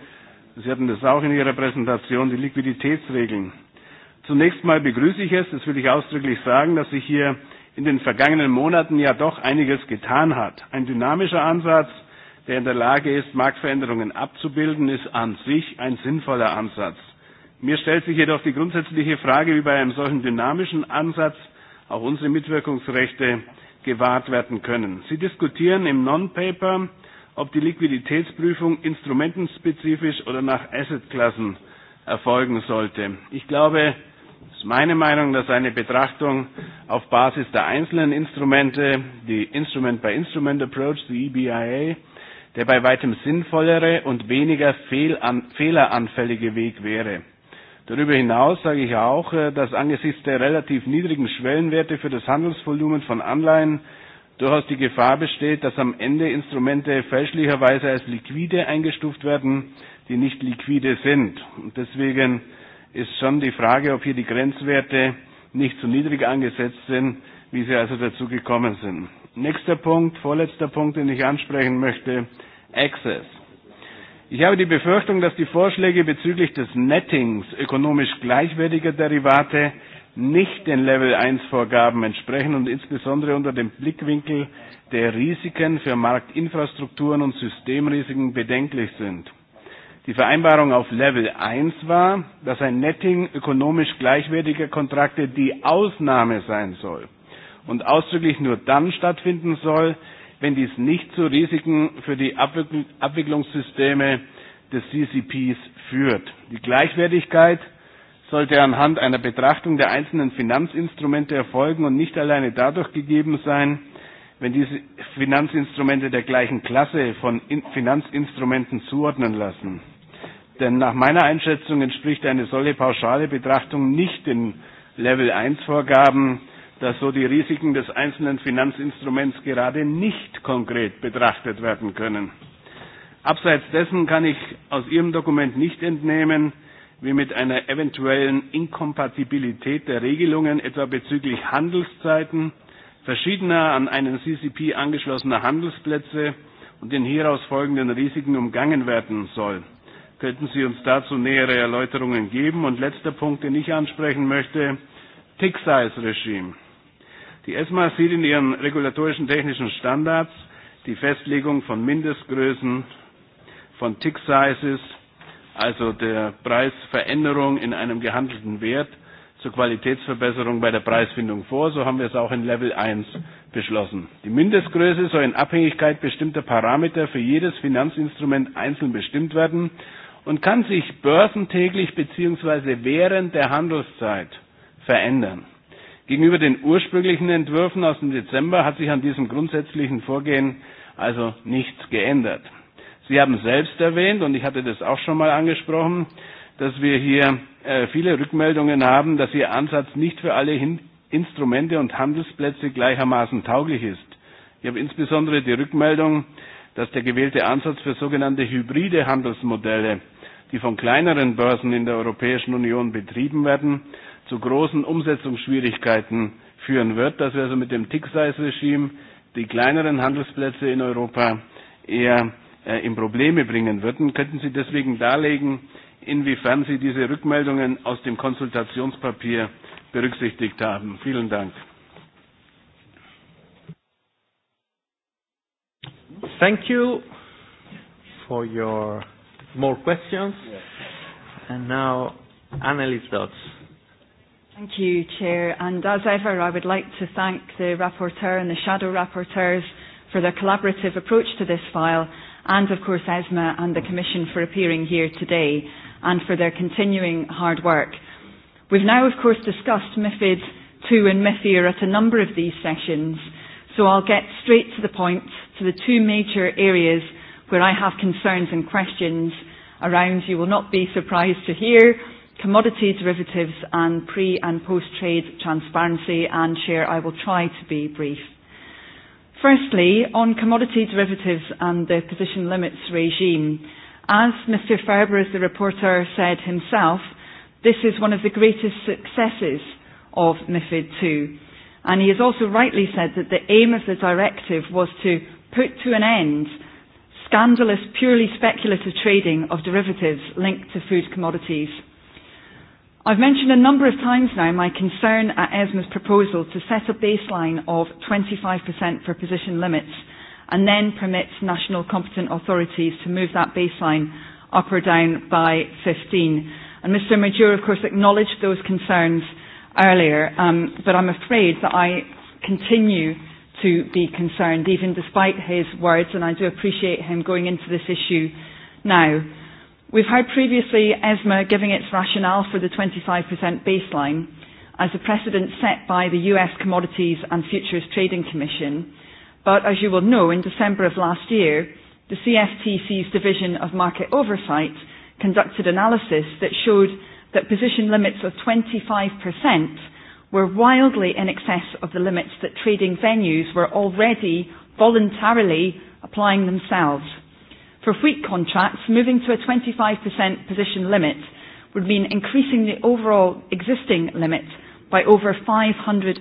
Sie hatten das auch in Ihrer Präsentation, die Liquiditätsregeln. Zunächst mal begrüße ich es, das will ich ausdrücklich sagen, dass sich hier in den vergangenen Monaten ja doch einiges getan hat. Ein dynamischer Ansatz, der in der Lage ist, Marktveränderungen abzubilden, ist an sich ein sinnvoller Ansatz. Mir stellt sich jedoch die grundsätzliche Frage, wie bei einem solchen dynamischen Ansatz auch unsere Mitwirkungsrechte gewahrt werden können. Sie diskutieren im Non-Paper, ob die Liquiditätsprüfung instrumentenspezifisch oder nach Assetklassen erfolgen sollte. Ich glaube, es ist meine Meinung, dass eine Betrachtung auf Basis der einzelnen Instrumente, die Instrument-by-Instrument-Approach, die EBIA, der bei weitem sinnvollere und weniger fehleranfällige Weg wäre. Darüber hinaus sage ich auch, dass angesichts der relativ niedrigen Schwellenwerte für das Handelsvolumen von Anleihen durchaus die Gefahr besteht, dass am Ende Instrumente fälschlicherweise als liquide eingestuft werden, die nicht liquide sind. Und deswegen ist schon die Frage, ob hier die Grenzwerte nicht zu niedrig angesetzt sind, wie sie also dazu gekommen sind. Nächster Punkt, vorletzter Punkt, den ich ansprechen möchte, Access. Ich habe die Befürchtung, dass die Vorschläge bezüglich des Nettings ökonomisch gleichwertiger Derivate nicht den Level 1 Vorgaben entsprechen und insbesondere unter dem Blickwinkel der Risiken für Marktinfrastrukturen und Systemrisiken bedenklich sind. Die Vereinbarung auf Level 1 war, dass ein Netting ökonomisch gleichwertiger Kontrakte die Ausnahme sein soll und ausdrücklich nur dann stattfinden soll, wenn dies nicht zu Risiken für die Abwicklungssysteme des CCPs führt. Die Gleichwertigkeit sollte anhand einer Betrachtung der einzelnen Finanzinstrumente erfolgen und nicht alleine dadurch gegeben sein, wenn diese Finanzinstrumente der gleichen Klasse von Finanzinstrumenten zuordnen lassen. Denn nach meiner Einschätzung entspricht eine solche pauschale Betrachtung nicht den Level 1 Vorgaben dass so die Risiken des einzelnen Finanzinstruments gerade nicht konkret betrachtet werden können. Abseits dessen kann ich aus Ihrem Dokument nicht entnehmen, wie mit einer eventuellen Inkompatibilität der Regelungen, etwa bezüglich Handelszeiten, verschiedener an einen CCP angeschlossener Handelsplätze und den hieraus folgenden Risiken umgangen werden soll. Könnten Sie uns dazu nähere Erläuterungen geben? Und letzter Punkt, den ich ansprechen möchte, Tick-Size-Regime. Die ESMA sieht in ihren regulatorischen technischen Standards die Festlegung von Mindestgrößen, von Tick Sizes, also der Preisveränderung in einem gehandelten Wert zur Qualitätsverbesserung bei der Preisfindung vor. So haben wir es auch in Level 1 beschlossen. Die Mindestgröße soll in Abhängigkeit bestimmter Parameter für jedes Finanzinstrument einzeln bestimmt werden und kann sich börsentäglich bzw. während der Handelszeit verändern. Gegenüber den ursprünglichen Entwürfen aus dem Dezember hat sich an diesem grundsätzlichen Vorgehen also nichts geändert. Sie haben selbst erwähnt, und ich hatte das auch schon mal angesprochen, dass wir hier viele Rückmeldungen haben, dass Ihr Ansatz nicht für alle Instrumente und Handelsplätze gleichermaßen tauglich ist. Ich habe insbesondere die Rückmeldung, dass der gewählte Ansatz für sogenannte hybride Handelsmodelle, die von kleineren Börsen in der Europäischen Union betrieben werden, zu großen Umsetzungsschwierigkeiten führen wird, dass wir also mit dem Tick-Size-Regime die kleineren Handelsplätze in Europa eher äh, in Probleme bringen würden. Könnten Sie deswegen darlegen, inwiefern Sie diese Rückmeldungen aus dem Konsultationspapier berücksichtigt haben? Vielen Dank. Thank you for your more questions. And now, Annelies Dodds. Thank you, Chair. And as ever, I would like to thank the Rapporteur and the Shadow Rapporteurs for their collaborative approach to this file, and of course ESMA and the Commission for appearing here today, and for their continuing hard work. We've now, of course, discussed MIFID II and MIFIR at a number of these sessions, so I'll get straight to the point, to the two major areas where I have concerns and questions around, you will not be surprised to hear, commodity derivatives and pre and post-trade transparency and share, I will try to be brief. Firstly, on commodity derivatives and the position limits regime, as Mr Ferber, as the reporter, said himself, this is one of the greatest successes of MIFID II. And he has also rightly said that the aim of the directive was to put to an end scandalous, purely speculative trading of derivatives linked to food commodities – I've mentioned a number of times now my concern at ESMA's proposal to set a baseline of 25% for position limits and then permit national competent authorities to move that baseline up or down by 15. And Mr Major, of course, acknowledged those concerns earlier, um, but I'm afraid that I continue to be concerned, even despite his words, and I do appreciate him going into this issue now. We've heard previously ESMA giving its rationale for the 25% baseline as a precedent set by the US Commodities and Futures Trading Commission, but as you will know, in December of last year, the CFTC's Division of Market Oversight conducted analysis that showed that position limits of 25% were wildly in excess of the limits that trading venues were already voluntarily applying themselves. For wheat contracts, moving to a 25% position limit would mean increasing the overall existing limit by over 500%.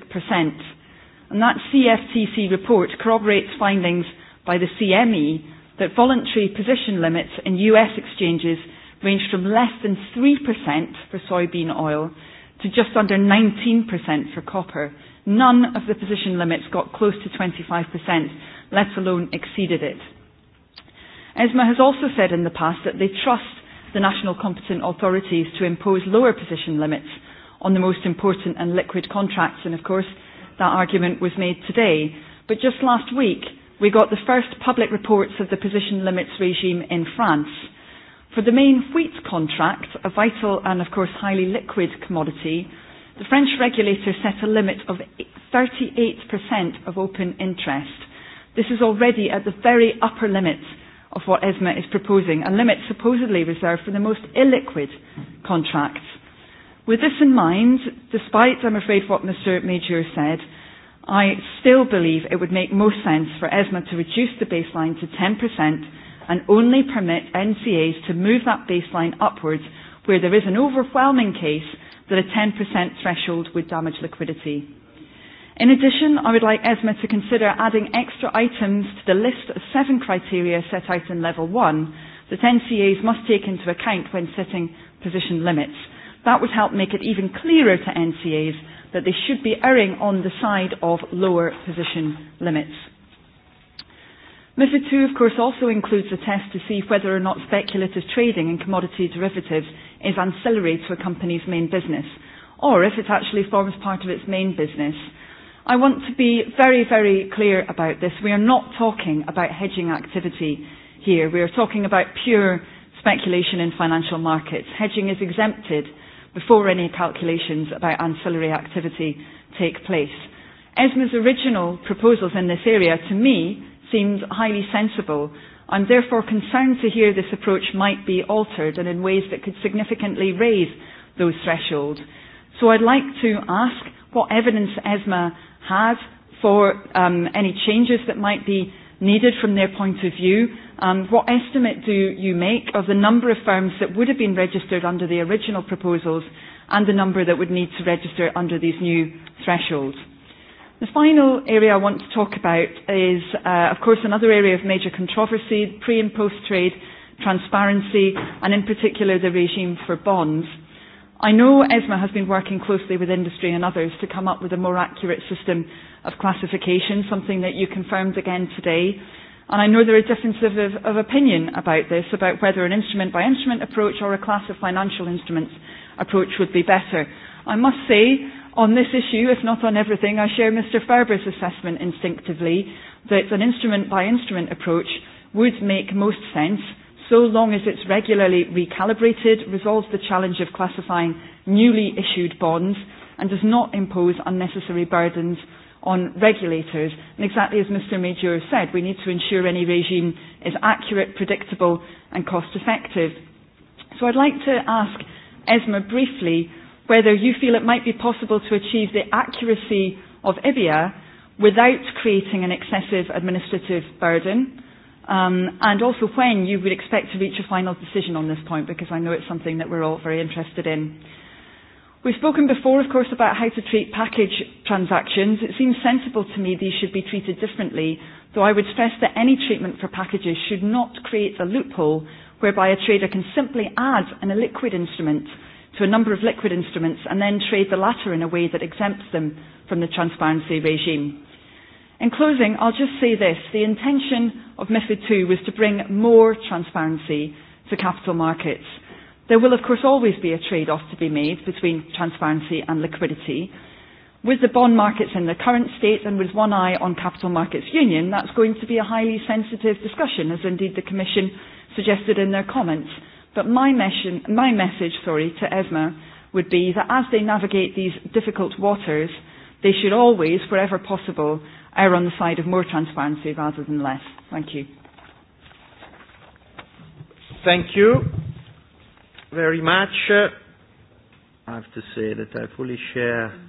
And that CFTC report corroborates findings by the CME that voluntary position limits in US exchanges range from less than 3% for soybean oil to just under 19% for copper. None of the position limits got close to 25%, let alone exceeded it. ESMA has also said in the past that they trust the national competent authorities to impose lower position limits on the most important and liquid contracts, and of course, that argument was made today. But just last week, we got the first public reports of the position limits regime in France. For the main wheat contract, a vital and of course highly liquid commodity, the French regulator set a limit of 38% of open interest. This is already at the very upper limit of what ESMA is proposing, a limit supposedly reserved for the most illiquid contracts. With this in mind, despite, I'm afraid, what Mr. Major said, I still believe it would make most sense for ESMA to reduce the baseline to 10% and only permit NCAs to move that baseline upwards where there is an overwhelming case that a 10% threshold would damage liquidity. In addition, I would like ESMA to consider adding extra items to the list of seven criteria set out in Level 1 that NCAs must take into account when setting position limits. That would help make it even clearer to NCAs that they should be erring on the side of lower position limits. MiFID 2, of course, also includes a test to see whether or not speculative trading in commodity derivatives is ancillary to a company's main business, or if it actually forms part of its main business. I want to be very, very clear about this. We are not talking about hedging activity here. We are talking about pure speculation in financial markets. Hedging is exempted before any calculations about ancillary activity take place. ESMA's original proposals in this area, to me, seemed highly sensible. I'm therefore concerned to hear this approach might be altered and in ways that could significantly raise those thresholds. So I'd like to ask what evidence ESMA has for um, any changes that might be needed from their point of view. Um, what estimate do you make of the number of firms that would have been registered under the original proposals and the number that would need to register under these new thresholds? The final area I want to talk about is, uh, of course, another area of major controversy, pre and post-trade transparency, and in particular the regime for bonds. I know ESMA has been working closely with industry and others to come up with a more accurate system of classification, something that you confirmed again today. And I know there are differences of, of opinion about this, about whether an instrument by instrument approach or a class of financial instruments approach would be better. I must say, on this issue, if not on everything, I share Mr Ferber's assessment instinctively that an instrument by instrument approach would make most sense so long as it's regularly recalibrated, resolves the challenge of classifying newly issued bonds, and does not impose unnecessary burdens on regulators. And exactly as Mr Major said, we need to ensure any regime is accurate, predictable and cost effective. So I'd like to ask Esma briefly whether you feel it might be possible to achieve the accuracy of IBIA without creating an excessive administrative burden Um, and also when you would expect to reach a final decision on this point, because I know it's something that we're all very interested in. We've spoken before, of course, about how to treat package transactions. It seems sensible to me these should be treated differently, though I would stress that any treatment for packages should not create a loophole whereby a trader can simply add an illiquid instrument to a number of liquid instruments and then trade the latter in a way that exempts them from the transparency regime. In closing, I'll just say this. The intention of MiFID II was to bring more transparency to capital markets. There will, of course, always be a trade-off to be made between transparency and liquidity. With the bond markets in the current state and with one eye on capital markets union, that's going to be a highly sensitive discussion, as indeed the Commission suggested in their comments. But my, mission, my message sorry, to ESMA would be that as they navigate these difficult waters, they should always, wherever possible, err on the side of more transparency rather than less. Thank you. Thank you very much. I have to say that I fully share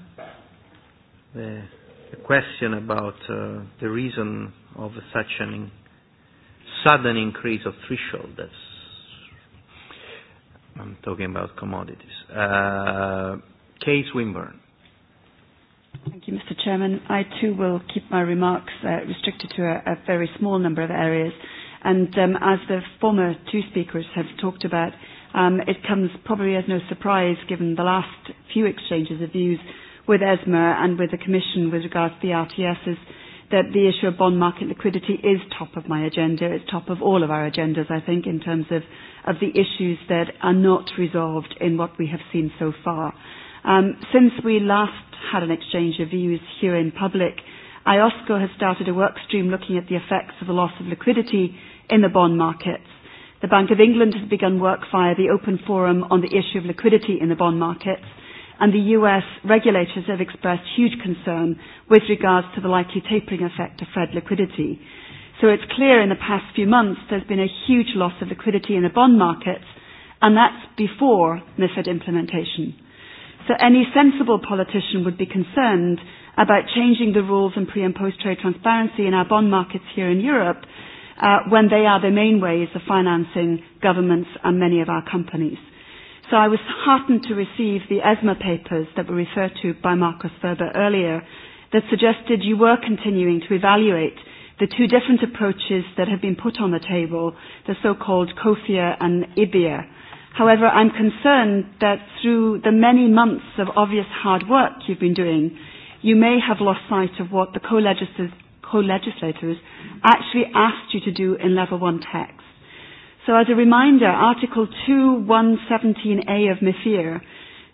the, the question about uh, the reason of such an in, sudden increase of threshold. That's I'm talking about commodities. Uh, case Swinburne. Thank you, Mr. Chairman. I too will keep my remarks uh, restricted to a, a very small number of areas. And um, as the former two speakers have talked about, um, it comes probably as no surprise given the last few exchanges of views with ESMA and with the Commission with regards to the RTSs that the issue of bond market liquidity is top of my agenda. It's top of all of our agendas, I think, in terms of, of the issues that are not resolved in what we have seen so far. Um, since we last had an exchange of views here in public. IOSCO has started a work stream looking at the effects of the loss of liquidity in the bond markets. The Bank of England has begun work via the Open Forum on the issue of liquidity in the bond markets, and the US regulators have expressed huge concern with regards to the likely tapering effect of Fed liquidity. So it's clear in the past few months there's been a huge loss of liquidity in the bond markets, and that's before MIFID implementation. So any sensible politician would be concerned about changing the rules in pre and post trade transparency in our bond markets here in Europe uh, when they are the main ways of financing governments and many of our companies. So I was heartened to receive the ESMA papers that were referred to by Marcus Ferber earlier that suggested you were continuing to evaluate the two different approaches that have been put on the table, the so-called COFIA and IBIA However, I'm concerned that through the many months of obvious hard work you've been doing, you may have lost sight of what the co-legislators, co-legislators actually asked you to do in Level 1 text. So as a reminder, Article 2117A of MIFIR,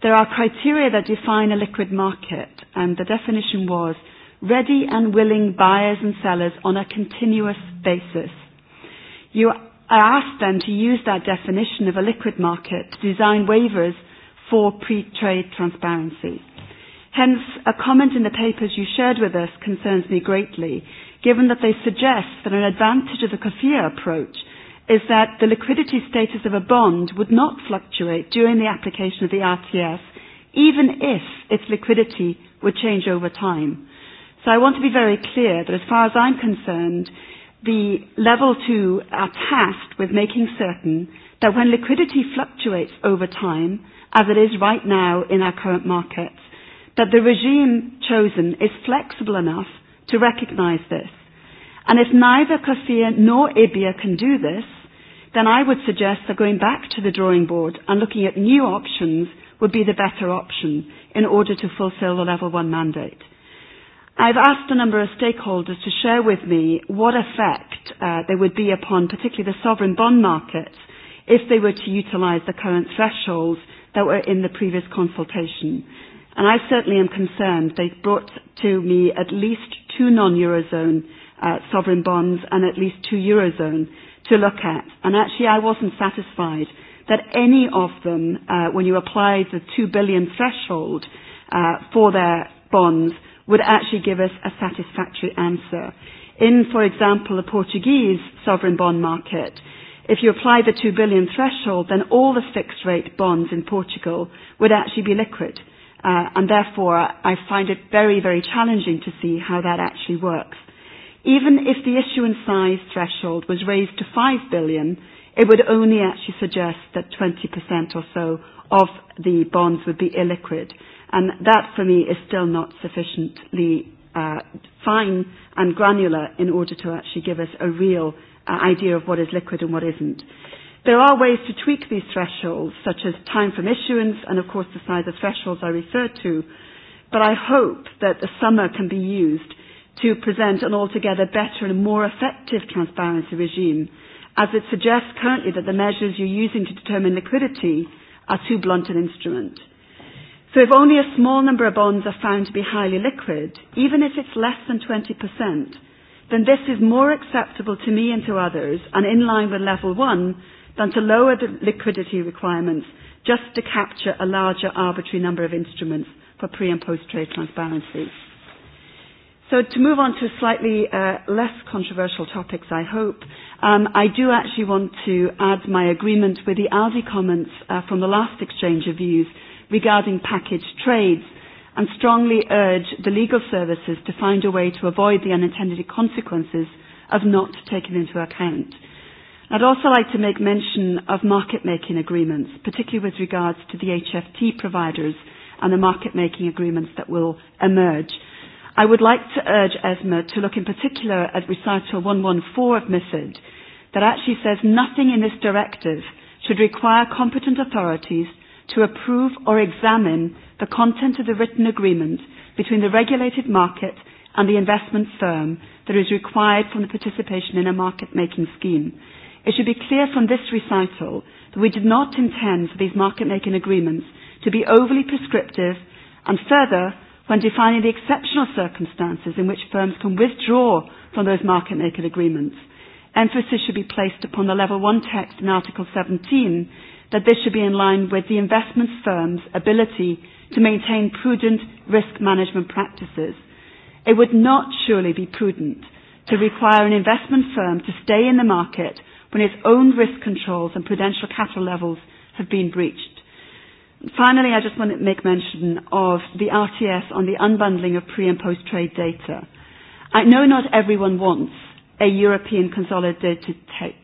there are criteria that define a liquid market, and the definition was ready and willing buyers and sellers on a continuous basis. You I asked them to use that definition of a liquid market to design waivers for pre-trade transparency. Hence, a comment in the papers you shared with us concerns me greatly, given that they suggest that an advantage of the COFIA approach is that the liquidity status of a bond would not fluctuate during the application of the RTS, even if its liquidity would change over time. So I want to be very clear that as far as I'm concerned, the level two are tasked with making certain that when liquidity fluctuates over time, as it is right now in our current markets, that the regime chosen is flexible enough to recognise this. And if neither COFIA nor IBIA can do this, then I would suggest that going back to the drawing board and looking at new options would be the better option in order to fulfil the level one mandate. I've asked a number of stakeholders to share with me what effect uh, there would be upon particularly the sovereign bond markets, if they were to utilise the current thresholds that were in the previous consultation. And I certainly am concerned. They've brought to me at least two non-Eurozone uh, sovereign bonds and at least two Eurozone to look at. And actually I wasn't satisfied that any of them, uh, when you apply the two billion threshold uh, for their bonds, would actually give us a satisfactory answer. In, for example, the Portuguese sovereign bond market, if you apply the 2 billion threshold, then all the fixed rate bonds in Portugal would actually be liquid. Uh, and therefore, I find it very, very challenging to see how that actually works. Even if the issuance size threshold was raised to 5 billion, it would only actually suggest that 20% or so of the bonds would be illiquid. And that, for me, is still not sufficiently uh, fine and granular in order to actually give us a real uh, idea of what is liquid and what isn't. There are ways to tweak these thresholds, such as time from issuance and, of course, the size of thresholds I referred to. But I hope that the summer can be used to present an altogether better and more effective transparency regime, as it suggests currently that the measures you're using to determine liquidity are too blunt an instrument. So if only a small number of bonds are found to be highly liquid, even if it's less than 20%, then this is more acceptable to me and to others and in line with level one than to lower the liquidity requirements just to capture a larger arbitrary number of instruments for pre and post trade transparency. So to move on to slightly uh, less controversial topics, I hope, um, I do actually want to add my agreement with the ALDI comments uh, from the last exchange of views regarding package trades and strongly urge the legal services to find a way to avoid the unintended consequences of not taking into account. I'd also like to make mention of market making agreements, particularly with regards to the HFT providers and the market making agreements that will emerge. I would like to urge ESMA to look in particular at recital 114 of MIFID that actually says nothing in this directive should require competent authorities to approve or examine the content of the written agreement between the regulated market and the investment firm that is required from the participation in a market-making scheme. It should be clear from this recital that we did not intend for these market-making agreements to be overly prescriptive and further, when defining the exceptional circumstances in which firms can withdraw from those market-making agreements, emphasis should be placed upon the level 1 text in Article 17 that this should be in line with the investment firm's ability to maintain prudent risk management practices. It would not surely be prudent to require an investment firm to stay in the market when its own risk controls and prudential capital levels have been breached. Finally, I just want to make mention of the RTS on the unbundling of pre and post trade data. I know not everyone wants a European consolidated tape.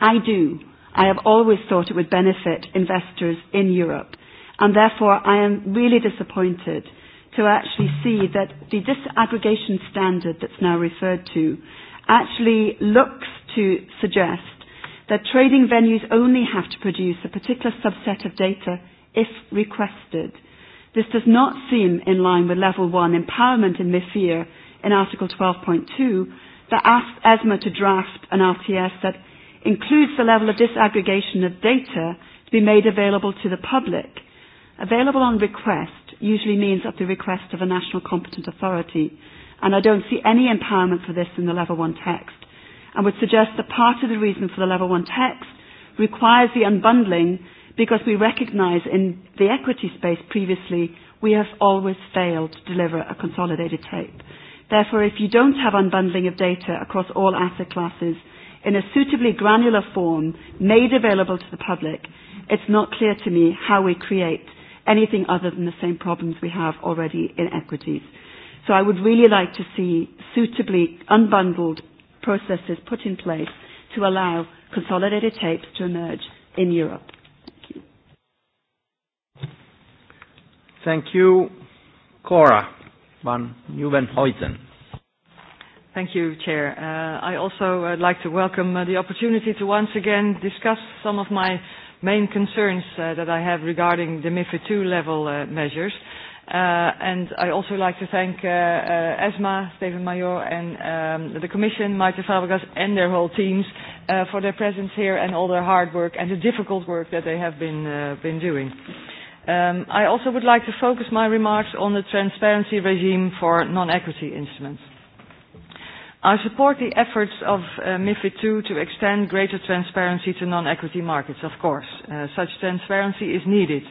I do. I have always thought it would benefit investors in Europe. And therefore, I am really disappointed to actually see that the disaggregation standard that's now referred to actually looks to suggest that trading venues only have to produce a particular subset of data if requested. This does not seem in line with level 1 empowerment in MIFIR in Article 12.2 that asks ESMA to draft an RTS that includes the level of disaggregation of data to be made available to the public. Available on request usually means at the request of a national competent authority, and I don't see any empowerment for this in the Level 1 text, and would suggest that part of the reason for the Level 1 text requires the unbundling because we recognise in the equity space previously we have always failed to deliver a consolidated tape. Therefore, if you don't have unbundling of data across all asset classes, in a suitably granular form made available to the public, it's not clear to me how we create anything other than the same problems we have already in equities. So I would really like to see suitably unbundled processes put in place to allow consolidated tapes to emerge in Europe. Thank you. Thank you, Cora van Nieuwenhuizen. Thank you, Chair. Uh, I also would like to welcome uh, the opportunity to once again discuss some of my main concerns uh, that I have regarding the MIFID II level uh, measures. Uh, and I also like to thank uh, uh, ESMA, Steven Mayor and um, the Commission, Maite Fabregas, and their whole teams uh, for their presence here and all their hard work and the difficult work that they have been, uh, been doing. Um, I also would like to focus my remarks on the transparency regime for non-equity instruments. I support the efforts of uh, MIFID II to extend greater transparency to non-equity markets, of course. Uh, such transparency is needed,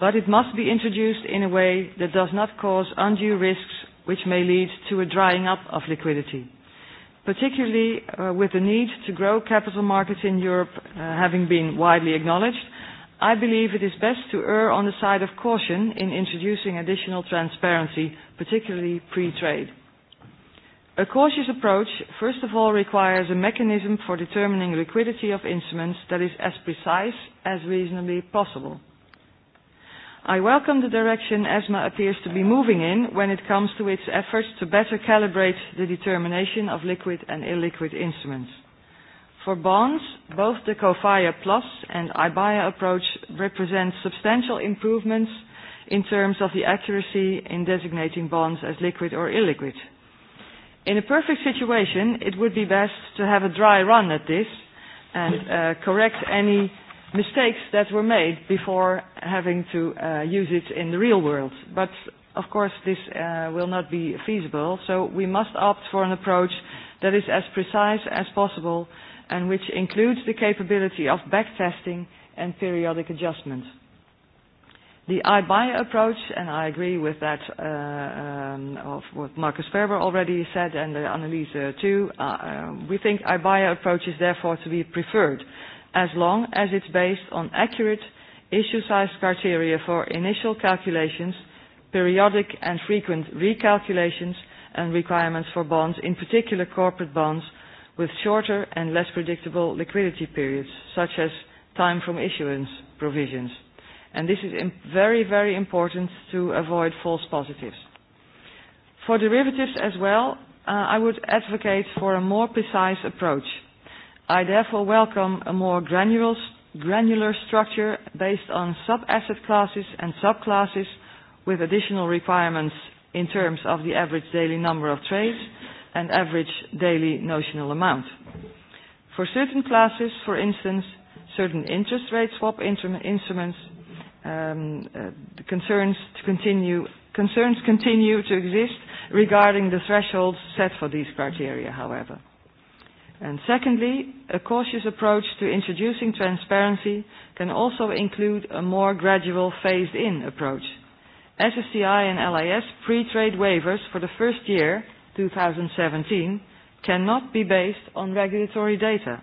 but it must be introduced in a way that does not cause undue risks which may lead to a drying up of liquidity. Particularly uh, with the need to grow capital markets in Europe uh, having been widely acknowledged, I believe it is best to err on the side of caution in introducing additional transparency, particularly pre-trade. A cautious approach, first of all, requires a mechanism for determining liquidity of instruments that is as precise as reasonably possible. I welcome the direction ESMA appears to be moving in when it comes to its efforts to better calibrate the determination of liquid and illiquid instruments. For bonds, both the COFIA Plus and IBIA approach represent substantial improvements in terms of the accuracy in designating bonds as liquid or illiquid. In a perfect situation, it would be best to have a dry run at this and uh, correct any mistakes that were made before having to uh, use it in the real world. But of course, this uh, will not be feasible, so we must opt for an approach that is as precise as possible and which includes the capability of backtesting and periodic adjustments. The I-buy approach, and I agree with that, um, of what Marcus Ferber already said and uh, Annelies too. Uh, we think I-buy approach is therefore to be preferred as long as it's based on accurate issue size criteria for initial calculations, periodic and frequent recalculations, and requirements for bonds, in particular corporate bonds with shorter and less predictable liquidity periods, such as time from issuance provisions. And this is very, very important to avoid false positives. For derivatives as well, uh, I would advocate for a more precise approach. I therefore welcome a more granular, granular structure based on sub-asset classes and subclasses with additional requirements in terms of the average daily number of trades and average daily notional amount. For certain classes, for instance, certain interest rate swap instruments um, uh, the concerns to continue concerns continue to exist regarding the thresholds set for these criteria, however. And secondly, a cautious approach to introducing transparency can also include a more gradual phased-in approach. SSCI and LIS pre-trade waivers for the first year, 2017, cannot be based on regulatory data.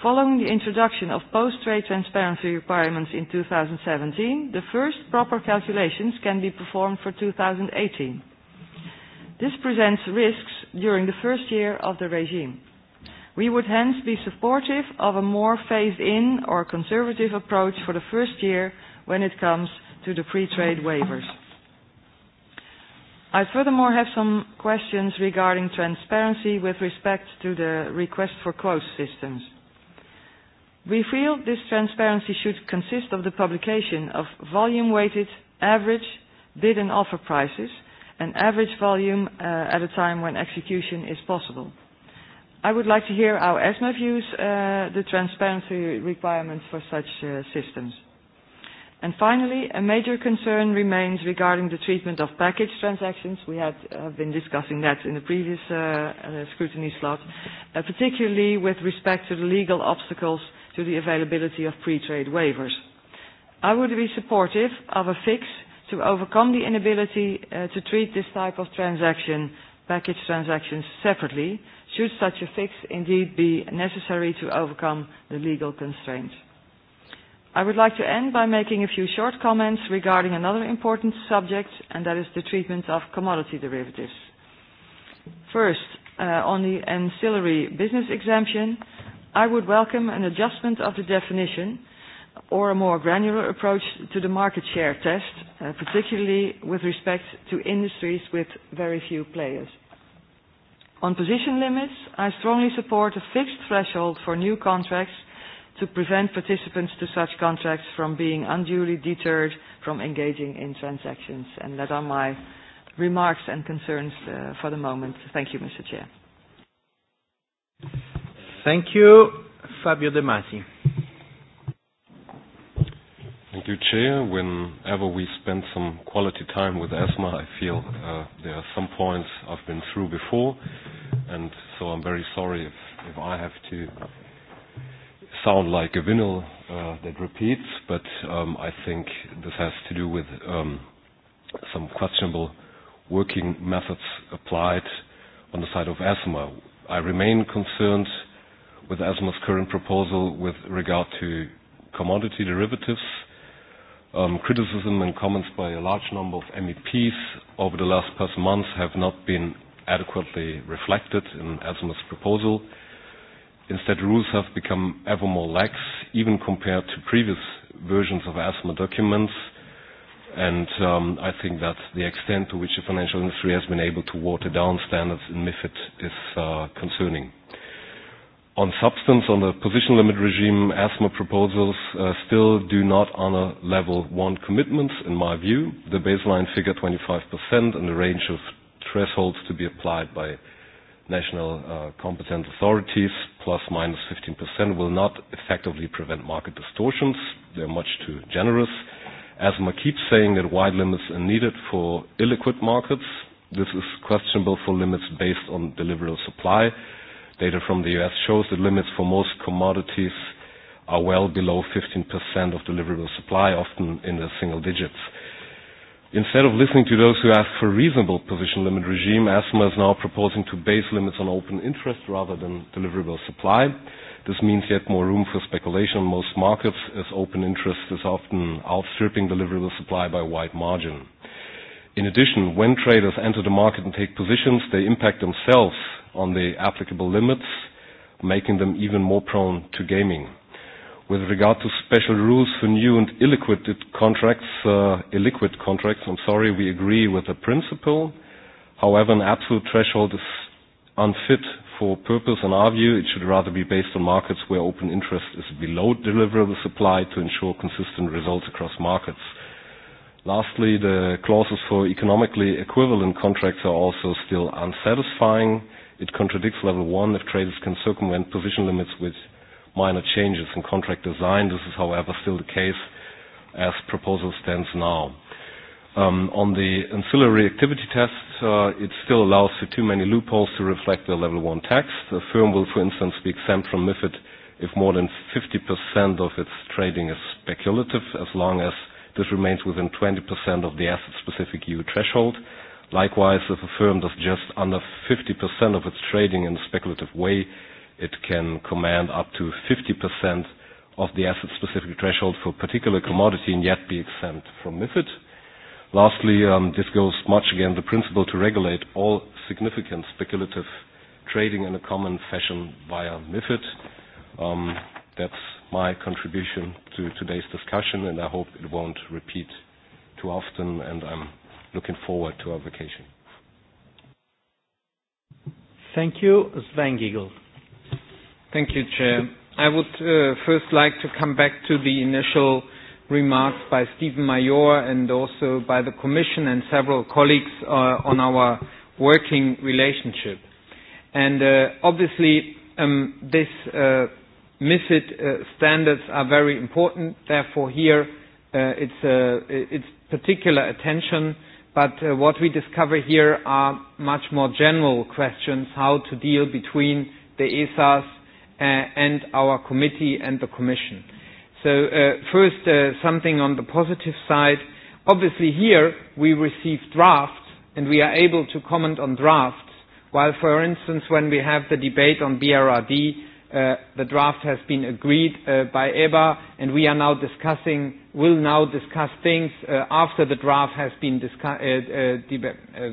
Following the introduction of post-trade transparency requirements in 2017, the first proper calculations can be performed for 2018. This presents risks during the first year of the regime. We would hence be supportive of a more phased-in or conservative approach for the first year when it comes to the pre-trade waivers. I furthermore have some questions regarding transparency with respect to the request for quote systems. We feel this transparency should consist of the publication of volume-weighted average bid and offer prices and average volume uh, at a time when execution is possible. I would like to hear how ESMA views uh, the transparency requirements for such uh, systems. And Finally, a major concern remains regarding the treatment of package transactions. We had have been discussing that in the previous uh uh scrutiny slot, uh particularly with respect to the legal obstacles to the availability of free trade waivers. I would be supportive of a fix to overcome the inability uh, to treat this type of transaction, package transactions, separately, should such a fix indeed be necessary to overcome the legal constraints. I would like to end by making a few short comments regarding another important subject, and that is the treatment of commodity derivatives. First, uh, on the ancillary business exemption, I would welcome an adjustment of the definition or a more granular approach to the market share test, uh, particularly with respect to industries with very few players. On position limits, I strongly support a fixed threshold for new contracts to prevent participants to such contracts from being unduly deterred from engaging in transactions. And that are my remarks and concerns uh, for the moment. Thank you, Mr. Chair. Thank you. Fabio De Masi. Thank you, Chair. Whenever we spend some quality time with asthma, I feel uh, there are some points I've been through before, and so I'm very sorry if, if I have to sound like a vinyl uh, that repeats, but um, I think this has to do with um, some questionable working methods applied on the side of asthma. I remain concerned with ASMA's current proposal with regard to commodity derivatives. Um, criticism and comments by a large number of MEPs over the last past months have not been adequately reflected in ASMA's proposal. Instead, rules have become ever more lax, even compared to previous versions of ASMA documents. And um, I think that the extent to which the financial industry has been able to water down standards in MIFID is uh, concerning. On substance, on the position limit regime, asthma proposals uh, still do not honor level one commitments, in my view. The baseline figure 25% and the range of thresholds to be applied by national uh, competent authorities, plus minus 15%, will not effectively prevent market distortions. They're much too generous. Asthma keeps saying that wide limits are needed for illiquid markets. This is questionable for limits based on deliverable supply Data from the U.S. shows that limits for most commodities are well below 15% of deliverable supply, often in the single digits. Instead of listening to those who ask for a reasonable position limit regime, ESMA is now proposing to base limits on open interest rather than deliverable supply. This means yet more room for speculation on most markets, as open interest is often outstripping deliverable supply by a wide margin. In addition, when traders enter the market and take positions, they impact themselves on the applicable limits, making them even more prone to gaming. With regard to special rules for new and illiquid contracts, uh, illiquid contracts, I'm sorry, we agree with the principle. However, an absolute threshold is unfit for purpose in our view. It should rather be based on markets where open interest is below deliverable supply to ensure consistent results across markets. Lastly, the clauses for economically equivalent contracts are also still unsatisfying. It contradicts level one if traders can circumvent position limits with minor changes in contract design. This is, however, still the case as proposal stands now. Um, on the ancillary activity test, uh, it still allows for too many loopholes to reflect the level one tax. A firm will, for instance, be exempt from MIFID if more than 50% of its trading is speculative, as long as this remains within 20% of the asset-specific EU threshold. Likewise, if a firm does just under 50% of its trading in a speculative way, it can command up to 50% of the asset-specific threshold for a particular commodity and yet be exempt from MiFID. Lastly, um, this goes much against the principle to regulate all significant speculative trading in a common fashion via MiFID. Um, that's my contribution to today's discussion, and I hope it won't repeat too often, and I'm looking forward to our vacation. Thank you, Sven Giegel. Thank you, Chair. I would uh, first like to come back to the initial remarks by Stephen Mayor and also by the Commission and several colleagues uh, on our working relationship. And uh, obviously, um, this uh, MIFID uh, standards are very important. Therefore, here uh, it's, uh, it's particular attention but uh, what we discover here are much more general questions how to deal between the ESAs uh, and our committee and the Commission. So uh, first, uh, something on the positive side. Obviously here we receive drafts and we are able to comment on drafts, while for instance when we have the debate on BRRD, Uh, the draft has been agreed uh, by EBA, and we are now discussing, will now discuss things uh, after the draft has been discuss, uh, uh, de- uh,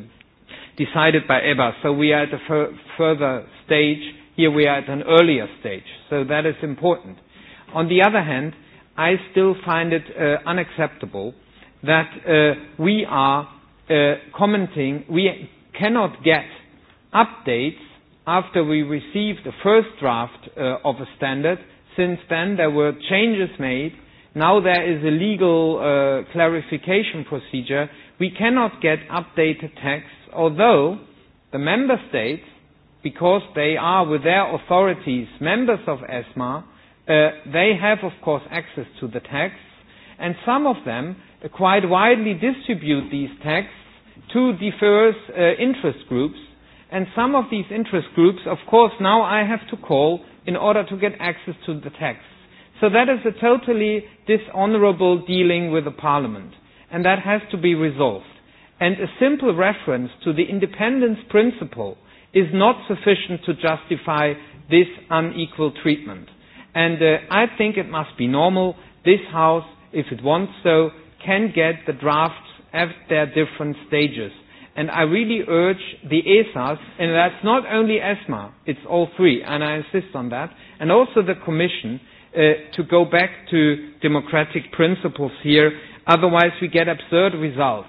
decided by EBA. So we are at a f- further stage. Here we are at an earlier stage. So that is important. On the other hand, I still find it uh, unacceptable that uh, we are uh, commenting, we cannot get updates after we received the first draft uh, of a standard. Since then, there were changes made. Now there is a legal uh, clarification procedure. We cannot get updated texts, although the member states, because they are with their authorities members of ESMA, uh, they have, of course, access to the texts, and some of them quite widely distribute these texts to diverse uh, interest groups And some of these interest groups, of course, now I have to call in order to get access to the text. So that is a totally dishonorable dealing with the parliament. And that has to be resolved. And a simple reference to the independence principle is not sufficient to justify this unequal treatment. And uh, I think it must be normal. This House, if it wants so, can get the drafts at their different stages And I really urge the ESAs, and that's not only ESMA, it's all three, and I insist on that, and also the Commission uh, to go back to democratic principles here. Otherwise, we get absurd results.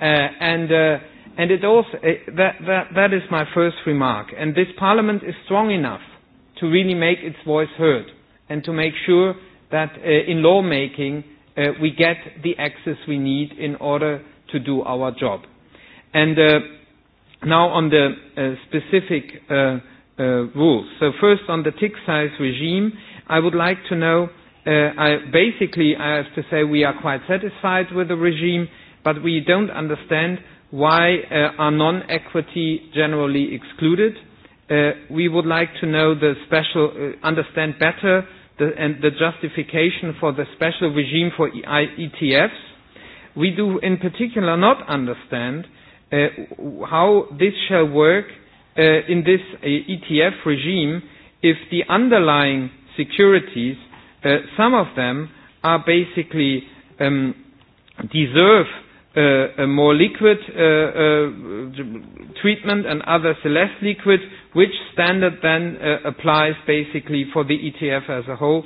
Uh, and uh, and it also uh, that, that that is my first remark. And this Parliament is strong enough to really make its voice heard and to make sure that uh, in lawmaking uh, we get the access we need in order to do our job. And uh, now on the uh, specific uh, uh, rules. So first on the tick size regime, I would like to know, uh, I, basically I have to say we are quite satisfied with the regime, but we don't understand why uh, are non-equity generally excluded. Uh, we would like to know the special, uh, understand better the, and the justification for the special regime for ETFs. We do in particular not understand uh, uh, how this shall work uh, in this uh, ETF regime if the underlying securities, uh, some of them are basically um, deserve uh, a more liquid uh, uh, treatment and others less liquid, which standard then uh, applies basically for the ETF as a whole.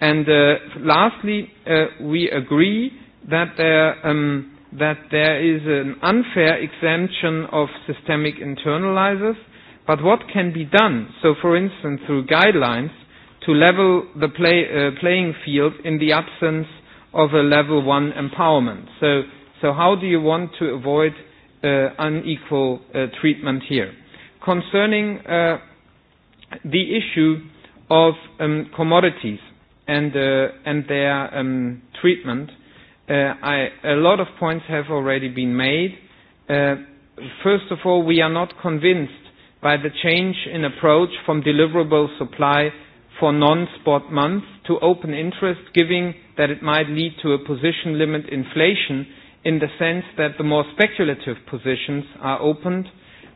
And uh, lastly, uh, we agree that there um, that there is an unfair exemption of systemic internalizers, but what can be done? So, for instance, through guidelines to level the play, uh, playing field in the absence of a level one empowerment. So, so how do you want to avoid uh, unequal uh, treatment here? Concerning uh, the issue of um, commodities and, uh, and their um, treatment, uh, Uh, I, a lot of points have already been made. Uh, first of all, we are not convinced by the change in approach from deliverable supply for non-spot months to open interest, giving that it might lead to a position limit inflation in the sense that the more speculative positions are opened,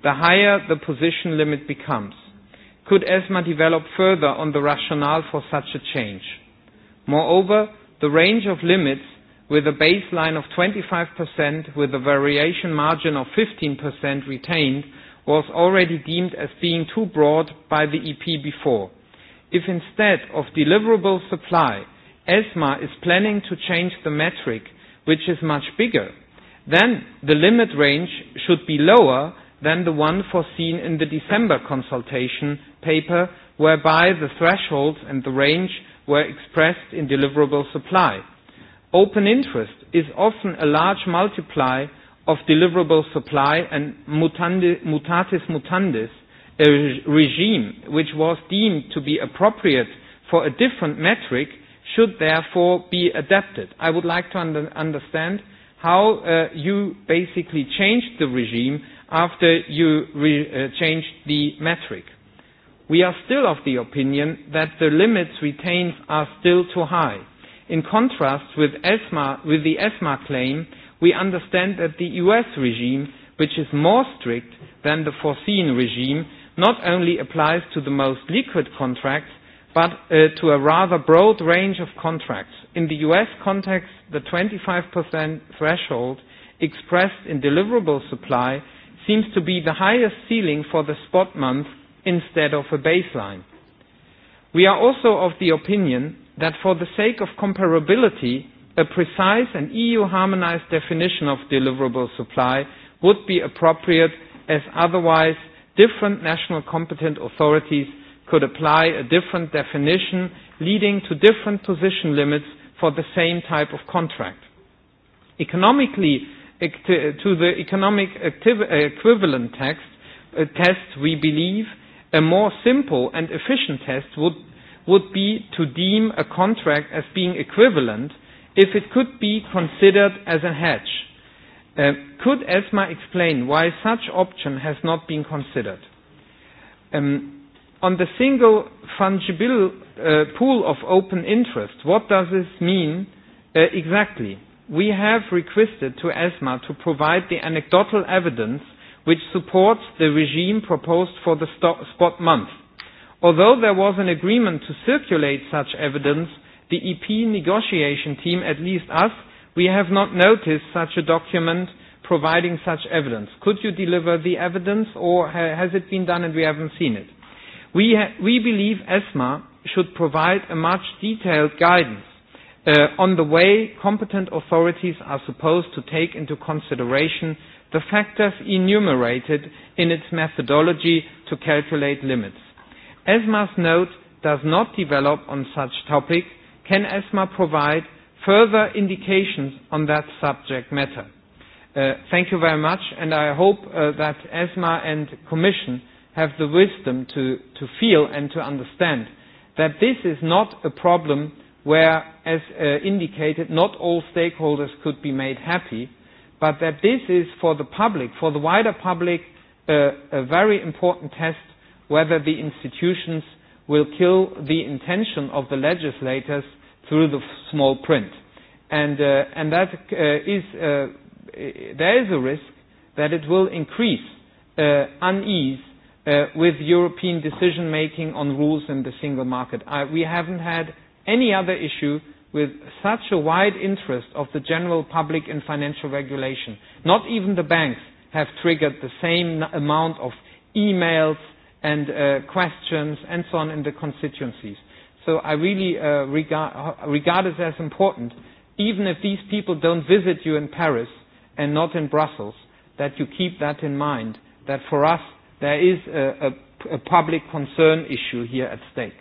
the higher the position limit becomes. Could ESMA develop further on the rationale for such a change? Moreover, the range of limits with a baseline of 25% with a variation margin of 15% retained was already deemed as being too broad by the EP before. If instead of deliverable supply, ESMA is planning to change the metric, which is much bigger, then the limit range should be lower than the one foreseen in the December consultation paper, whereby the thresholds and the range were expressed in deliverable supply. Open interest is often a large multiply of deliverable supply and mutatis mutandis, a regime which was deemed to be appropriate for a different metric should therefore be adapted. I would like to under understand how uh, you basically changed the regime after you re uh, changed the metric. We are still of the opinion that the limits retained are still too high In contrast with, ESMA, with the ESMA claim, we understand that the US regime, which is more strict than the foreseen regime, not only applies to the most liquid contracts, but uh, to a rather broad range of contracts. In the US context, the 25% threshold expressed in deliverable supply seems to be the highest ceiling for the spot month instead of a baseline. We are also of the opinion that for the sake of comparability, a precise and EU-harmonized definition of deliverable supply would be appropriate as otherwise different national competent authorities could apply a different definition leading to different position limits for the same type of contract. Economically, to the economic equivalent text, a test, we believe a more simple and efficient test would would be to deem a contract as being equivalent if it could be considered as a hedge. Uh, could ESMA explain why such option has not been considered? Um, on the single fungible uh, pool of open interest, what does this mean uh, exactly? We have requested to ESMA to provide the anecdotal evidence which supports the regime proposed for the spot month Although there was an agreement to circulate such evidence, the EP negotiation team, at least us, we have not noticed such a document providing such evidence. Could you deliver the evidence or has it been done and we haven't seen it? We, ha- we believe ESMA should provide a much detailed guidance uh, on the way competent authorities are supposed to take into consideration the factors enumerated in its methodology to calculate limits. ESMA's note does not develop on such topic, can ESMA provide further indications on that subject matter? Uh, thank you very much, and I hope uh, that ESMA and Commission have the wisdom to, to feel and to understand that this is not a problem where, as uh, indicated, not all stakeholders could be made happy, but that this is for the public, for the wider public, uh, a very important test whether the institutions will kill the intention of the legislators through the small print. And, uh, and that uh, is, uh, there is a risk that it will increase uh, unease uh, with European decision making on rules in the single market. I, we haven't had any other issue with such a wide interest of the general public in financial regulation. Not even the banks have triggered the same amount of emails, and uh, questions and so on in the constituencies. So I really uh, regard, regard it as important, even if these people don't visit you in Paris and not in Brussels, that you keep that in mind, that for us there is a, a, a public concern issue here at stake.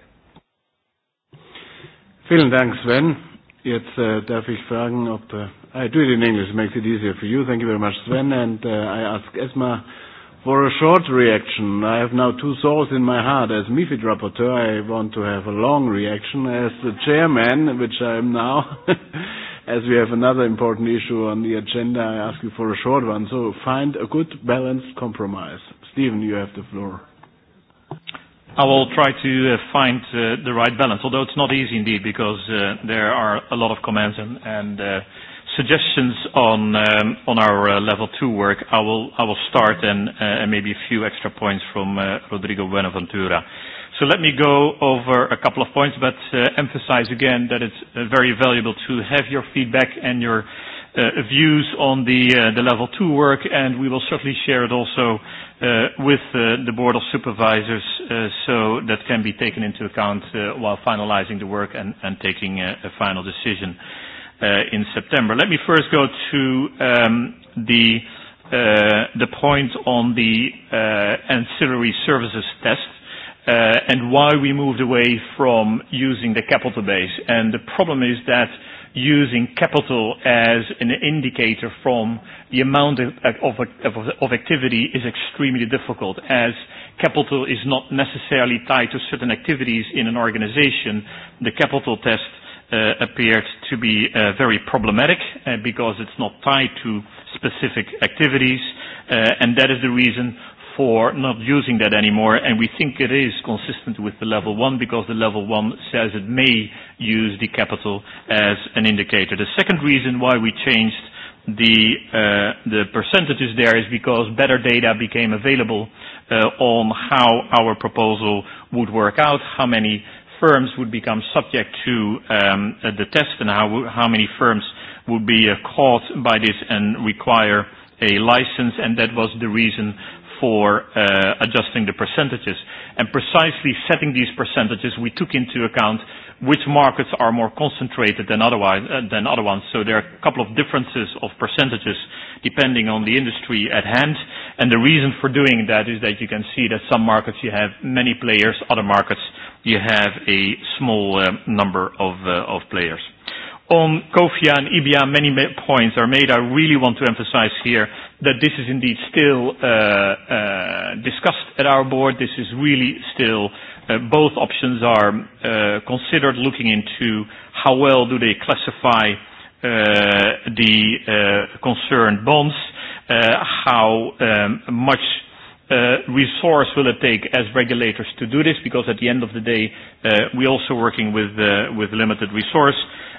Vielen Dank, Sven. Jetzt uh, darf ich fragen, ob... Uh, I do it in English, makes it easier for you. Thank you very much, Sven. And uh, I ask Esma For a short reaction, I have now two souls in my heart. As MIFID rapporteur, I want to have a long reaction. As the chairman, which I am now, as we have another important issue on the agenda, I ask you for a short one. So find a good, balanced compromise. Stephen, you have the floor. I will try to uh, find uh, the right balance, although it's not easy indeed, because uh, there are a lot of comments and, and uh, suggestions on um, on our uh, level two work. I will I will start and, uh, and maybe a few extra points from uh, Rodrigo Buenaventura. So let me go over a couple of points, but uh, emphasize again that it's uh, very valuable to have your feedback and your uh, views on the uh, the level two work, and we will certainly share it also uh, with uh, the board of supervisors, uh, so that can be taken into account uh, while finalizing the work and, and taking a, a final decision in September. Let me first go to um, the uh, the point on the uh, ancillary services test uh, and why we moved away from using the capital base. And the problem is that using capital as an indicator from the amount of, of, of, of activity is extremely difficult as capital is not necessarily tied to certain activities in an organization. The capital test uh, appeared to be uh, very problematic uh, because it's not tied to specific activities, uh, and that is the reason for not using that anymore, and we think it is consistent with the level one because the level one says it may use the capital as an indicator. The second reason why we changed the, uh, the percentages there is because better data became available uh, on how our proposal would work out, how many firms would become subject to um, the test and how, how many firms would be uh, caught by this and require a license, and that was the reason for uh, adjusting the percentages. And precisely setting these percentages, we took into account which markets are more concentrated than otherwise than other ones. So there are a couple of differences of percentages depending on the industry at hand. And the reason for doing that is that you can see that some markets you have many players, other markets you have a small uh, number of, uh, of players. On COFIA and IBIA, many points are made. I really want to emphasize here that this is indeed still uh, uh, discussed at our board. This is really still both options are uh, considered looking into how well do they classify uh, the uh, concerned bonds, uh, how um, much uh, resource will it take as regulators to do this? Because at the end of the day, uh, we're also working with uh, with limited resource.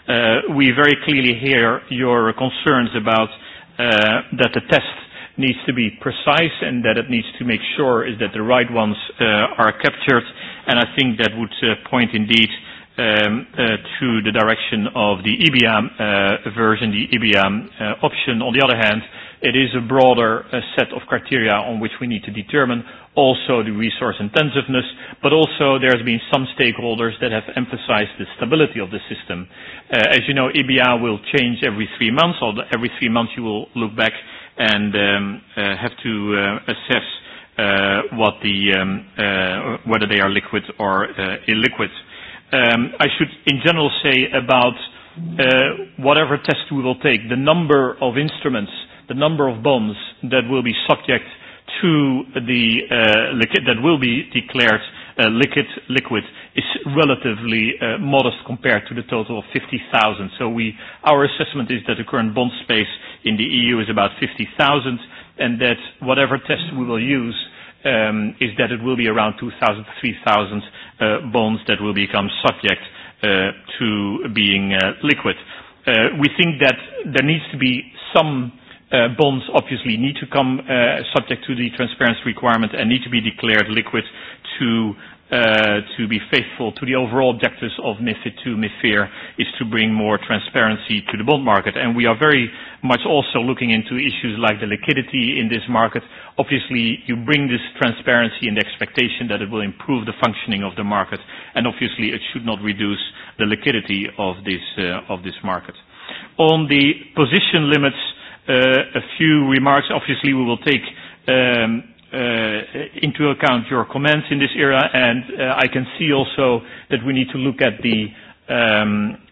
Uh, we very clearly hear your concerns about uh, that the test needs to be precise and that it needs to make sure is that the right ones uh, are captured and I think that would uh, point indeed um, uh, to the direction of the EBM uh, version, the EBM uh, option. On the other hand, it is a broader uh, set of criteria on which we need to determine also the resource intensiveness, but also there has been some stakeholders that have emphasized the stability of the system. Uh, as you know, EBR will change every three months, or every three months you will look back and um, uh, have to uh, assess what the whether they are liquid or illiquid. I should, in general, say about whatever test we will take, the number of instruments, the number of bonds that will be subject to the liquid that will be declared liquid is relatively modest compared to the total of 50,000. So we Our assessment is that the current bond space in the EU is about 50,000 and that whatever test we will use um, is that it will be around 2,000 to 3,000 uh, bonds that will become subject uh, to being uh, liquid. Uh, we think that there needs to be some uh, bonds obviously need to come uh, subject to the transparency requirement and need to be declared liquid to to be faithful to the overall objectives of MiFID II, MiFIR, is to bring more transparency to the bond market. And we are very much also looking into issues like the liquidity in this market. Obviously, you bring this transparency and the expectation that it will improve the functioning of the market, and obviously it should not reduce the liquidity of this, uh, of this market. On the position limits, uh, a few remarks. Obviously, we will take um, into account your comments in this area, and I can see also that we need to look at the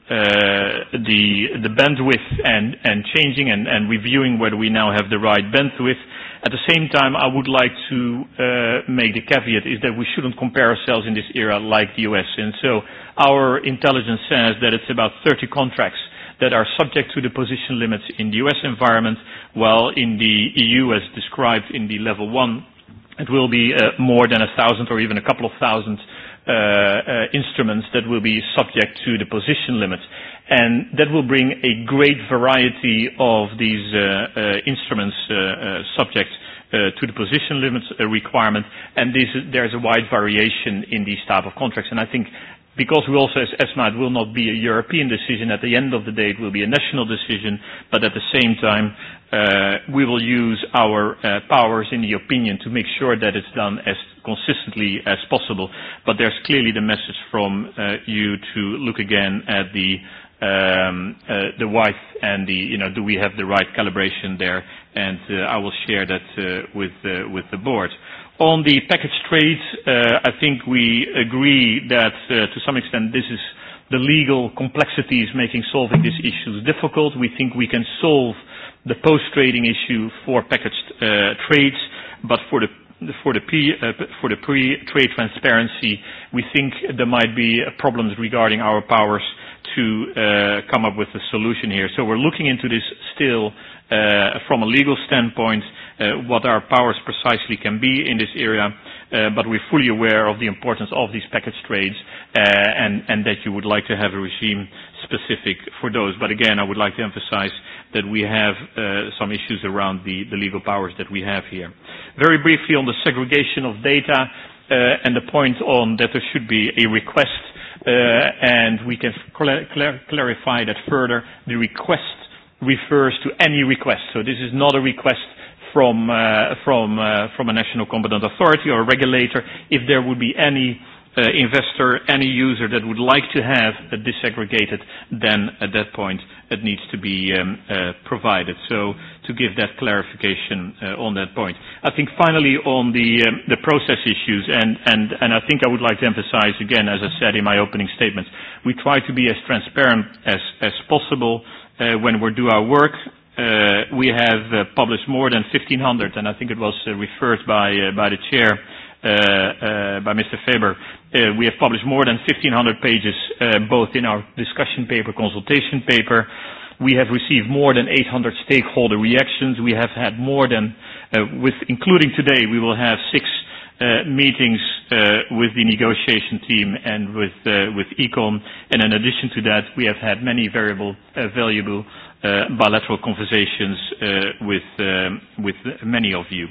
the the bandwidth and and changing and and reviewing whether we now have the right bandwidth. At the same time, I would like to uh make the caveat is that we shouldn't compare ourselves in this era like the U.S. And so Our intelligence says that it's about 30 contracts that are subject to the position limits in the U.S. environment, while in the EU, as described in the level one, it will be uh, more than a thousand or even a couple of thousand uh, uh, instruments that will be subject to the position limits and that will bring a great variety of these uh, uh, instruments uh, uh, subject uh, to the position limits uh, requirement, and this, there's a wide variation in these type of contracts. And I think because we also, as ESMA, it will not be a European decision. At the end of the day, it will be a national decision, but at the same time, uh, we will use our uh, powers in the opinion to make sure that it's done as consistently as possible. But there's clearly the message from uh, you to look again at the um, uh, the wife and the, you know, do we have the right calibration there? And uh, I will share that uh, with, uh, with the board. Uh, On the package trade, uh, I think we agree that uh, to some extent this is the legal complexities making solving these issues difficult. We think we can solve the post-trading issue for packaged uh, trades, but for the for the pre-trade transparency, we think there might be problems regarding our powers to uh, come up with a solution here. So we're looking into this still uh, from a legal standpoint, what our powers precisely can be in this area, uh, but we're fully aware of the importance of these package trades uh, and, and that you would like to have a regime specific for those. But again, I would like to emphasize that we have uh, some issues around the, the legal powers that we have here. Very briefly on the segregation of data uh, and the point on that there should be a request uh, and we can clar clarify that further. The request refers to any request. So this is not a request from uh uh from from a national competent authority or a regulator if there would be any uh investor, any user that would like to have a disaggregated, then at that point it needs to be um uh provided. So To give that clarification uh on that point. I think finally on the um the process issues, and and and I think I would like to emphasize again, as I said in my opening statements, we try to be as transparent as possible when we do our work uh, we have uh, published more than 1,500, and I think it was uh, referred by, uh, by the chair, uh, uh, by Mr. Faber. Uh, we have published more than 1,500 pages, uh, both in our discussion paper, consultation paper. We have received more than 800 stakeholder reactions. We have had more than, uh, with including today, we will have six uh, meetings uh, with the negotiation team and with uh, with Econ. And in addition to that, we have had many variable, uh, valuable uh, uh, bilateral conversations uh, with, um, with many of you.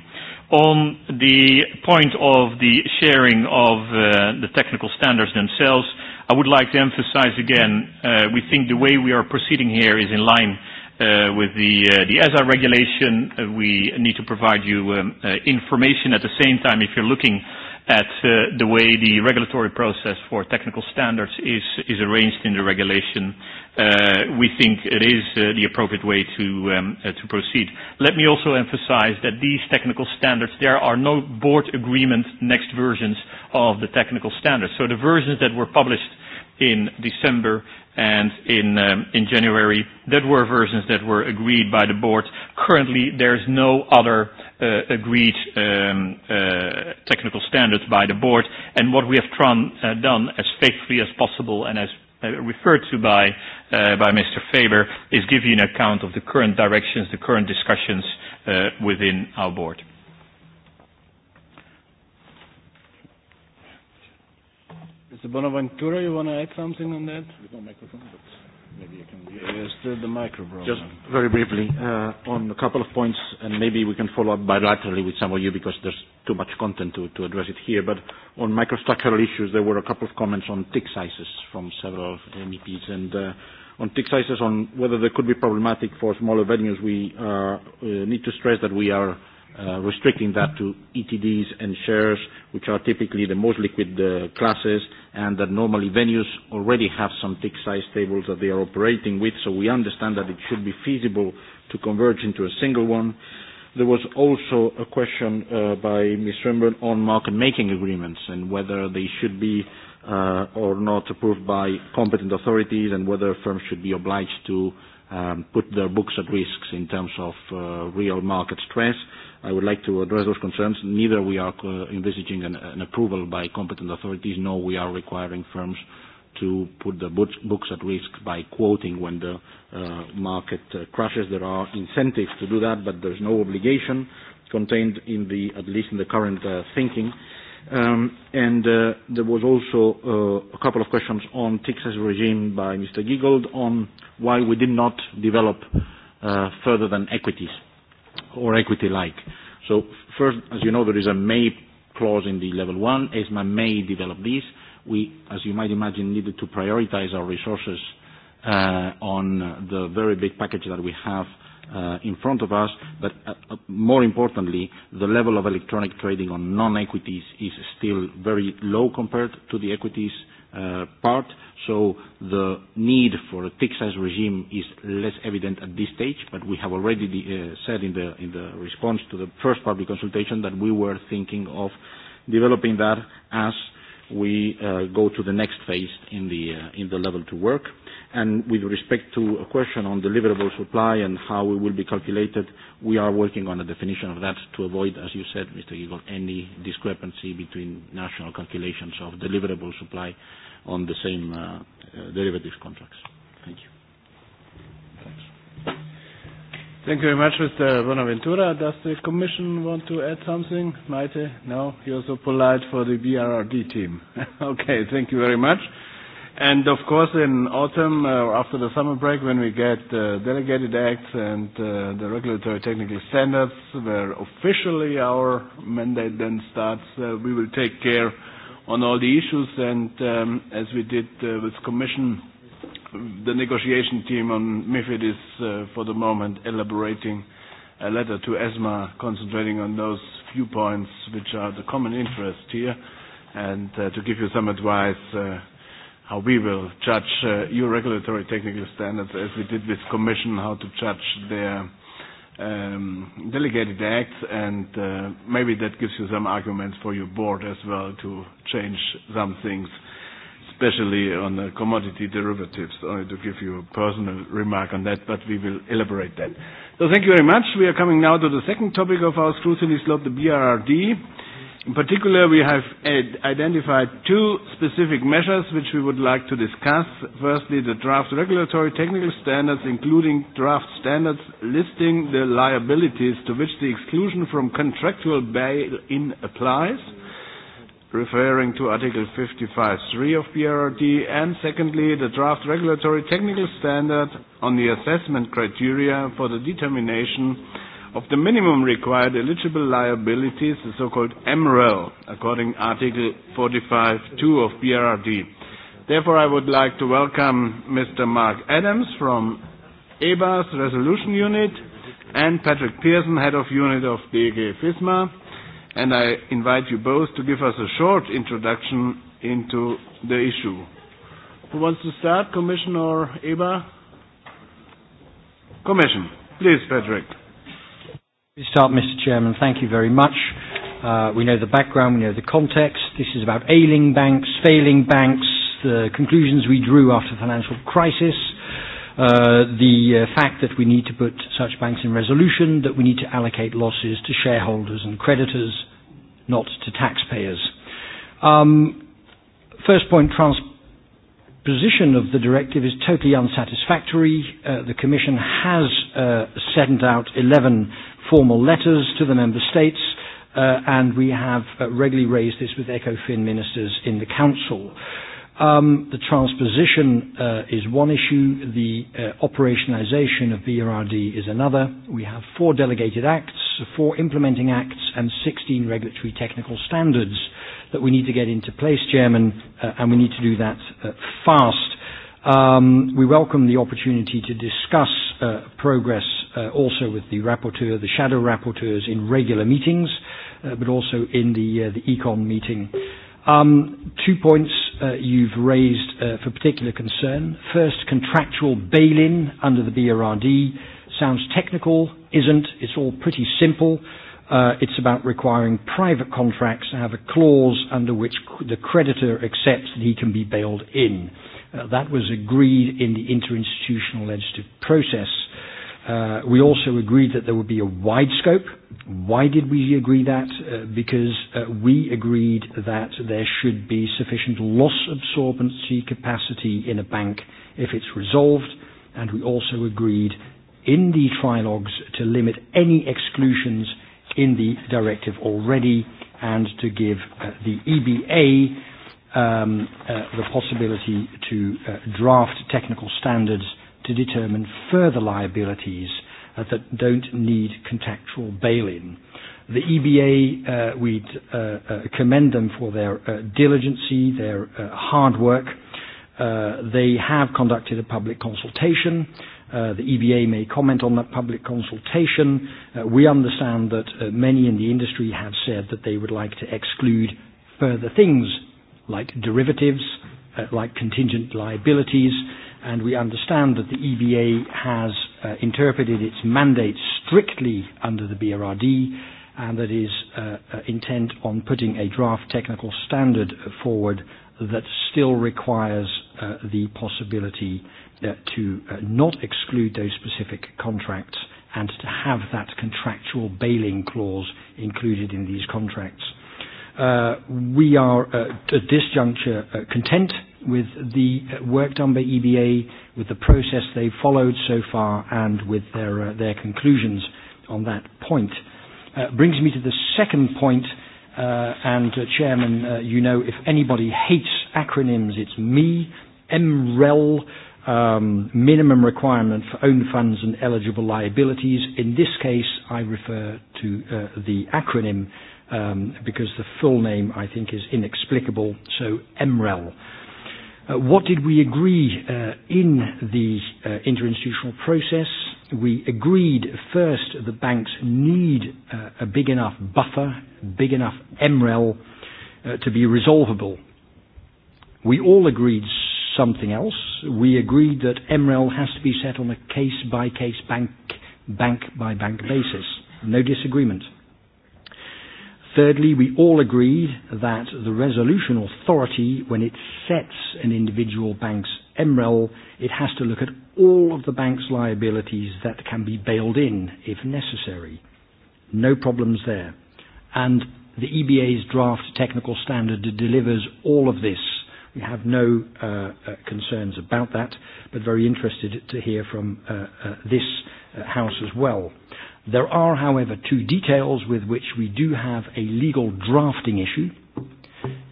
On the point of the sharing of uh, the technical standards themselves, I would like to emphasize again, uh, we think the way we are proceeding here is in line uh, with the, uh, the ESA regulation. Uh, we need to provide you um, uh, information at the same time if you're looking uh, at uh, the way the regulatory process for technical standards is, is arranged in the regulation, uh, we think it is uh, the appropriate way to, um, uh, to proceed. Let me also emphasize that these technical standards, there are no board agreement next versions of the technical standards. So the versions that were published in December and in, um, in January, that were versions that were agreed by the board. Currently, there's no other uh, uh, agreed um, uh, technical standards by the board. And what we have uh, done as faithfully as possible and as uh, referred to by, uh, by Mr. Faber is give you an account of the current directions, the current discussions uh, within our board. Mr. Bonaventura, you want to add something on that? With no microphone. Maybe you can uh, still the micro Just very briefly uh, on a couple of points, and maybe we can follow up bilaterally with some of you because there's too much content to, to address it here. But on microstructural issues, there were a couple of comments on tick sizes from several MEPs, and uh, on tick sizes on whether they could be problematic for smaller venues. We uh, uh, need to stress that we are restricting that to ETDs and shares, which are typically the most liquid uh, classes, and that normally venues already have some tick size tables that they are operating with, so we understand that it should be feasible to converge into a single one. There was also a question uh, by Ms. Swinburne on market making agreements and whether they should be uh, or not approved by competent authorities and whether firms should be obliged to um, put their books at risks in terms of uh, real market stress. I would like to address those concerns. Neither we are envisaging an, an approval by competent authorities, nor we are requiring firms to put the books at risk by quoting when the uh, market uh, crashes. There are incentives to do that, but there's no obligation contained in the, at least in the current uh, thinking. Um, and uh, there was also uh, a couple of questions on Texas regime by Mr. Giegold on why we did not develop uh, further than equities or equity-like. So first, as you know, there is a may clause in the level one. ESMA may develop this. We, as you might imagine, needed to prioritize our resources uh, on the very big package that we have uh, in front of us. But uh, more importantly, the level of electronic trading on non-equities is still very low compared to the equities uh, part, so the need for a tick-size regime is less evident at this stage, but we have already said in the, in the response to the first public consultation that we were thinking of developing that as we go to the next phase in the, level to work. And With respect to a question on deliverable supply and how it will be calculated, we are working on a definition of that to avoid, as you said, Mr. Giegold, any discrepancy between national calculations of deliverable supply on the same uh derivatives contracts. Thank you. Thanks. Thank you very much, Mr. Bonaventura. Does the commission want to add something? Maite? No? You're so polite for the BRRD team. Okay, thank you very much. And of course, in autumn, uh, after the summer break, when we get uh, delegated acts and uh, the regulatory technical standards, where officially our mandate then starts, uh, we will take care on all the issues. And um, as we did uh, with Commission, the negotiation team on MIFID is, uh, for the moment, elaborating a letter to ESMA, concentrating on those few points which are the common interest here. And uh, to give you some advice. Uh, how we will judge uh, your regulatory technical standards as we did with Commission, how to judge their um, delegated acts, and uh, maybe that gives you some arguments for your board as well to change some things, especially on the commodity derivatives. Only to give you a personal remark on that, but we will elaborate that. So thank you very much. We are coming now to the second topic of our scrutiny slot, the BRRD In particular, we have identified two specific measures which we would like to discuss. Firstly, the draft regulatory technical standards, including draft standards listing the liabilities to which the exclusion from contractual bail-in applies, referring to Article 55.3 of BRRD. And secondly, the draft regulatory technical standard on the assessment criteria for the determination of the minimum required eligible liabilities, the so-called MREL, according to Article 45.2 of BRRD. Therefore, I would like to welcome Mr. Mark Adams from EBA's Resolution Unit and Patrick Pearson, Head of Unit of DG FISMA, and I invite you both to give us a short introduction into the issue. Who wants to start, Commissioner EBA? Commission. Please, Patrick. Start, Mr. Chairman. Thank you very much. Uh, we know the background, we know the context. This is about ailing banks, failing banks, the conclusions we drew after the financial crisis, uh, the uh, fact that we need to put such banks in resolution, that we need to allocate losses to shareholders and creditors, not to taxpayers. Um, first point, transposition of the directive is totally unsatisfactory. Uh, the Commission has uh, sent out 11 formal letters to the member states, uh, and we have uh, regularly raised this with ECOFIN ministers in the Council. Um, the transposition uh, is one issue, the uh, operationalization of BRRD is another. We have four delegated acts, four implementing acts, and 16 regulatory technical standards that we need to get into place, Chairman, uh, and we need to do that uh, fast. Um, we welcome the opportunity to discuss uh, progress uh, also with the rapporteur, the shadow rapporteurs in regular meetings, uh, but also in the, uh, the econ meeting. Um, two points uh, you've raised uh, for particular concern. First, contractual bail-in under the BRRD sounds technical, isn't. It's all pretty simple. Uh, it's about requiring private contracts to have a clause under which the creditor accepts that he can be bailed in. Uh, that was agreed in the interinstitutional legislative process. Uh, we also agreed that there would be a wide scope. Why did we agree that? Uh, because uh, we agreed that there should be sufficient loss absorbency capacity in a bank if it's resolved, and we also agreed in the trilogues to limit any exclusions in the directive already and to give uh, the EBA um, uh, the possibility to uh, draft technical standards to determine further liabilities uh, that don't need contractual bail-in. The EBA, uh, we'd uh, uh, commend them for their uh, diligency, their uh, hard work. Uh, they have conducted a public consultation. Uh, the EBA may comment on that public consultation. Uh, we understand that uh, many in the industry have said that they would like to exclude further things like derivatives, uh, like contingent liabilities, and we understand that the EBA has uh, interpreted its mandate strictly under the BRRD and that is uh, intent on putting a draft technical standard forward that still requires uh, the possibility uh, to uh, not exclude those specific contracts and to have that contractual bailing clause included in these contracts. Uh, we are uh, at this juncture uh, content with the work done by EBA, with the process they've followed so far, and with their, uh, their conclusions on that point. Uh, brings me to the second point, uh, and uh, Chairman, uh, you know, if anybody hates acronyms, it's me, MREL, um, minimum requirement for own funds and eligible liabilities. In this case, I refer to uh, the acronym um, because the full name, I think, is inexplicable, so MREL. What did we agree uh in the uh interinstitutional process? We agreed first the banks need uh a big enough buffer, big enough MREL to be resolvable. We all agreed something else. We agreed that MREL has to be set on a case-by-case bank, bank-by-bank basis. No disagreement. Thirdly, we all agree that the resolution authority, when it sets an individual bank's MREL, it has to look at all of the bank's liabilities that can be bailed in if necessary. No problems there. And the EBA's draft technical standard delivers all of this. We have no uh, uh, concerns about that, but very interested to hear from uh, uh, this uh, House as well. There are, however, two details with which we do have a legal drafting issue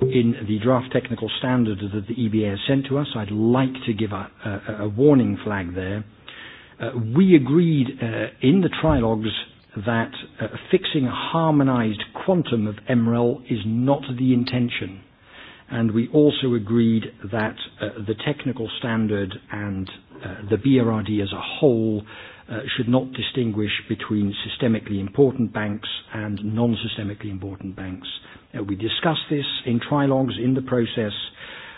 in the draft technical standard that the EBA has sent to us. I'd like to give a, a, a warning flag there. Uh, we agreed uh, in the trilogues that uh, fixing a harmonized quantum of MREL is not the intention. And we also agreed that uh, the technical standard and uh, the BRRD as a whole uh, should not distinguish between systemically important banks and non-systemically important banks. Uh, we discussed this in trilogues in the process,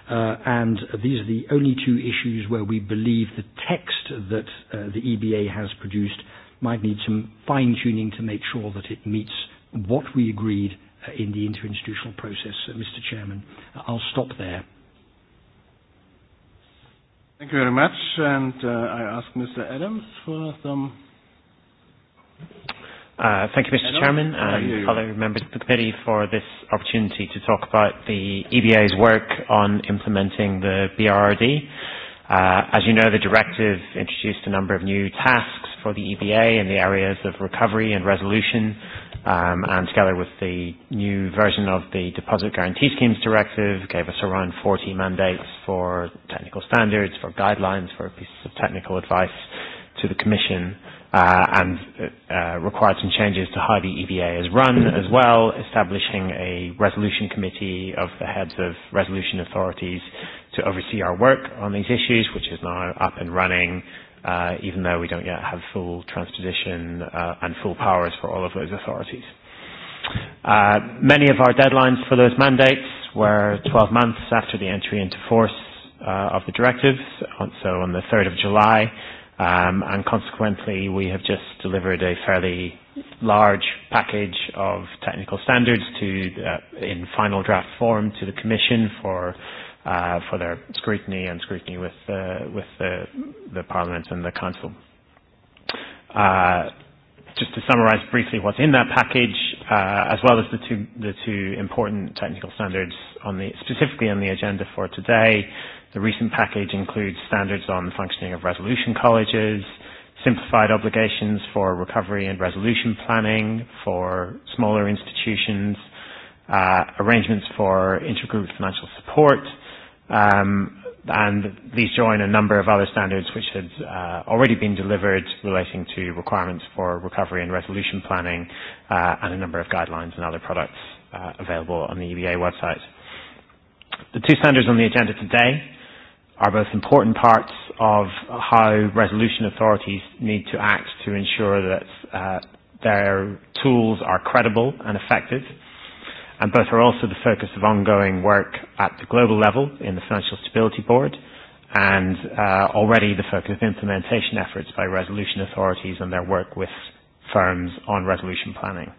uh, and these are the only two issues where we believe the text that uh, the EBA has produced might need some fine-tuning to make sure that it meets what we agreed uh, in the interinstitutional process. Uh, Mr. Chairman, I'll stop there Thank you very much. And uh, I ask Mr. Adams for some. Uh, thank you, Mr. Adams? Chairman, and other members of the committee for this opportunity to talk about the EBA's work on implementing the BRRD. Uh, as you know, the directive introduced a number of new tasks for the EBA in the areas of recovery and resolution, um, and together with the new version of the Deposit Guarantee Schemes Directive gave us around 40 mandates for technical standards, for guidelines, for pieces of technical advice to the Commission uh, and uh, required some changes to how the EBA is run as well, establishing a resolution committee of the heads of resolution authorities to oversee our work on these issues, which is now up and running uh, even though we don't yet have full transposition uh, and full powers for all of those authorities. Uh, many of our deadlines for those mandates were 12 months after the entry into force uh, of the directives, so on the 3rd of July, um, and consequently we have just delivered a fairly large package of technical standards to, uh, in final draft form to the Commission for uh, for their scrutiny and scrutiny with, uh, with the, the Parliament and the Council. Uh, just to summarise briefly what's in that package, uh, as well as the two, the two important technical standards on the, specifically on the agenda for today, the recent package includes standards on the functioning of resolution colleges, simplified obligations for recovery and resolution planning for smaller institutions, uh, arrangements for intergroup financial support, um, and these join a number of other standards which had uh, already been delivered relating to requirements for recovery and resolution planning uh, and a number of guidelines and other products uh, available on the EBA website. The two standards on the agenda today are both important parts of how resolution authorities need to act to ensure that uh, their tools are credible and effective and both are also the focus of ongoing work at the global level in the Financial Stability Board and uh, already the focus of implementation efforts by resolution authorities and their work with firms on resolution planning.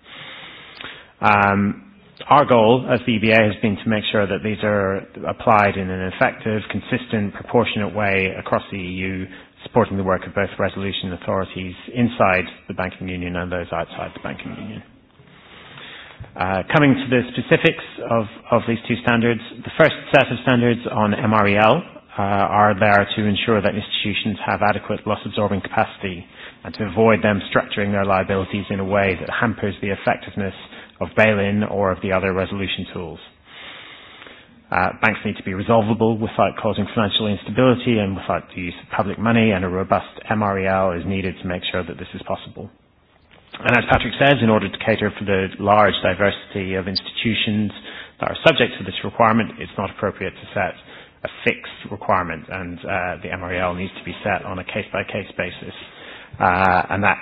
Um, our goal as the EBA has been to make sure that these are applied in an effective, consistent, proportionate way across the EU, supporting the work of both resolution authorities inside the banking union and those outside the banking union. Uh, coming to the specifics of, of these two standards, the first set of standards on MREL uh, are there to ensure that institutions have adequate loss-absorbing capacity and to avoid them structuring their liabilities in a way that hampers the effectiveness of bail-in or of the other resolution tools. Uh, banks need to be resolvable without causing financial instability and without the use of public money, and a robust MREL is needed to make sure that this is possible. And as Patrick says, in order to cater for the large diversity of institutions that are subject to this requirement, it's not appropriate to set a fixed requirement, and uh, the MREL needs to be set on a case-by-case basis. Uh, and that,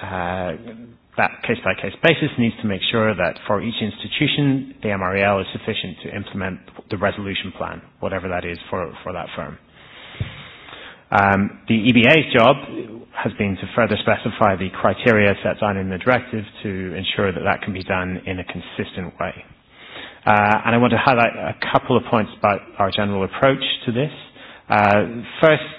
uh, that case-by-case basis needs to make sure that for each institution, the MREL is sufficient to implement the resolution plan, whatever that is for, for that firm. Um, the EBA's job has been to further specify the criteria set down in the directive to ensure that that can be done in a consistent way. Uh, and I want to highlight a couple of points about our general approach to this. Uh, first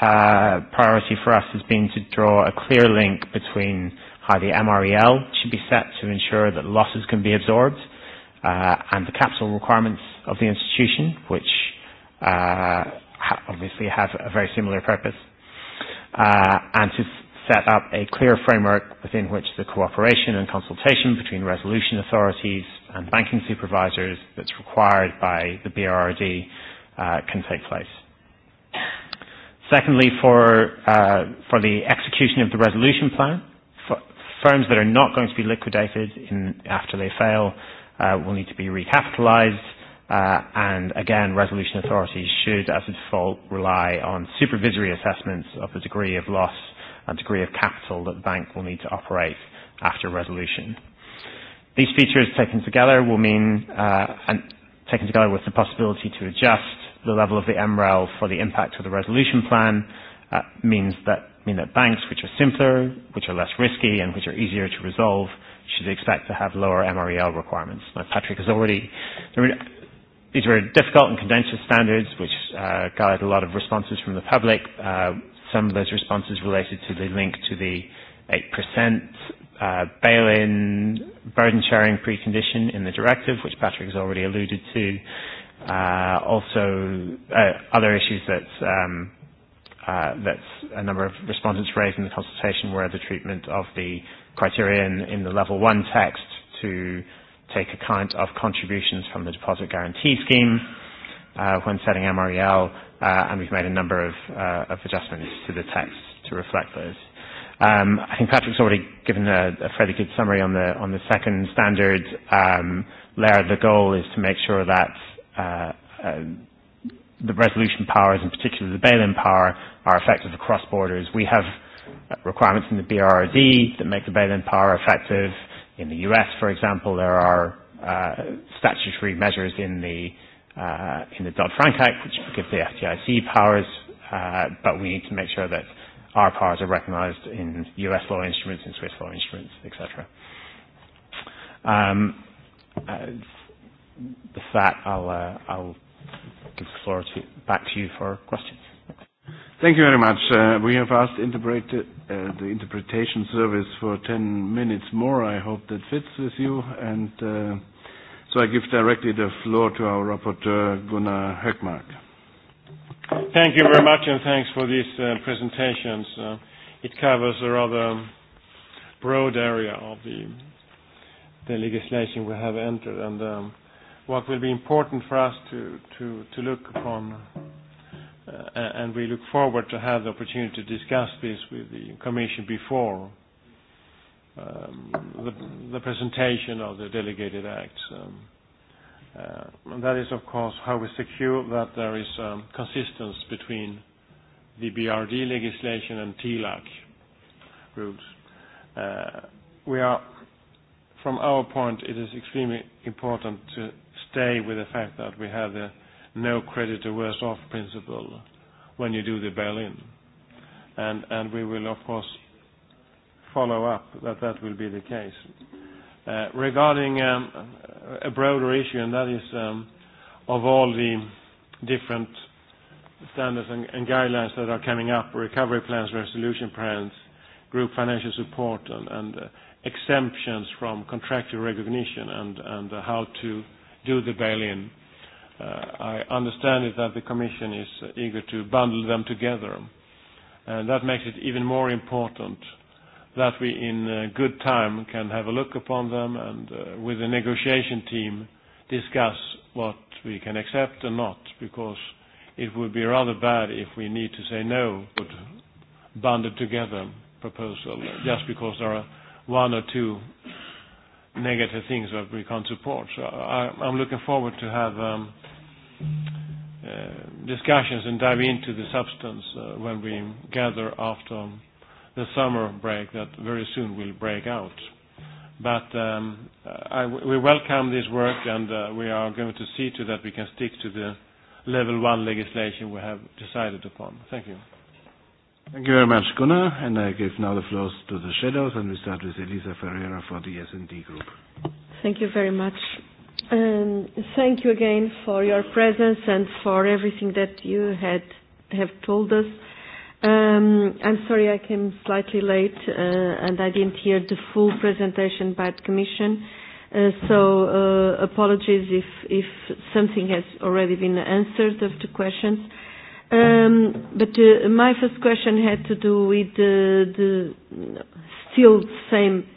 uh, priority for us has been to draw a clear link between how the MREL should be set to ensure that losses can be absorbed uh, and the capital requirements of the institution, which uh, ha- obviously have a very similar purpose uh, and to set up a clear framework within which the cooperation and consultation between resolution authorities and banking supervisors that's required by the BRRD uh, can take place. Secondly, for, uh, for the execution of the resolution plan, for firms that are not going to be liquidated in, after they fail uh, will need to be recapitalized Uh, and again, resolution authorities should, as a default, rely on supervisory assessments of the degree of loss and degree of capital that the bank will need to operate after resolution. These features taken together will mean, uh, and taken together with the possibility to adjust the level of the MREL for the impact of the resolution plan, uh, means that mean that banks which are simpler, which are less risky, and which are easier to resolve should expect to have lower MREL requirements. Now, Patrick has already These were difficult and contentious standards which uh, got a lot of responses from the public. Uh, some of those responses related to the link to the 8% uh, bail-in burden sharing precondition in the directive, which Patrick has already alluded to. Uh, also, uh, other issues that um, uh, that a number of respondents raised in the consultation were the treatment of the criterion in the level one text to take account of contributions from the Deposit Guarantee Scheme uh, when setting MREL, uh, and we've made a number of, uh, of adjustments to the text to reflect those. Um, I think Patrick's already given a, a fairly good summary on the on the second standard um, layer. The goal is to make sure that uh, uh, the resolution powers, in particular the bail-in power, are effective across borders. We have requirements in the BRRD that make the bail-in power effective. In the US, for example, there are uh, statutory measures in the, uh, in the Dodd-Frank Act which give the FDIC powers, uh, but we need to make sure that our powers are recognized in US law instruments, in Swiss law instruments, etc. Um, uh, with that, I'll, uh, I'll give the floor to, back to you for questions. Thank you very much. Uh, we have asked interpret uh, the interpretation service for 10 minutes more. I hope that fits with you. And uh, so I give directly the floor to our rapporteur, Gunnar Höckmark. Thank you very much, and thanks for these uh, presentations. Uh, it covers a rather broad area of the, the legislation we have entered, and um, what will be important for us to, to, to look upon and we look forward to have the opportunity to discuss this with the Commission before um, the, the presentation of the delegated acts. and that is, of course, how we secure that there is um, consistency between the BRD legislation and TLAC rules. Uh, we are, from our point, it is extremely important to stay with the fact that we have the no creditor worse off principle when you do the bail-in. And and we will, of course, follow up that that will be the case. Uh Regarding um a broader issue, and that is um of all the different standards and and guidelines that are coming up, recovery plans, resolution plans, group financial support, and and uh exemptions from contractual recognition and and how to do the bail-in I understand is that the Commission is eager to bundle them together, and that makes it even more important that we, in good time, can have a look upon them and, with the negotiation team, discuss what we can accept and not, because it would be rather bad if we need to say no to bundled together proposal just because there are one or two negative things that we can't support. So I I'm looking forward to have um uh, discussions and dive into the substance uh, when we gather after the summer break that very soon will break out. But um, I, we welcome this work and uh, we are going to see to that we can stick to the level one legislation we have decided upon. Thank you. Thank you very much, Gunnar. And I give now the floor to the shadows, and we start with Elisa Ferreira for the S&D Group. Thank you very much. Um, thank you again for your presence and for everything that you had have told us. Um, I'm sorry I came slightly late uh, and I didn't hear the full presentation by the Commission. Uh, so uh, apologies if, if something has already been answered of the questions. Um, but uh, my first question had to do with the, the still same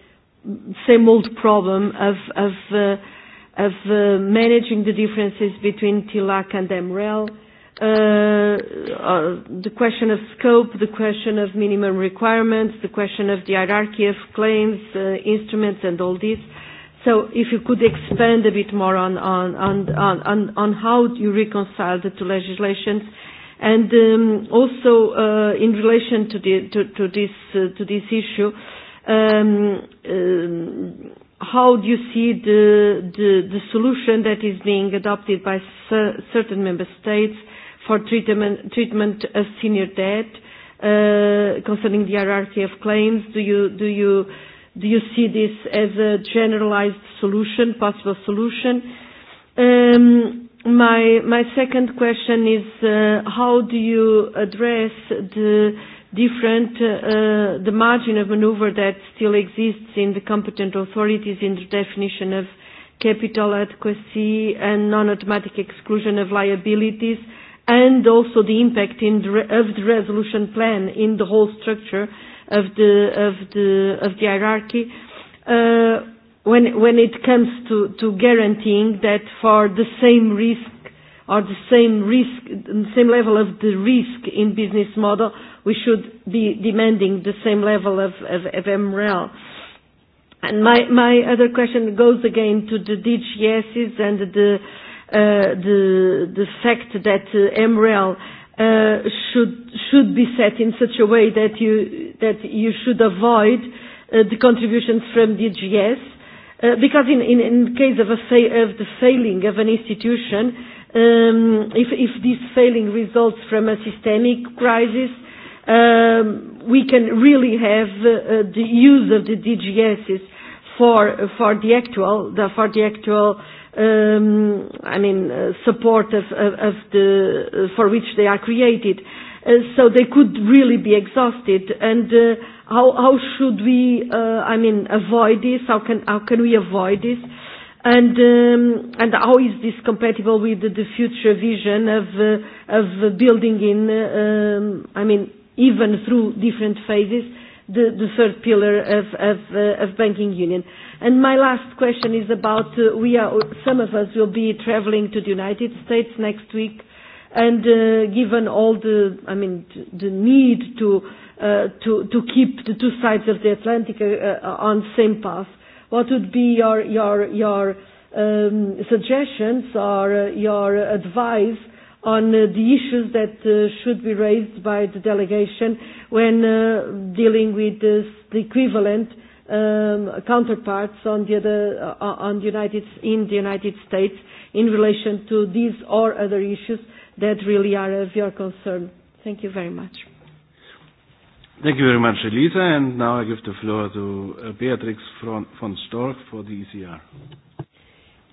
same old problem of, of uh, of uh, managing the differences between TILAC and MREL, uh, uh, the question of scope, the question of minimum requirements, the question of the hierarchy of claims, uh, instruments, and all this. So if you could expand a bit more on, on, on, on, on how you reconcile the two legislations, and um, also uh, in relation to, the, to, to, this, uh, to this issue, um, um, how do you see the, the, the solution that is being adopted by certain member states for treatment, treatment of senior debt uh, concerning the hierarchy of claims? Do you, do, you, do you see this as a generalized solution, possible solution? Um, my, my second question is uh, how do you address the different, uh, the margin of maneuver that still exists in the competent authorities in the definition of capital adequacy and non-automatic exclusion of liabilities, and also the impact in the, re of the resolution plan in the whole structure of the of the of the hierarchy. Uh, when when it comes to to guaranteeing that for the same risk or the same risk, the same level of the risk in business model, we should be demanding the same level of, of, of MREL. And my, my other question goes again to the DGSs and the, uh, the, the fact that uh, MREL uh, should, should be set in such a way that you, that you should avoid uh, the contributions from DGS. Uh, because in, in, in case of, a fa- of the failing of an institution, um, if, if this failing results from a systemic crisis, um, we can really have uh, the use of the DGSs for for the actual the, for the actual um, I mean uh, support of, of, of the uh, for which they are created. Uh, so they could really be exhausted, and uh, how, how should we, uh, I mean, avoid this? How can how can we avoid this? And um, and how is this compatible with the, the future vision of uh, of building in, uh, um, I mean, even through different phases, the, the third pillar of, of, uh, of banking union. And my last question is about, uh, we are, some of us will be traveling to the United States next week, and uh, given all the, I mean, the need to, uh, to, to keep the two sides of the Atlantic uh, on same path, what would be your, your, your um, suggestions or uh, your advice on uh, the issues that uh, should be raised by the delegation when uh, dealing with this, the equivalent um, counterparts on the, other, uh, on the United, in the United States in relation to these or other issues that really are of your concern. Thank you very much. Thank you very much, Elisa. And now I give the floor to uh, Beatrix von Storch for the ECR.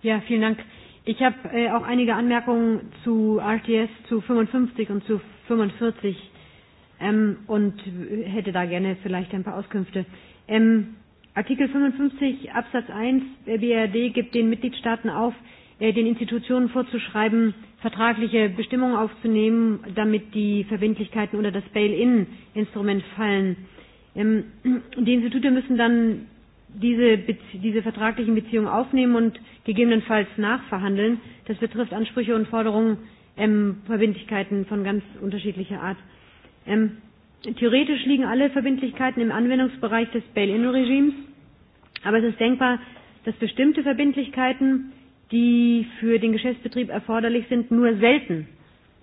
Ja, vielen Dank. Ich habe äh, auch einige Anmerkungen zu RTS zu 55 und zu 45 ähm, und hätte da gerne vielleicht ein paar Auskünfte. Ähm, Artikel 55 Absatz 1 der BRD gibt den Mitgliedstaaten auf, äh, den Institutionen vorzuschreiben, vertragliche Bestimmungen aufzunehmen, damit die Verbindlichkeiten unter das Bail-in-Instrument fallen. Ähm, die Institute müssen dann diese, diese vertraglichen Beziehungen aufnehmen und gegebenenfalls nachverhandeln. Das betrifft Ansprüche und Forderungen, ähm, Verbindlichkeiten von ganz unterschiedlicher Art. Ähm, theoretisch liegen alle Verbindlichkeiten im Anwendungsbereich des Bail-in-Regimes, aber es ist denkbar, dass bestimmte Verbindlichkeiten, die für den Geschäftsbetrieb erforderlich sind, nur selten,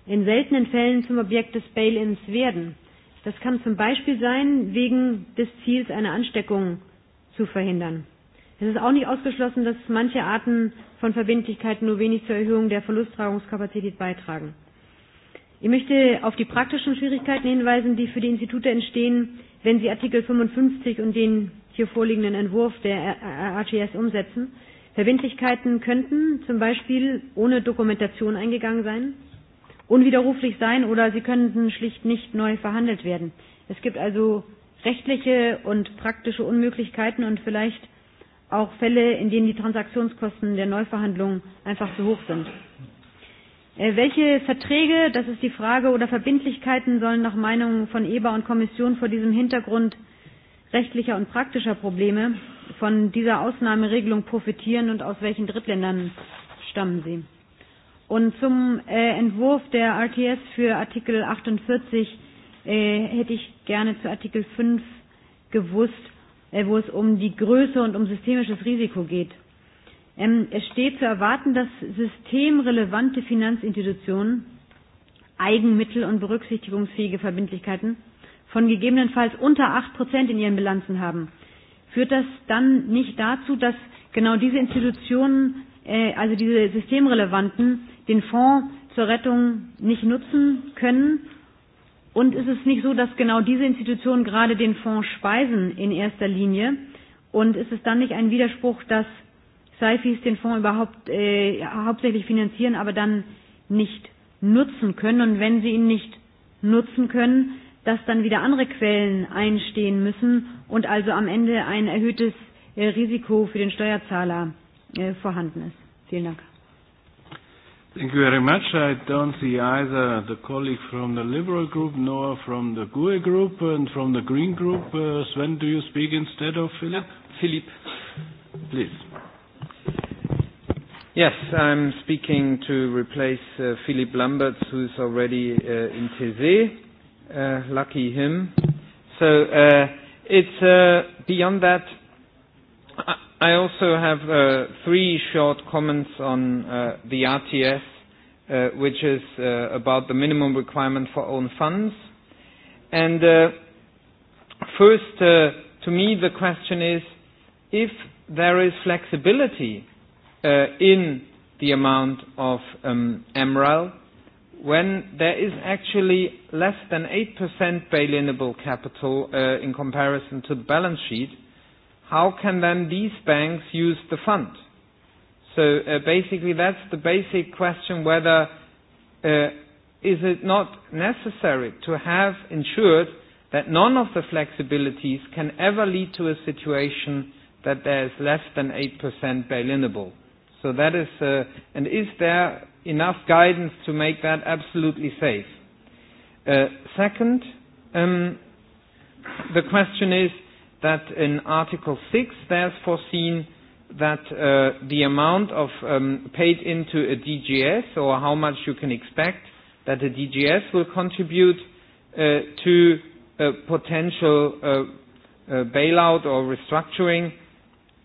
in seltenen Fällen zum Objekt des Bail-ins werden. Das kann zum Beispiel sein wegen des Ziels einer Ansteckung zu verhindern. Es ist auch nicht ausgeschlossen, dass manche Arten von Verbindlichkeiten nur wenig zur Erhöhung der Verlusttragungskapazität beitragen. Ich möchte auf die praktischen Schwierigkeiten hinweisen, die für die Institute entstehen, wenn sie Artikel 55 und den hier vorliegenden Entwurf der AGS umsetzen. Verbindlichkeiten könnten zum Beispiel ohne Dokumentation eingegangen sein, unwiderruflich sein oder sie könnten schlicht nicht neu verhandelt werden. Es gibt also rechtliche und praktische Unmöglichkeiten und vielleicht auch Fälle, in denen die Transaktionskosten der Neuverhandlungen einfach zu hoch sind. Welche Verträge, das ist die Frage, oder Verbindlichkeiten sollen nach Meinung von EBA und Kommission vor diesem Hintergrund rechtlicher und praktischer Probleme von dieser Ausnahmeregelung profitieren und aus welchen Drittländern stammen sie? Und zum äh, Entwurf der RTS für Artikel 48 hätte ich gerne zu Artikel 5 gewusst, äh, wo es um die Größe und um systemisches Risiko geht. Ähm, es steht zu erwarten, dass systemrelevante Finanzinstitutionen Eigenmittel und berücksichtigungsfähige Verbindlichkeiten von gegebenenfalls unter 8% in ihren Bilanzen haben. Führt das dann nicht dazu, dass genau diese Institutionen, äh, also diese systemrelevanten, den Fonds zur Rettung nicht nutzen können Und ist es nicht so, dass genau diese Institutionen gerade den Fonds speisen in erster Linie? Und ist es dann nicht ein Widerspruch, dass Saifis den Fonds überhaupt äh, hauptsächlich finanzieren, aber dann nicht nutzen können? Und wenn sie ihn nicht nutzen können, dass dann wieder andere Quellen einstehen müssen und also am Ende ein erhöhtes äh, Risiko für den Steuerzahler äh, vorhanden ist? Vielen Dank. Thank you very much. I don't see either the colleague from the Liberal Group nor from the GUE Group and from the Green Group. Uh, Sven, do you speak instead of Philip? Philip, please. Yes, I'm speaking to replace uh, Philip Lamberts, who's already uh, in TZ. Uh, lucky him. So uh, it's uh, beyond that. I I also have uh, three short comments on uh, the RTS, uh, which is uh, about the minimum requirement for own funds. And uh, first, uh, to me, the question is if there is flexibility uh, in the amount of um, MREL, when there is actually less than 8% bail-inable capital uh, in comparison to the balance sheet, how can then these banks use the fund? So uh, basically, that's the basic question: whether uh, is it not necessary to have ensured that none of the flexibilities can ever lead to a situation that there is less than 8% bail-inable. So that is, uh, and is there enough guidance to make that absolutely safe? Uh, second, um, the question is that in Article 6 there's foreseen that uh, the amount of um, paid into a DGS or how much you can expect that a DGS will contribute uh, to a potential uh, uh, bailout or restructuring,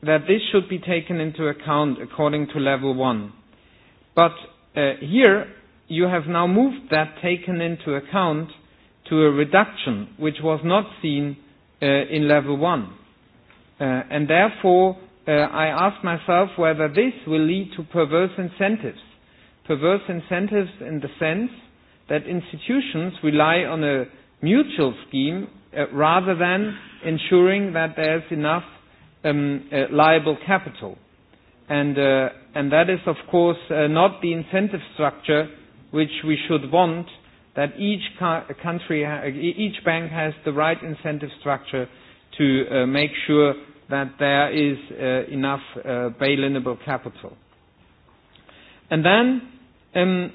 that this should be taken into account according to level one. But uh, here you have now moved that taken into account to a reduction which was not seen uh in level one. Uh, and therefore, uh, I ask myself whether this will lead to perverse incentives. Perverse incentives in the sense that institutions rely on a mutual scheme uh, rather than ensuring that there's enough um, uh, liable capital. And, uh, and that is, of course, uh, not the incentive structure which we should want that each country, each bank has the right incentive structure to uh, make sure that there is uh, enough uh, bail-inable capital. And then um,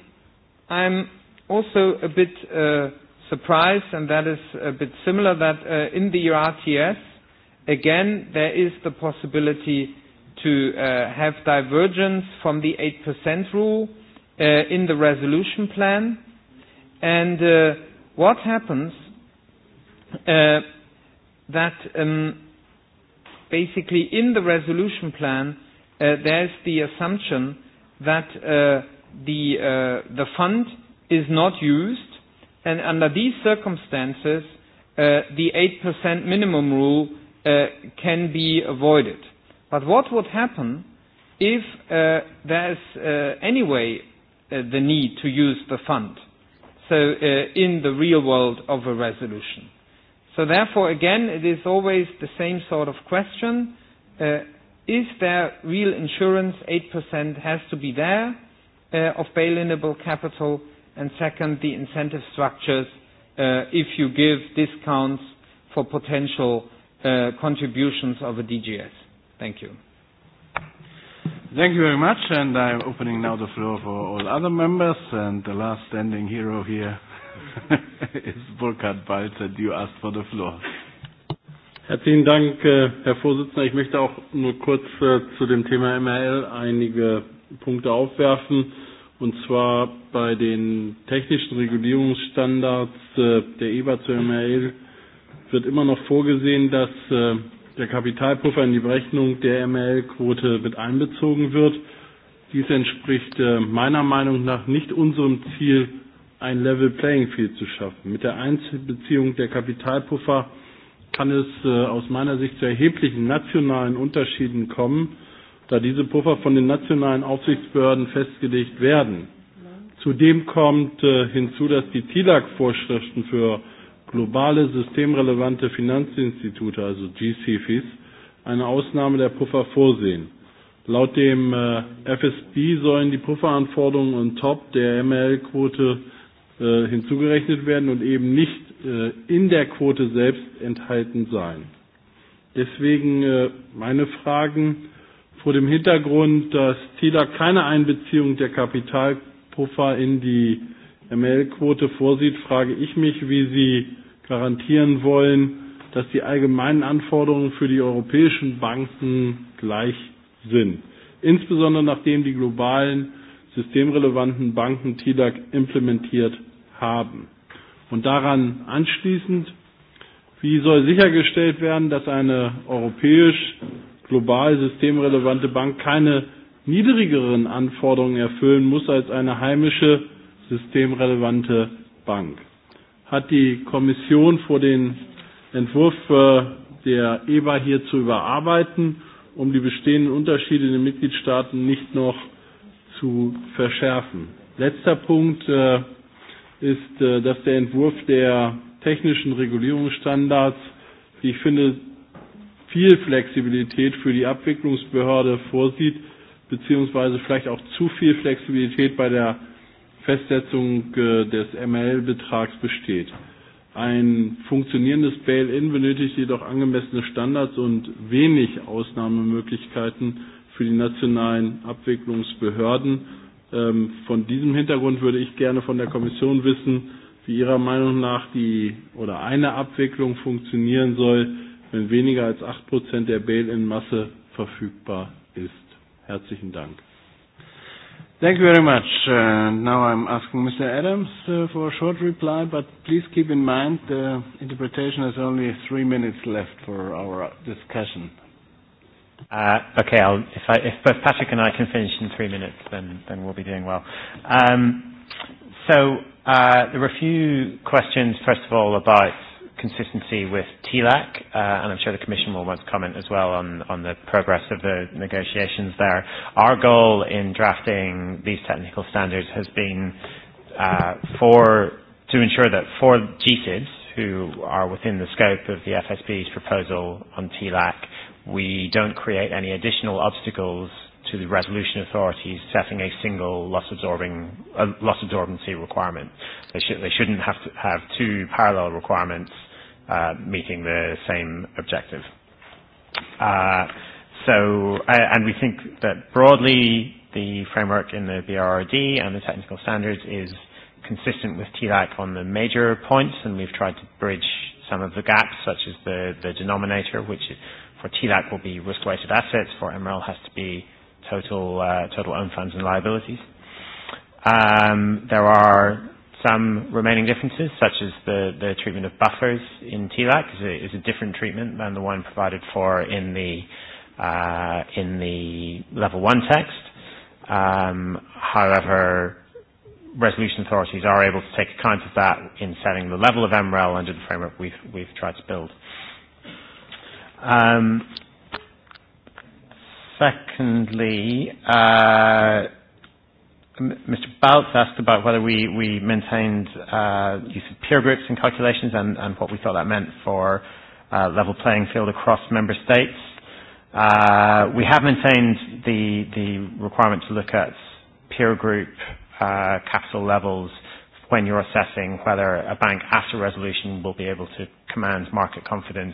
I'm also a bit uh, surprised, and that is a bit similar, that uh, in the RTS, again, there is the possibility to uh, have divergence from the 8% rule uh, in the resolution plan. And uh, what happens uh, that um, basically in the resolution plan uh, there's the assumption that uh, the uh, the fund is not used, and under these circumstances uh, the 8% minimum rule uh, can be avoided. But what would happen if uh, there is uh, anyway uh, the need to use the fund? so uh, in the real world of a resolution. So therefore, again, it is always the same sort of question. Uh, is there real insurance? 8% has to be there uh, of bail-inable capital. And second, the incentive structures, uh, if you give discounts for potential uh, contributions of a DGS. Thank you. Thank you very much, and I'm opening now the floor for all other members, and the last standing hero here is Burkhard Balz, and you asked for the floor. Herzlichen Dank, Herr Vorsitzender. Ich möchte auch nur kurz zu dem Thema MRL einige Punkte aufwerfen, und zwar bei den technischen Regulierungsstandards der EBA zu MRL wird immer noch vorgesehen, dass der Kapitalpuffer in die Berechnung der MRL-Quote mit einbezogen wird. Dies entspricht meiner Meinung nach nicht unserem Ziel, ein Level Playing Field zu schaffen. Mit der Einbeziehung der Kapitalpuffer kann es aus meiner Sicht zu erheblichen nationalen Unterschieden kommen, da diese Puffer von den nationalen Aufsichtsbehörden festgelegt werden. Zudem kommt hinzu, dass die TILAG-Vorschriften für globale systemrelevante Finanzinstitute, also GCFIs, eine Ausnahme der Puffer vorsehen. Laut dem FSB sollen die Pufferanforderungen on top der ML-Quote hinzugerechnet werden und eben nicht in der Quote selbst enthalten sein. Deswegen meine Fragen vor dem Hintergrund, dass TILA keine Einbeziehung der Kapitalpuffer in die ML-Quote vorsieht, frage ich mich, wie Sie garantieren wollen, dass die allgemeinen Anforderungen für die europäischen Banken gleich sind. Insbesondere nachdem die globalen systemrelevanten Banken TILAC implementiert haben. Und daran anschließend, wie soll sichergestellt werden, dass eine europäisch global systemrelevante Bank keine niedrigeren Anforderungen erfüllen muss als eine heimische systemrelevante Bank? hat die Kommission vor den Entwurf der EBA hier zu überarbeiten, um die bestehenden Unterschiede in den Mitgliedstaaten nicht noch zu verschärfen. Letzter Punkt ist, dass der Entwurf der technischen Regulierungsstandards, wie ich finde, viel Flexibilität für die Abwicklungsbehörde vorsieht, beziehungsweise vielleicht auch zu viel Flexibilität bei der Festsetzung des ML-Betrags besteht. Ein funktionierendes Bail-in benötigt jedoch angemessene Standards und wenig Ausnahmemöglichkeiten für die nationalen Abwicklungsbehörden. von diesem Hintergrund würde ich gerne von der Kommission wissen, wie Ihrer Meinung nach die oder eine Abwicklung funktionieren soll, wenn weniger als 8% der Bail-in-Masse verfügbar ist. Herzlichen Dank. Thank you very much. Uh, now I'm asking Mr. Adams uh, for a short reply, but please keep in mind the interpretation has only three minutes left for our discussion. Uh, okay, I'll, if, I, if both Patrick and I can finish in three minutes, then, then we'll be doing well. Um, so uh, there were a few questions, first of all, about consistency with TLAC, uh, and I'm sure the Commission will want to comment as well on, on the progress of the negotiations there. Our goal in drafting these technical standards has been uh, for to ensure that for GSIBs, who are within the scope of the FSB's proposal on TLAC, we don't create any additional obstacles to the resolution authorities setting a single loss absorbing uh, loss absorbency requirement. They, should they shouldn't have to have two parallel requirements uh, meeting the same objective. Uh, so, and we think that broadly the framework in the BRRD and the technical standards is consistent with TLAC on the major points, and we've tried to bridge some of the gaps, such as the, the denominator, which for TLAC will be risk-weighted assets, for MREL has to be total, uh, total own funds and liabilities. Um, there are some remaining differences, such as the, the treatment of buffers in TLAC is a, is a different treatment than the one provided for in the, uh, in the level one text. Um, however, resolution authorities are able to take account of that in setting the level of MREL under the framework we've, we've tried to build. Um, secondly, uh, Mr. Baltz asked about whether we, we maintained uh, use of peer groups in calculations and, and what we thought that meant for uh, level playing field across member states. Uh, we have maintained the, the requirement to look at peer group uh, capital levels when you're assessing whether a bank after resolution will be able to command market confidence.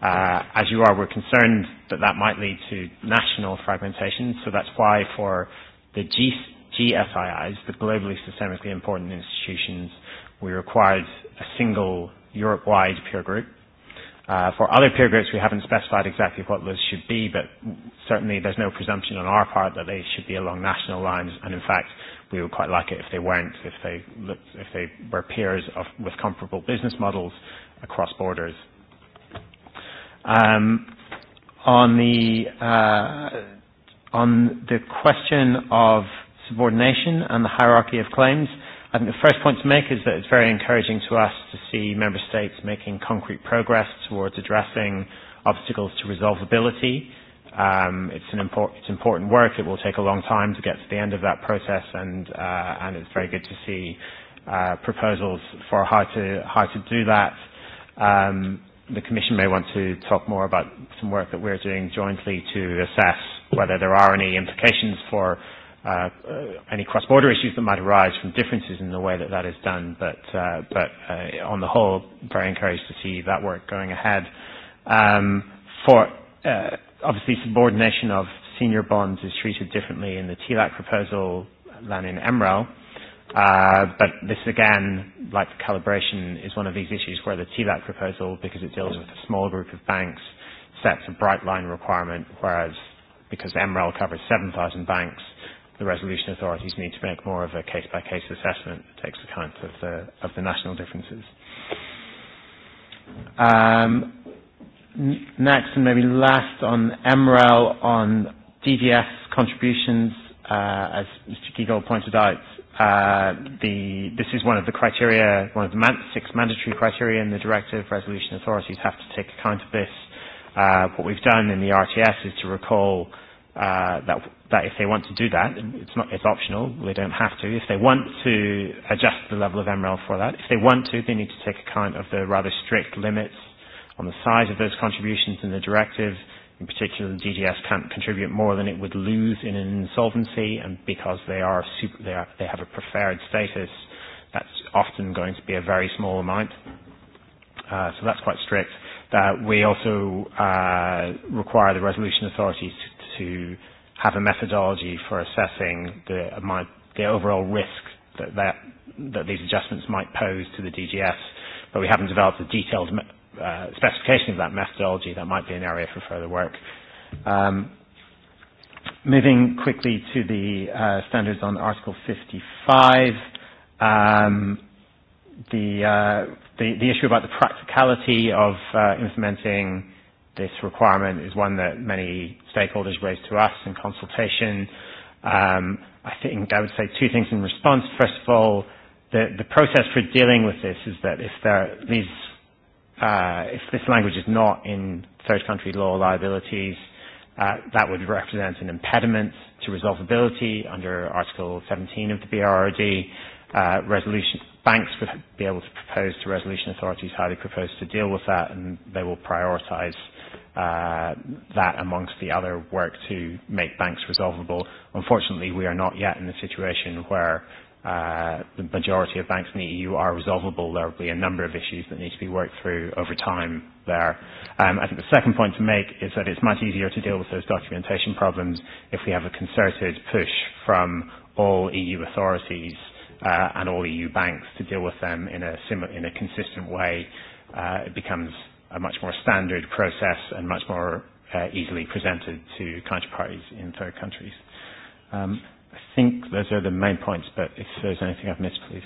Uh, as you are, we're concerned that that might lead to national fragmentation, so that's why for the G GSIIs, the globally systemically important institutions, we required a single Europe-wide peer group. Uh, for other peer groups, we haven't specified exactly what those should be, but certainly there's no presumption on our part that they should be along national lines. And in fact, we would quite like it if they weren't, if they, looked, if they were peers of, with comparable business models across borders. Um, on the uh, on the question of subordination and the hierarchy of claims. I think the first point to make is that it's very encouraging to us to see member states making concrete progress towards addressing obstacles to resolvability. Um, it's an import, it's important work. It will take a long time to get to the end of that process, and uh, and it's very good to see uh, proposals for how to how to do that. Um, the Commission may want to talk more about some work that we're doing jointly to assess whether there are any implications for uh, any cross-border issues that might arise from differences in the way that that is done. But, uh, but uh, on the whole, very encouraged to see that work going ahead. Um, for uh, obviously subordination of senior bonds is treated differently in the TLAC proposal than in MREL. Uh, but this again, like the calibration, is one of these issues where the TLAC proposal, because it deals with a small group of banks, sets a bright line requirement, whereas because MREL covers 7,000 banks, the resolution authorities need to make more of a case-by-case assessment that takes account of the, of the national differences. Um, next and maybe last on MREL, on DDS contributions, uh, as Mr. Kegel pointed out, uh, the, this is one of the criteria, one of the man- six mandatory criteria in the directive. Resolution authorities have to take account of this. Uh, what we've done in the RTS is to recall uh, that that if they want to do that, it's not it's optional. They don't have to. If they want to adjust the level of MREL for that, if they want to, they need to take account of the rather strict limits on the size of those contributions in the directive. In particular, the DGS can't contribute more than it would lose in an insolvency, and because they are super, they, are, they have a preferred status, that's often going to be a very small amount. Uh, so that's quite strict. Uh, we also uh, require the resolution authorities to have a methodology for assessing the, my, the overall risk that, that, that these adjustments might pose to the DGS, but we haven't developed a detailed uh, specification of that methodology. That might be an area for further work. Um, moving quickly to the uh, standards on Article 55, um, the, uh, the, the issue about the practicality of uh, implementing This requirement is one that many stakeholders raised to us in consultation. Um, I think I would say two things in response. First of all, the, the process for dealing with this is that if there, these, uh, if this language is not in third country law liabilities, uh, that would represent an impediment to resolvability under Article 17 of the BRRD. Uh, resolution banks would be able to propose to resolution authorities how they propose to deal with that, and they will prioritise uh, that amongst the other work to make banks resolvable. Unfortunately, we are not yet in the situation where uh, the majority of banks in the EU are resolvable. There will be a number of issues that need to be worked through over time there. Um, I think the second point to make is that it's much easier to deal with those documentation problems if we have a concerted push from all EU authorities uh, and all EU banks to deal with them in a, sim- in a consistent way. Uh, it becomes a much more standard process and much more uh, easily presented to counterparties in third countries. Um, I think those are the main points, but if there's anything I've missed, please.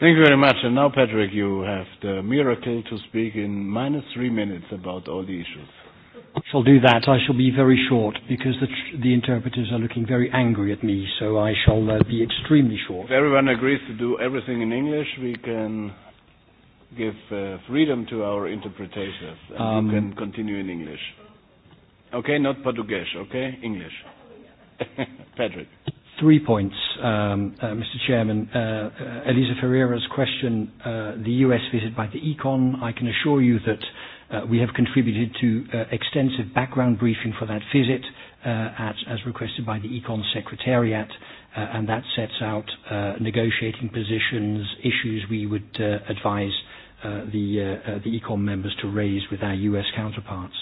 Thank you very much. And now, Patrick, you have the miracle to speak in minus three minutes about all the issues. I shall do that. I shall be very short because the, tr- the interpreters are looking very angry at me, so I shall uh, be extremely short. If everyone agrees to do everything in English, we can give uh, freedom to our interpreters. And um, you can continue in English. Okay, not Portuguese, okay? English. Patrick. Three points, um, uh, Mr. Chairman. Uh, uh, Elisa Ferreira's question, uh, the US visit by the Econ, I can assure you that uh, we have contributed to uh, extensive background briefing for that visit uh, at, as requested by the Econ Secretariat uh, and that sets out uh, negotiating positions, issues we would uh, advise uh, the, uh, the ECOM members to raise with our US counterparts.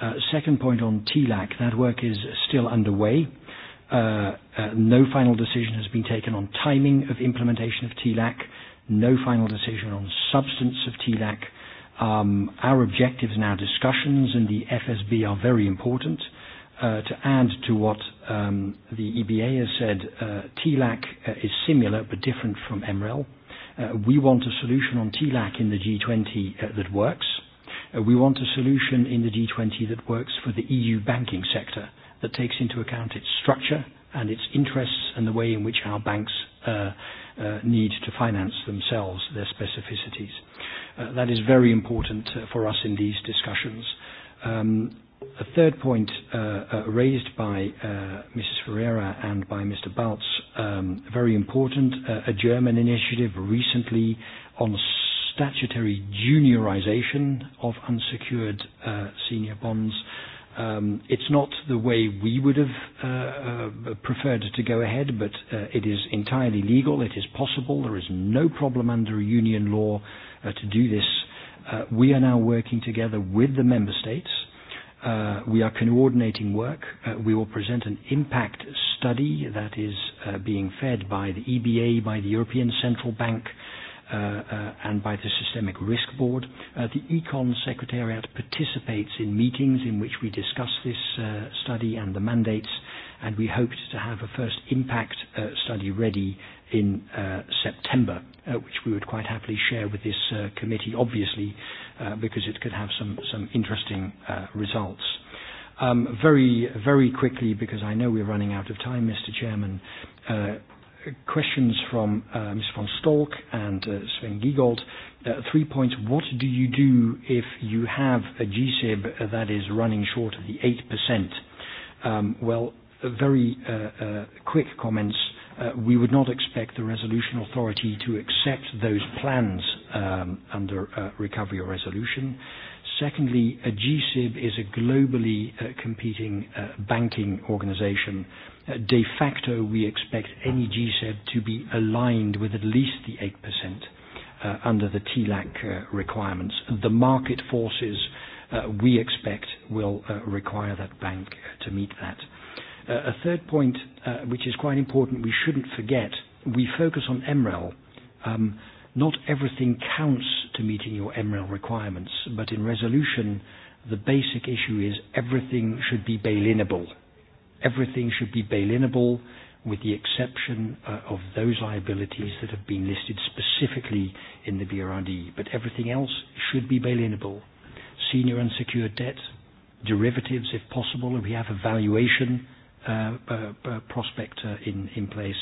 Uh, second point on TLAC, that work is still underway. Uh, uh, no final decision has been taken on timing of implementation of TLAC, no final decision on substance of TLAC. Um, our objectives and our discussions in the FSB are very important. Uh, to add to what um, the EBA has said, uh, TLAC uh, is similar but different from MREL. Uh, we want a solution on TLAC in the G20 uh, that works. Uh, we want a solution in the G20 that works for the EU banking sector, that takes into account its structure and its interests and the way in which our banks uh, uh, need to finance themselves, their specificities. Uh, that is very important uh, for us in these discussions. Um, A third point uh, uh, raised by uh, Mrs. Ferreira and by Mr. Baltz, um, very important, uh, a German initiative recently on statutory juniorization of unsecured uh, senior bonds. Um, it's not the way we would have uh, uh, preferred to go ahead, but uh, it is entirely legal. It is possible. There is no problem under union law uh, to do this. Uh, we are now working together with the member states Uh, we are coordinating work. Uh, we will present an impact study that is uh, being fed by the EBA, by the European Central Bank, uh, uh, and by the Systemic Risk Board. Uh, the Econ Secretariat participates in meetings in which we discuss this uh, study and the mandates, and we hoped to have a first impact uh, study ready in uh, September, uh, which we would quite happily share with this uh, committee, obviously, uh, because it could have some, some interesting uh, results. Um, very, very quickly, because I know we're running out of time, Mr. Chairman, uh, questions from uh, Ms. von Stolk and uh, Sven Giegold. Uh, three points. What do you do if you have a GSIB that is running short of the 8%? Um, well, very uh, uh, quick comments we would not expect the resolution authority to accept those plans um, under uh, recovery or resolution. Secondly, a GSIB is a globally uh, competing uh, banking organization. Uh, de facto, we expect any GSIB to be aligned with at least the 8% uh, under the TLAC uh, requirements. The market forces uh, we expect will uh, require that bank to meet that. Uh, a third point, uh, which is quite important, we shouldn't forget, we focus on MREL. Um, not everything counts to meeting your MREL requirements, but in resolution, the basic issue is everything should be bail-inable. Everything should be bail-inable with the exception uh, of those liabilities that have been listed specifically in the BRRD, but everything else should be bail-inable. Senior unsecured debt, derivatives if possible, and we have a valuation uh, uh, prospect uh, in, in place.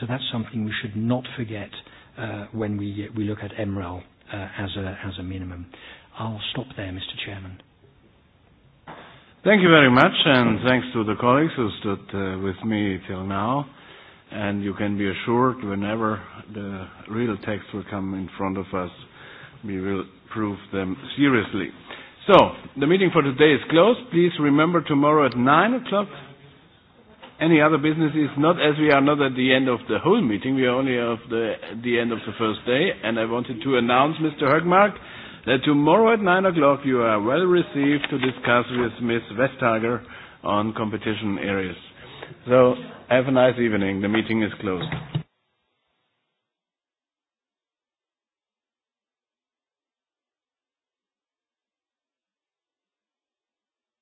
So that's something we should not forget uh, when we, we look at MREL uh, as, a, as a minimum. I'll stop there, Mr. Chairman. Thank you very much, and thanks to the colleagues who stood uh, with me till now. And you can be assured whenever the real text will come in front of us, we will prove them seriously. So, the meeting for today is closed. Please remember tomorrow at 9:00 o'clock Any other business is not as we are not at the end of the whole meeting. We are only at the, the end of the first day. And I wanted to announce, Mr. Hergmark that tomorrow at nine o'clock you are well received to discuss with Ms. Vestager on competition areas. So have a nice evening. The meeting is closed.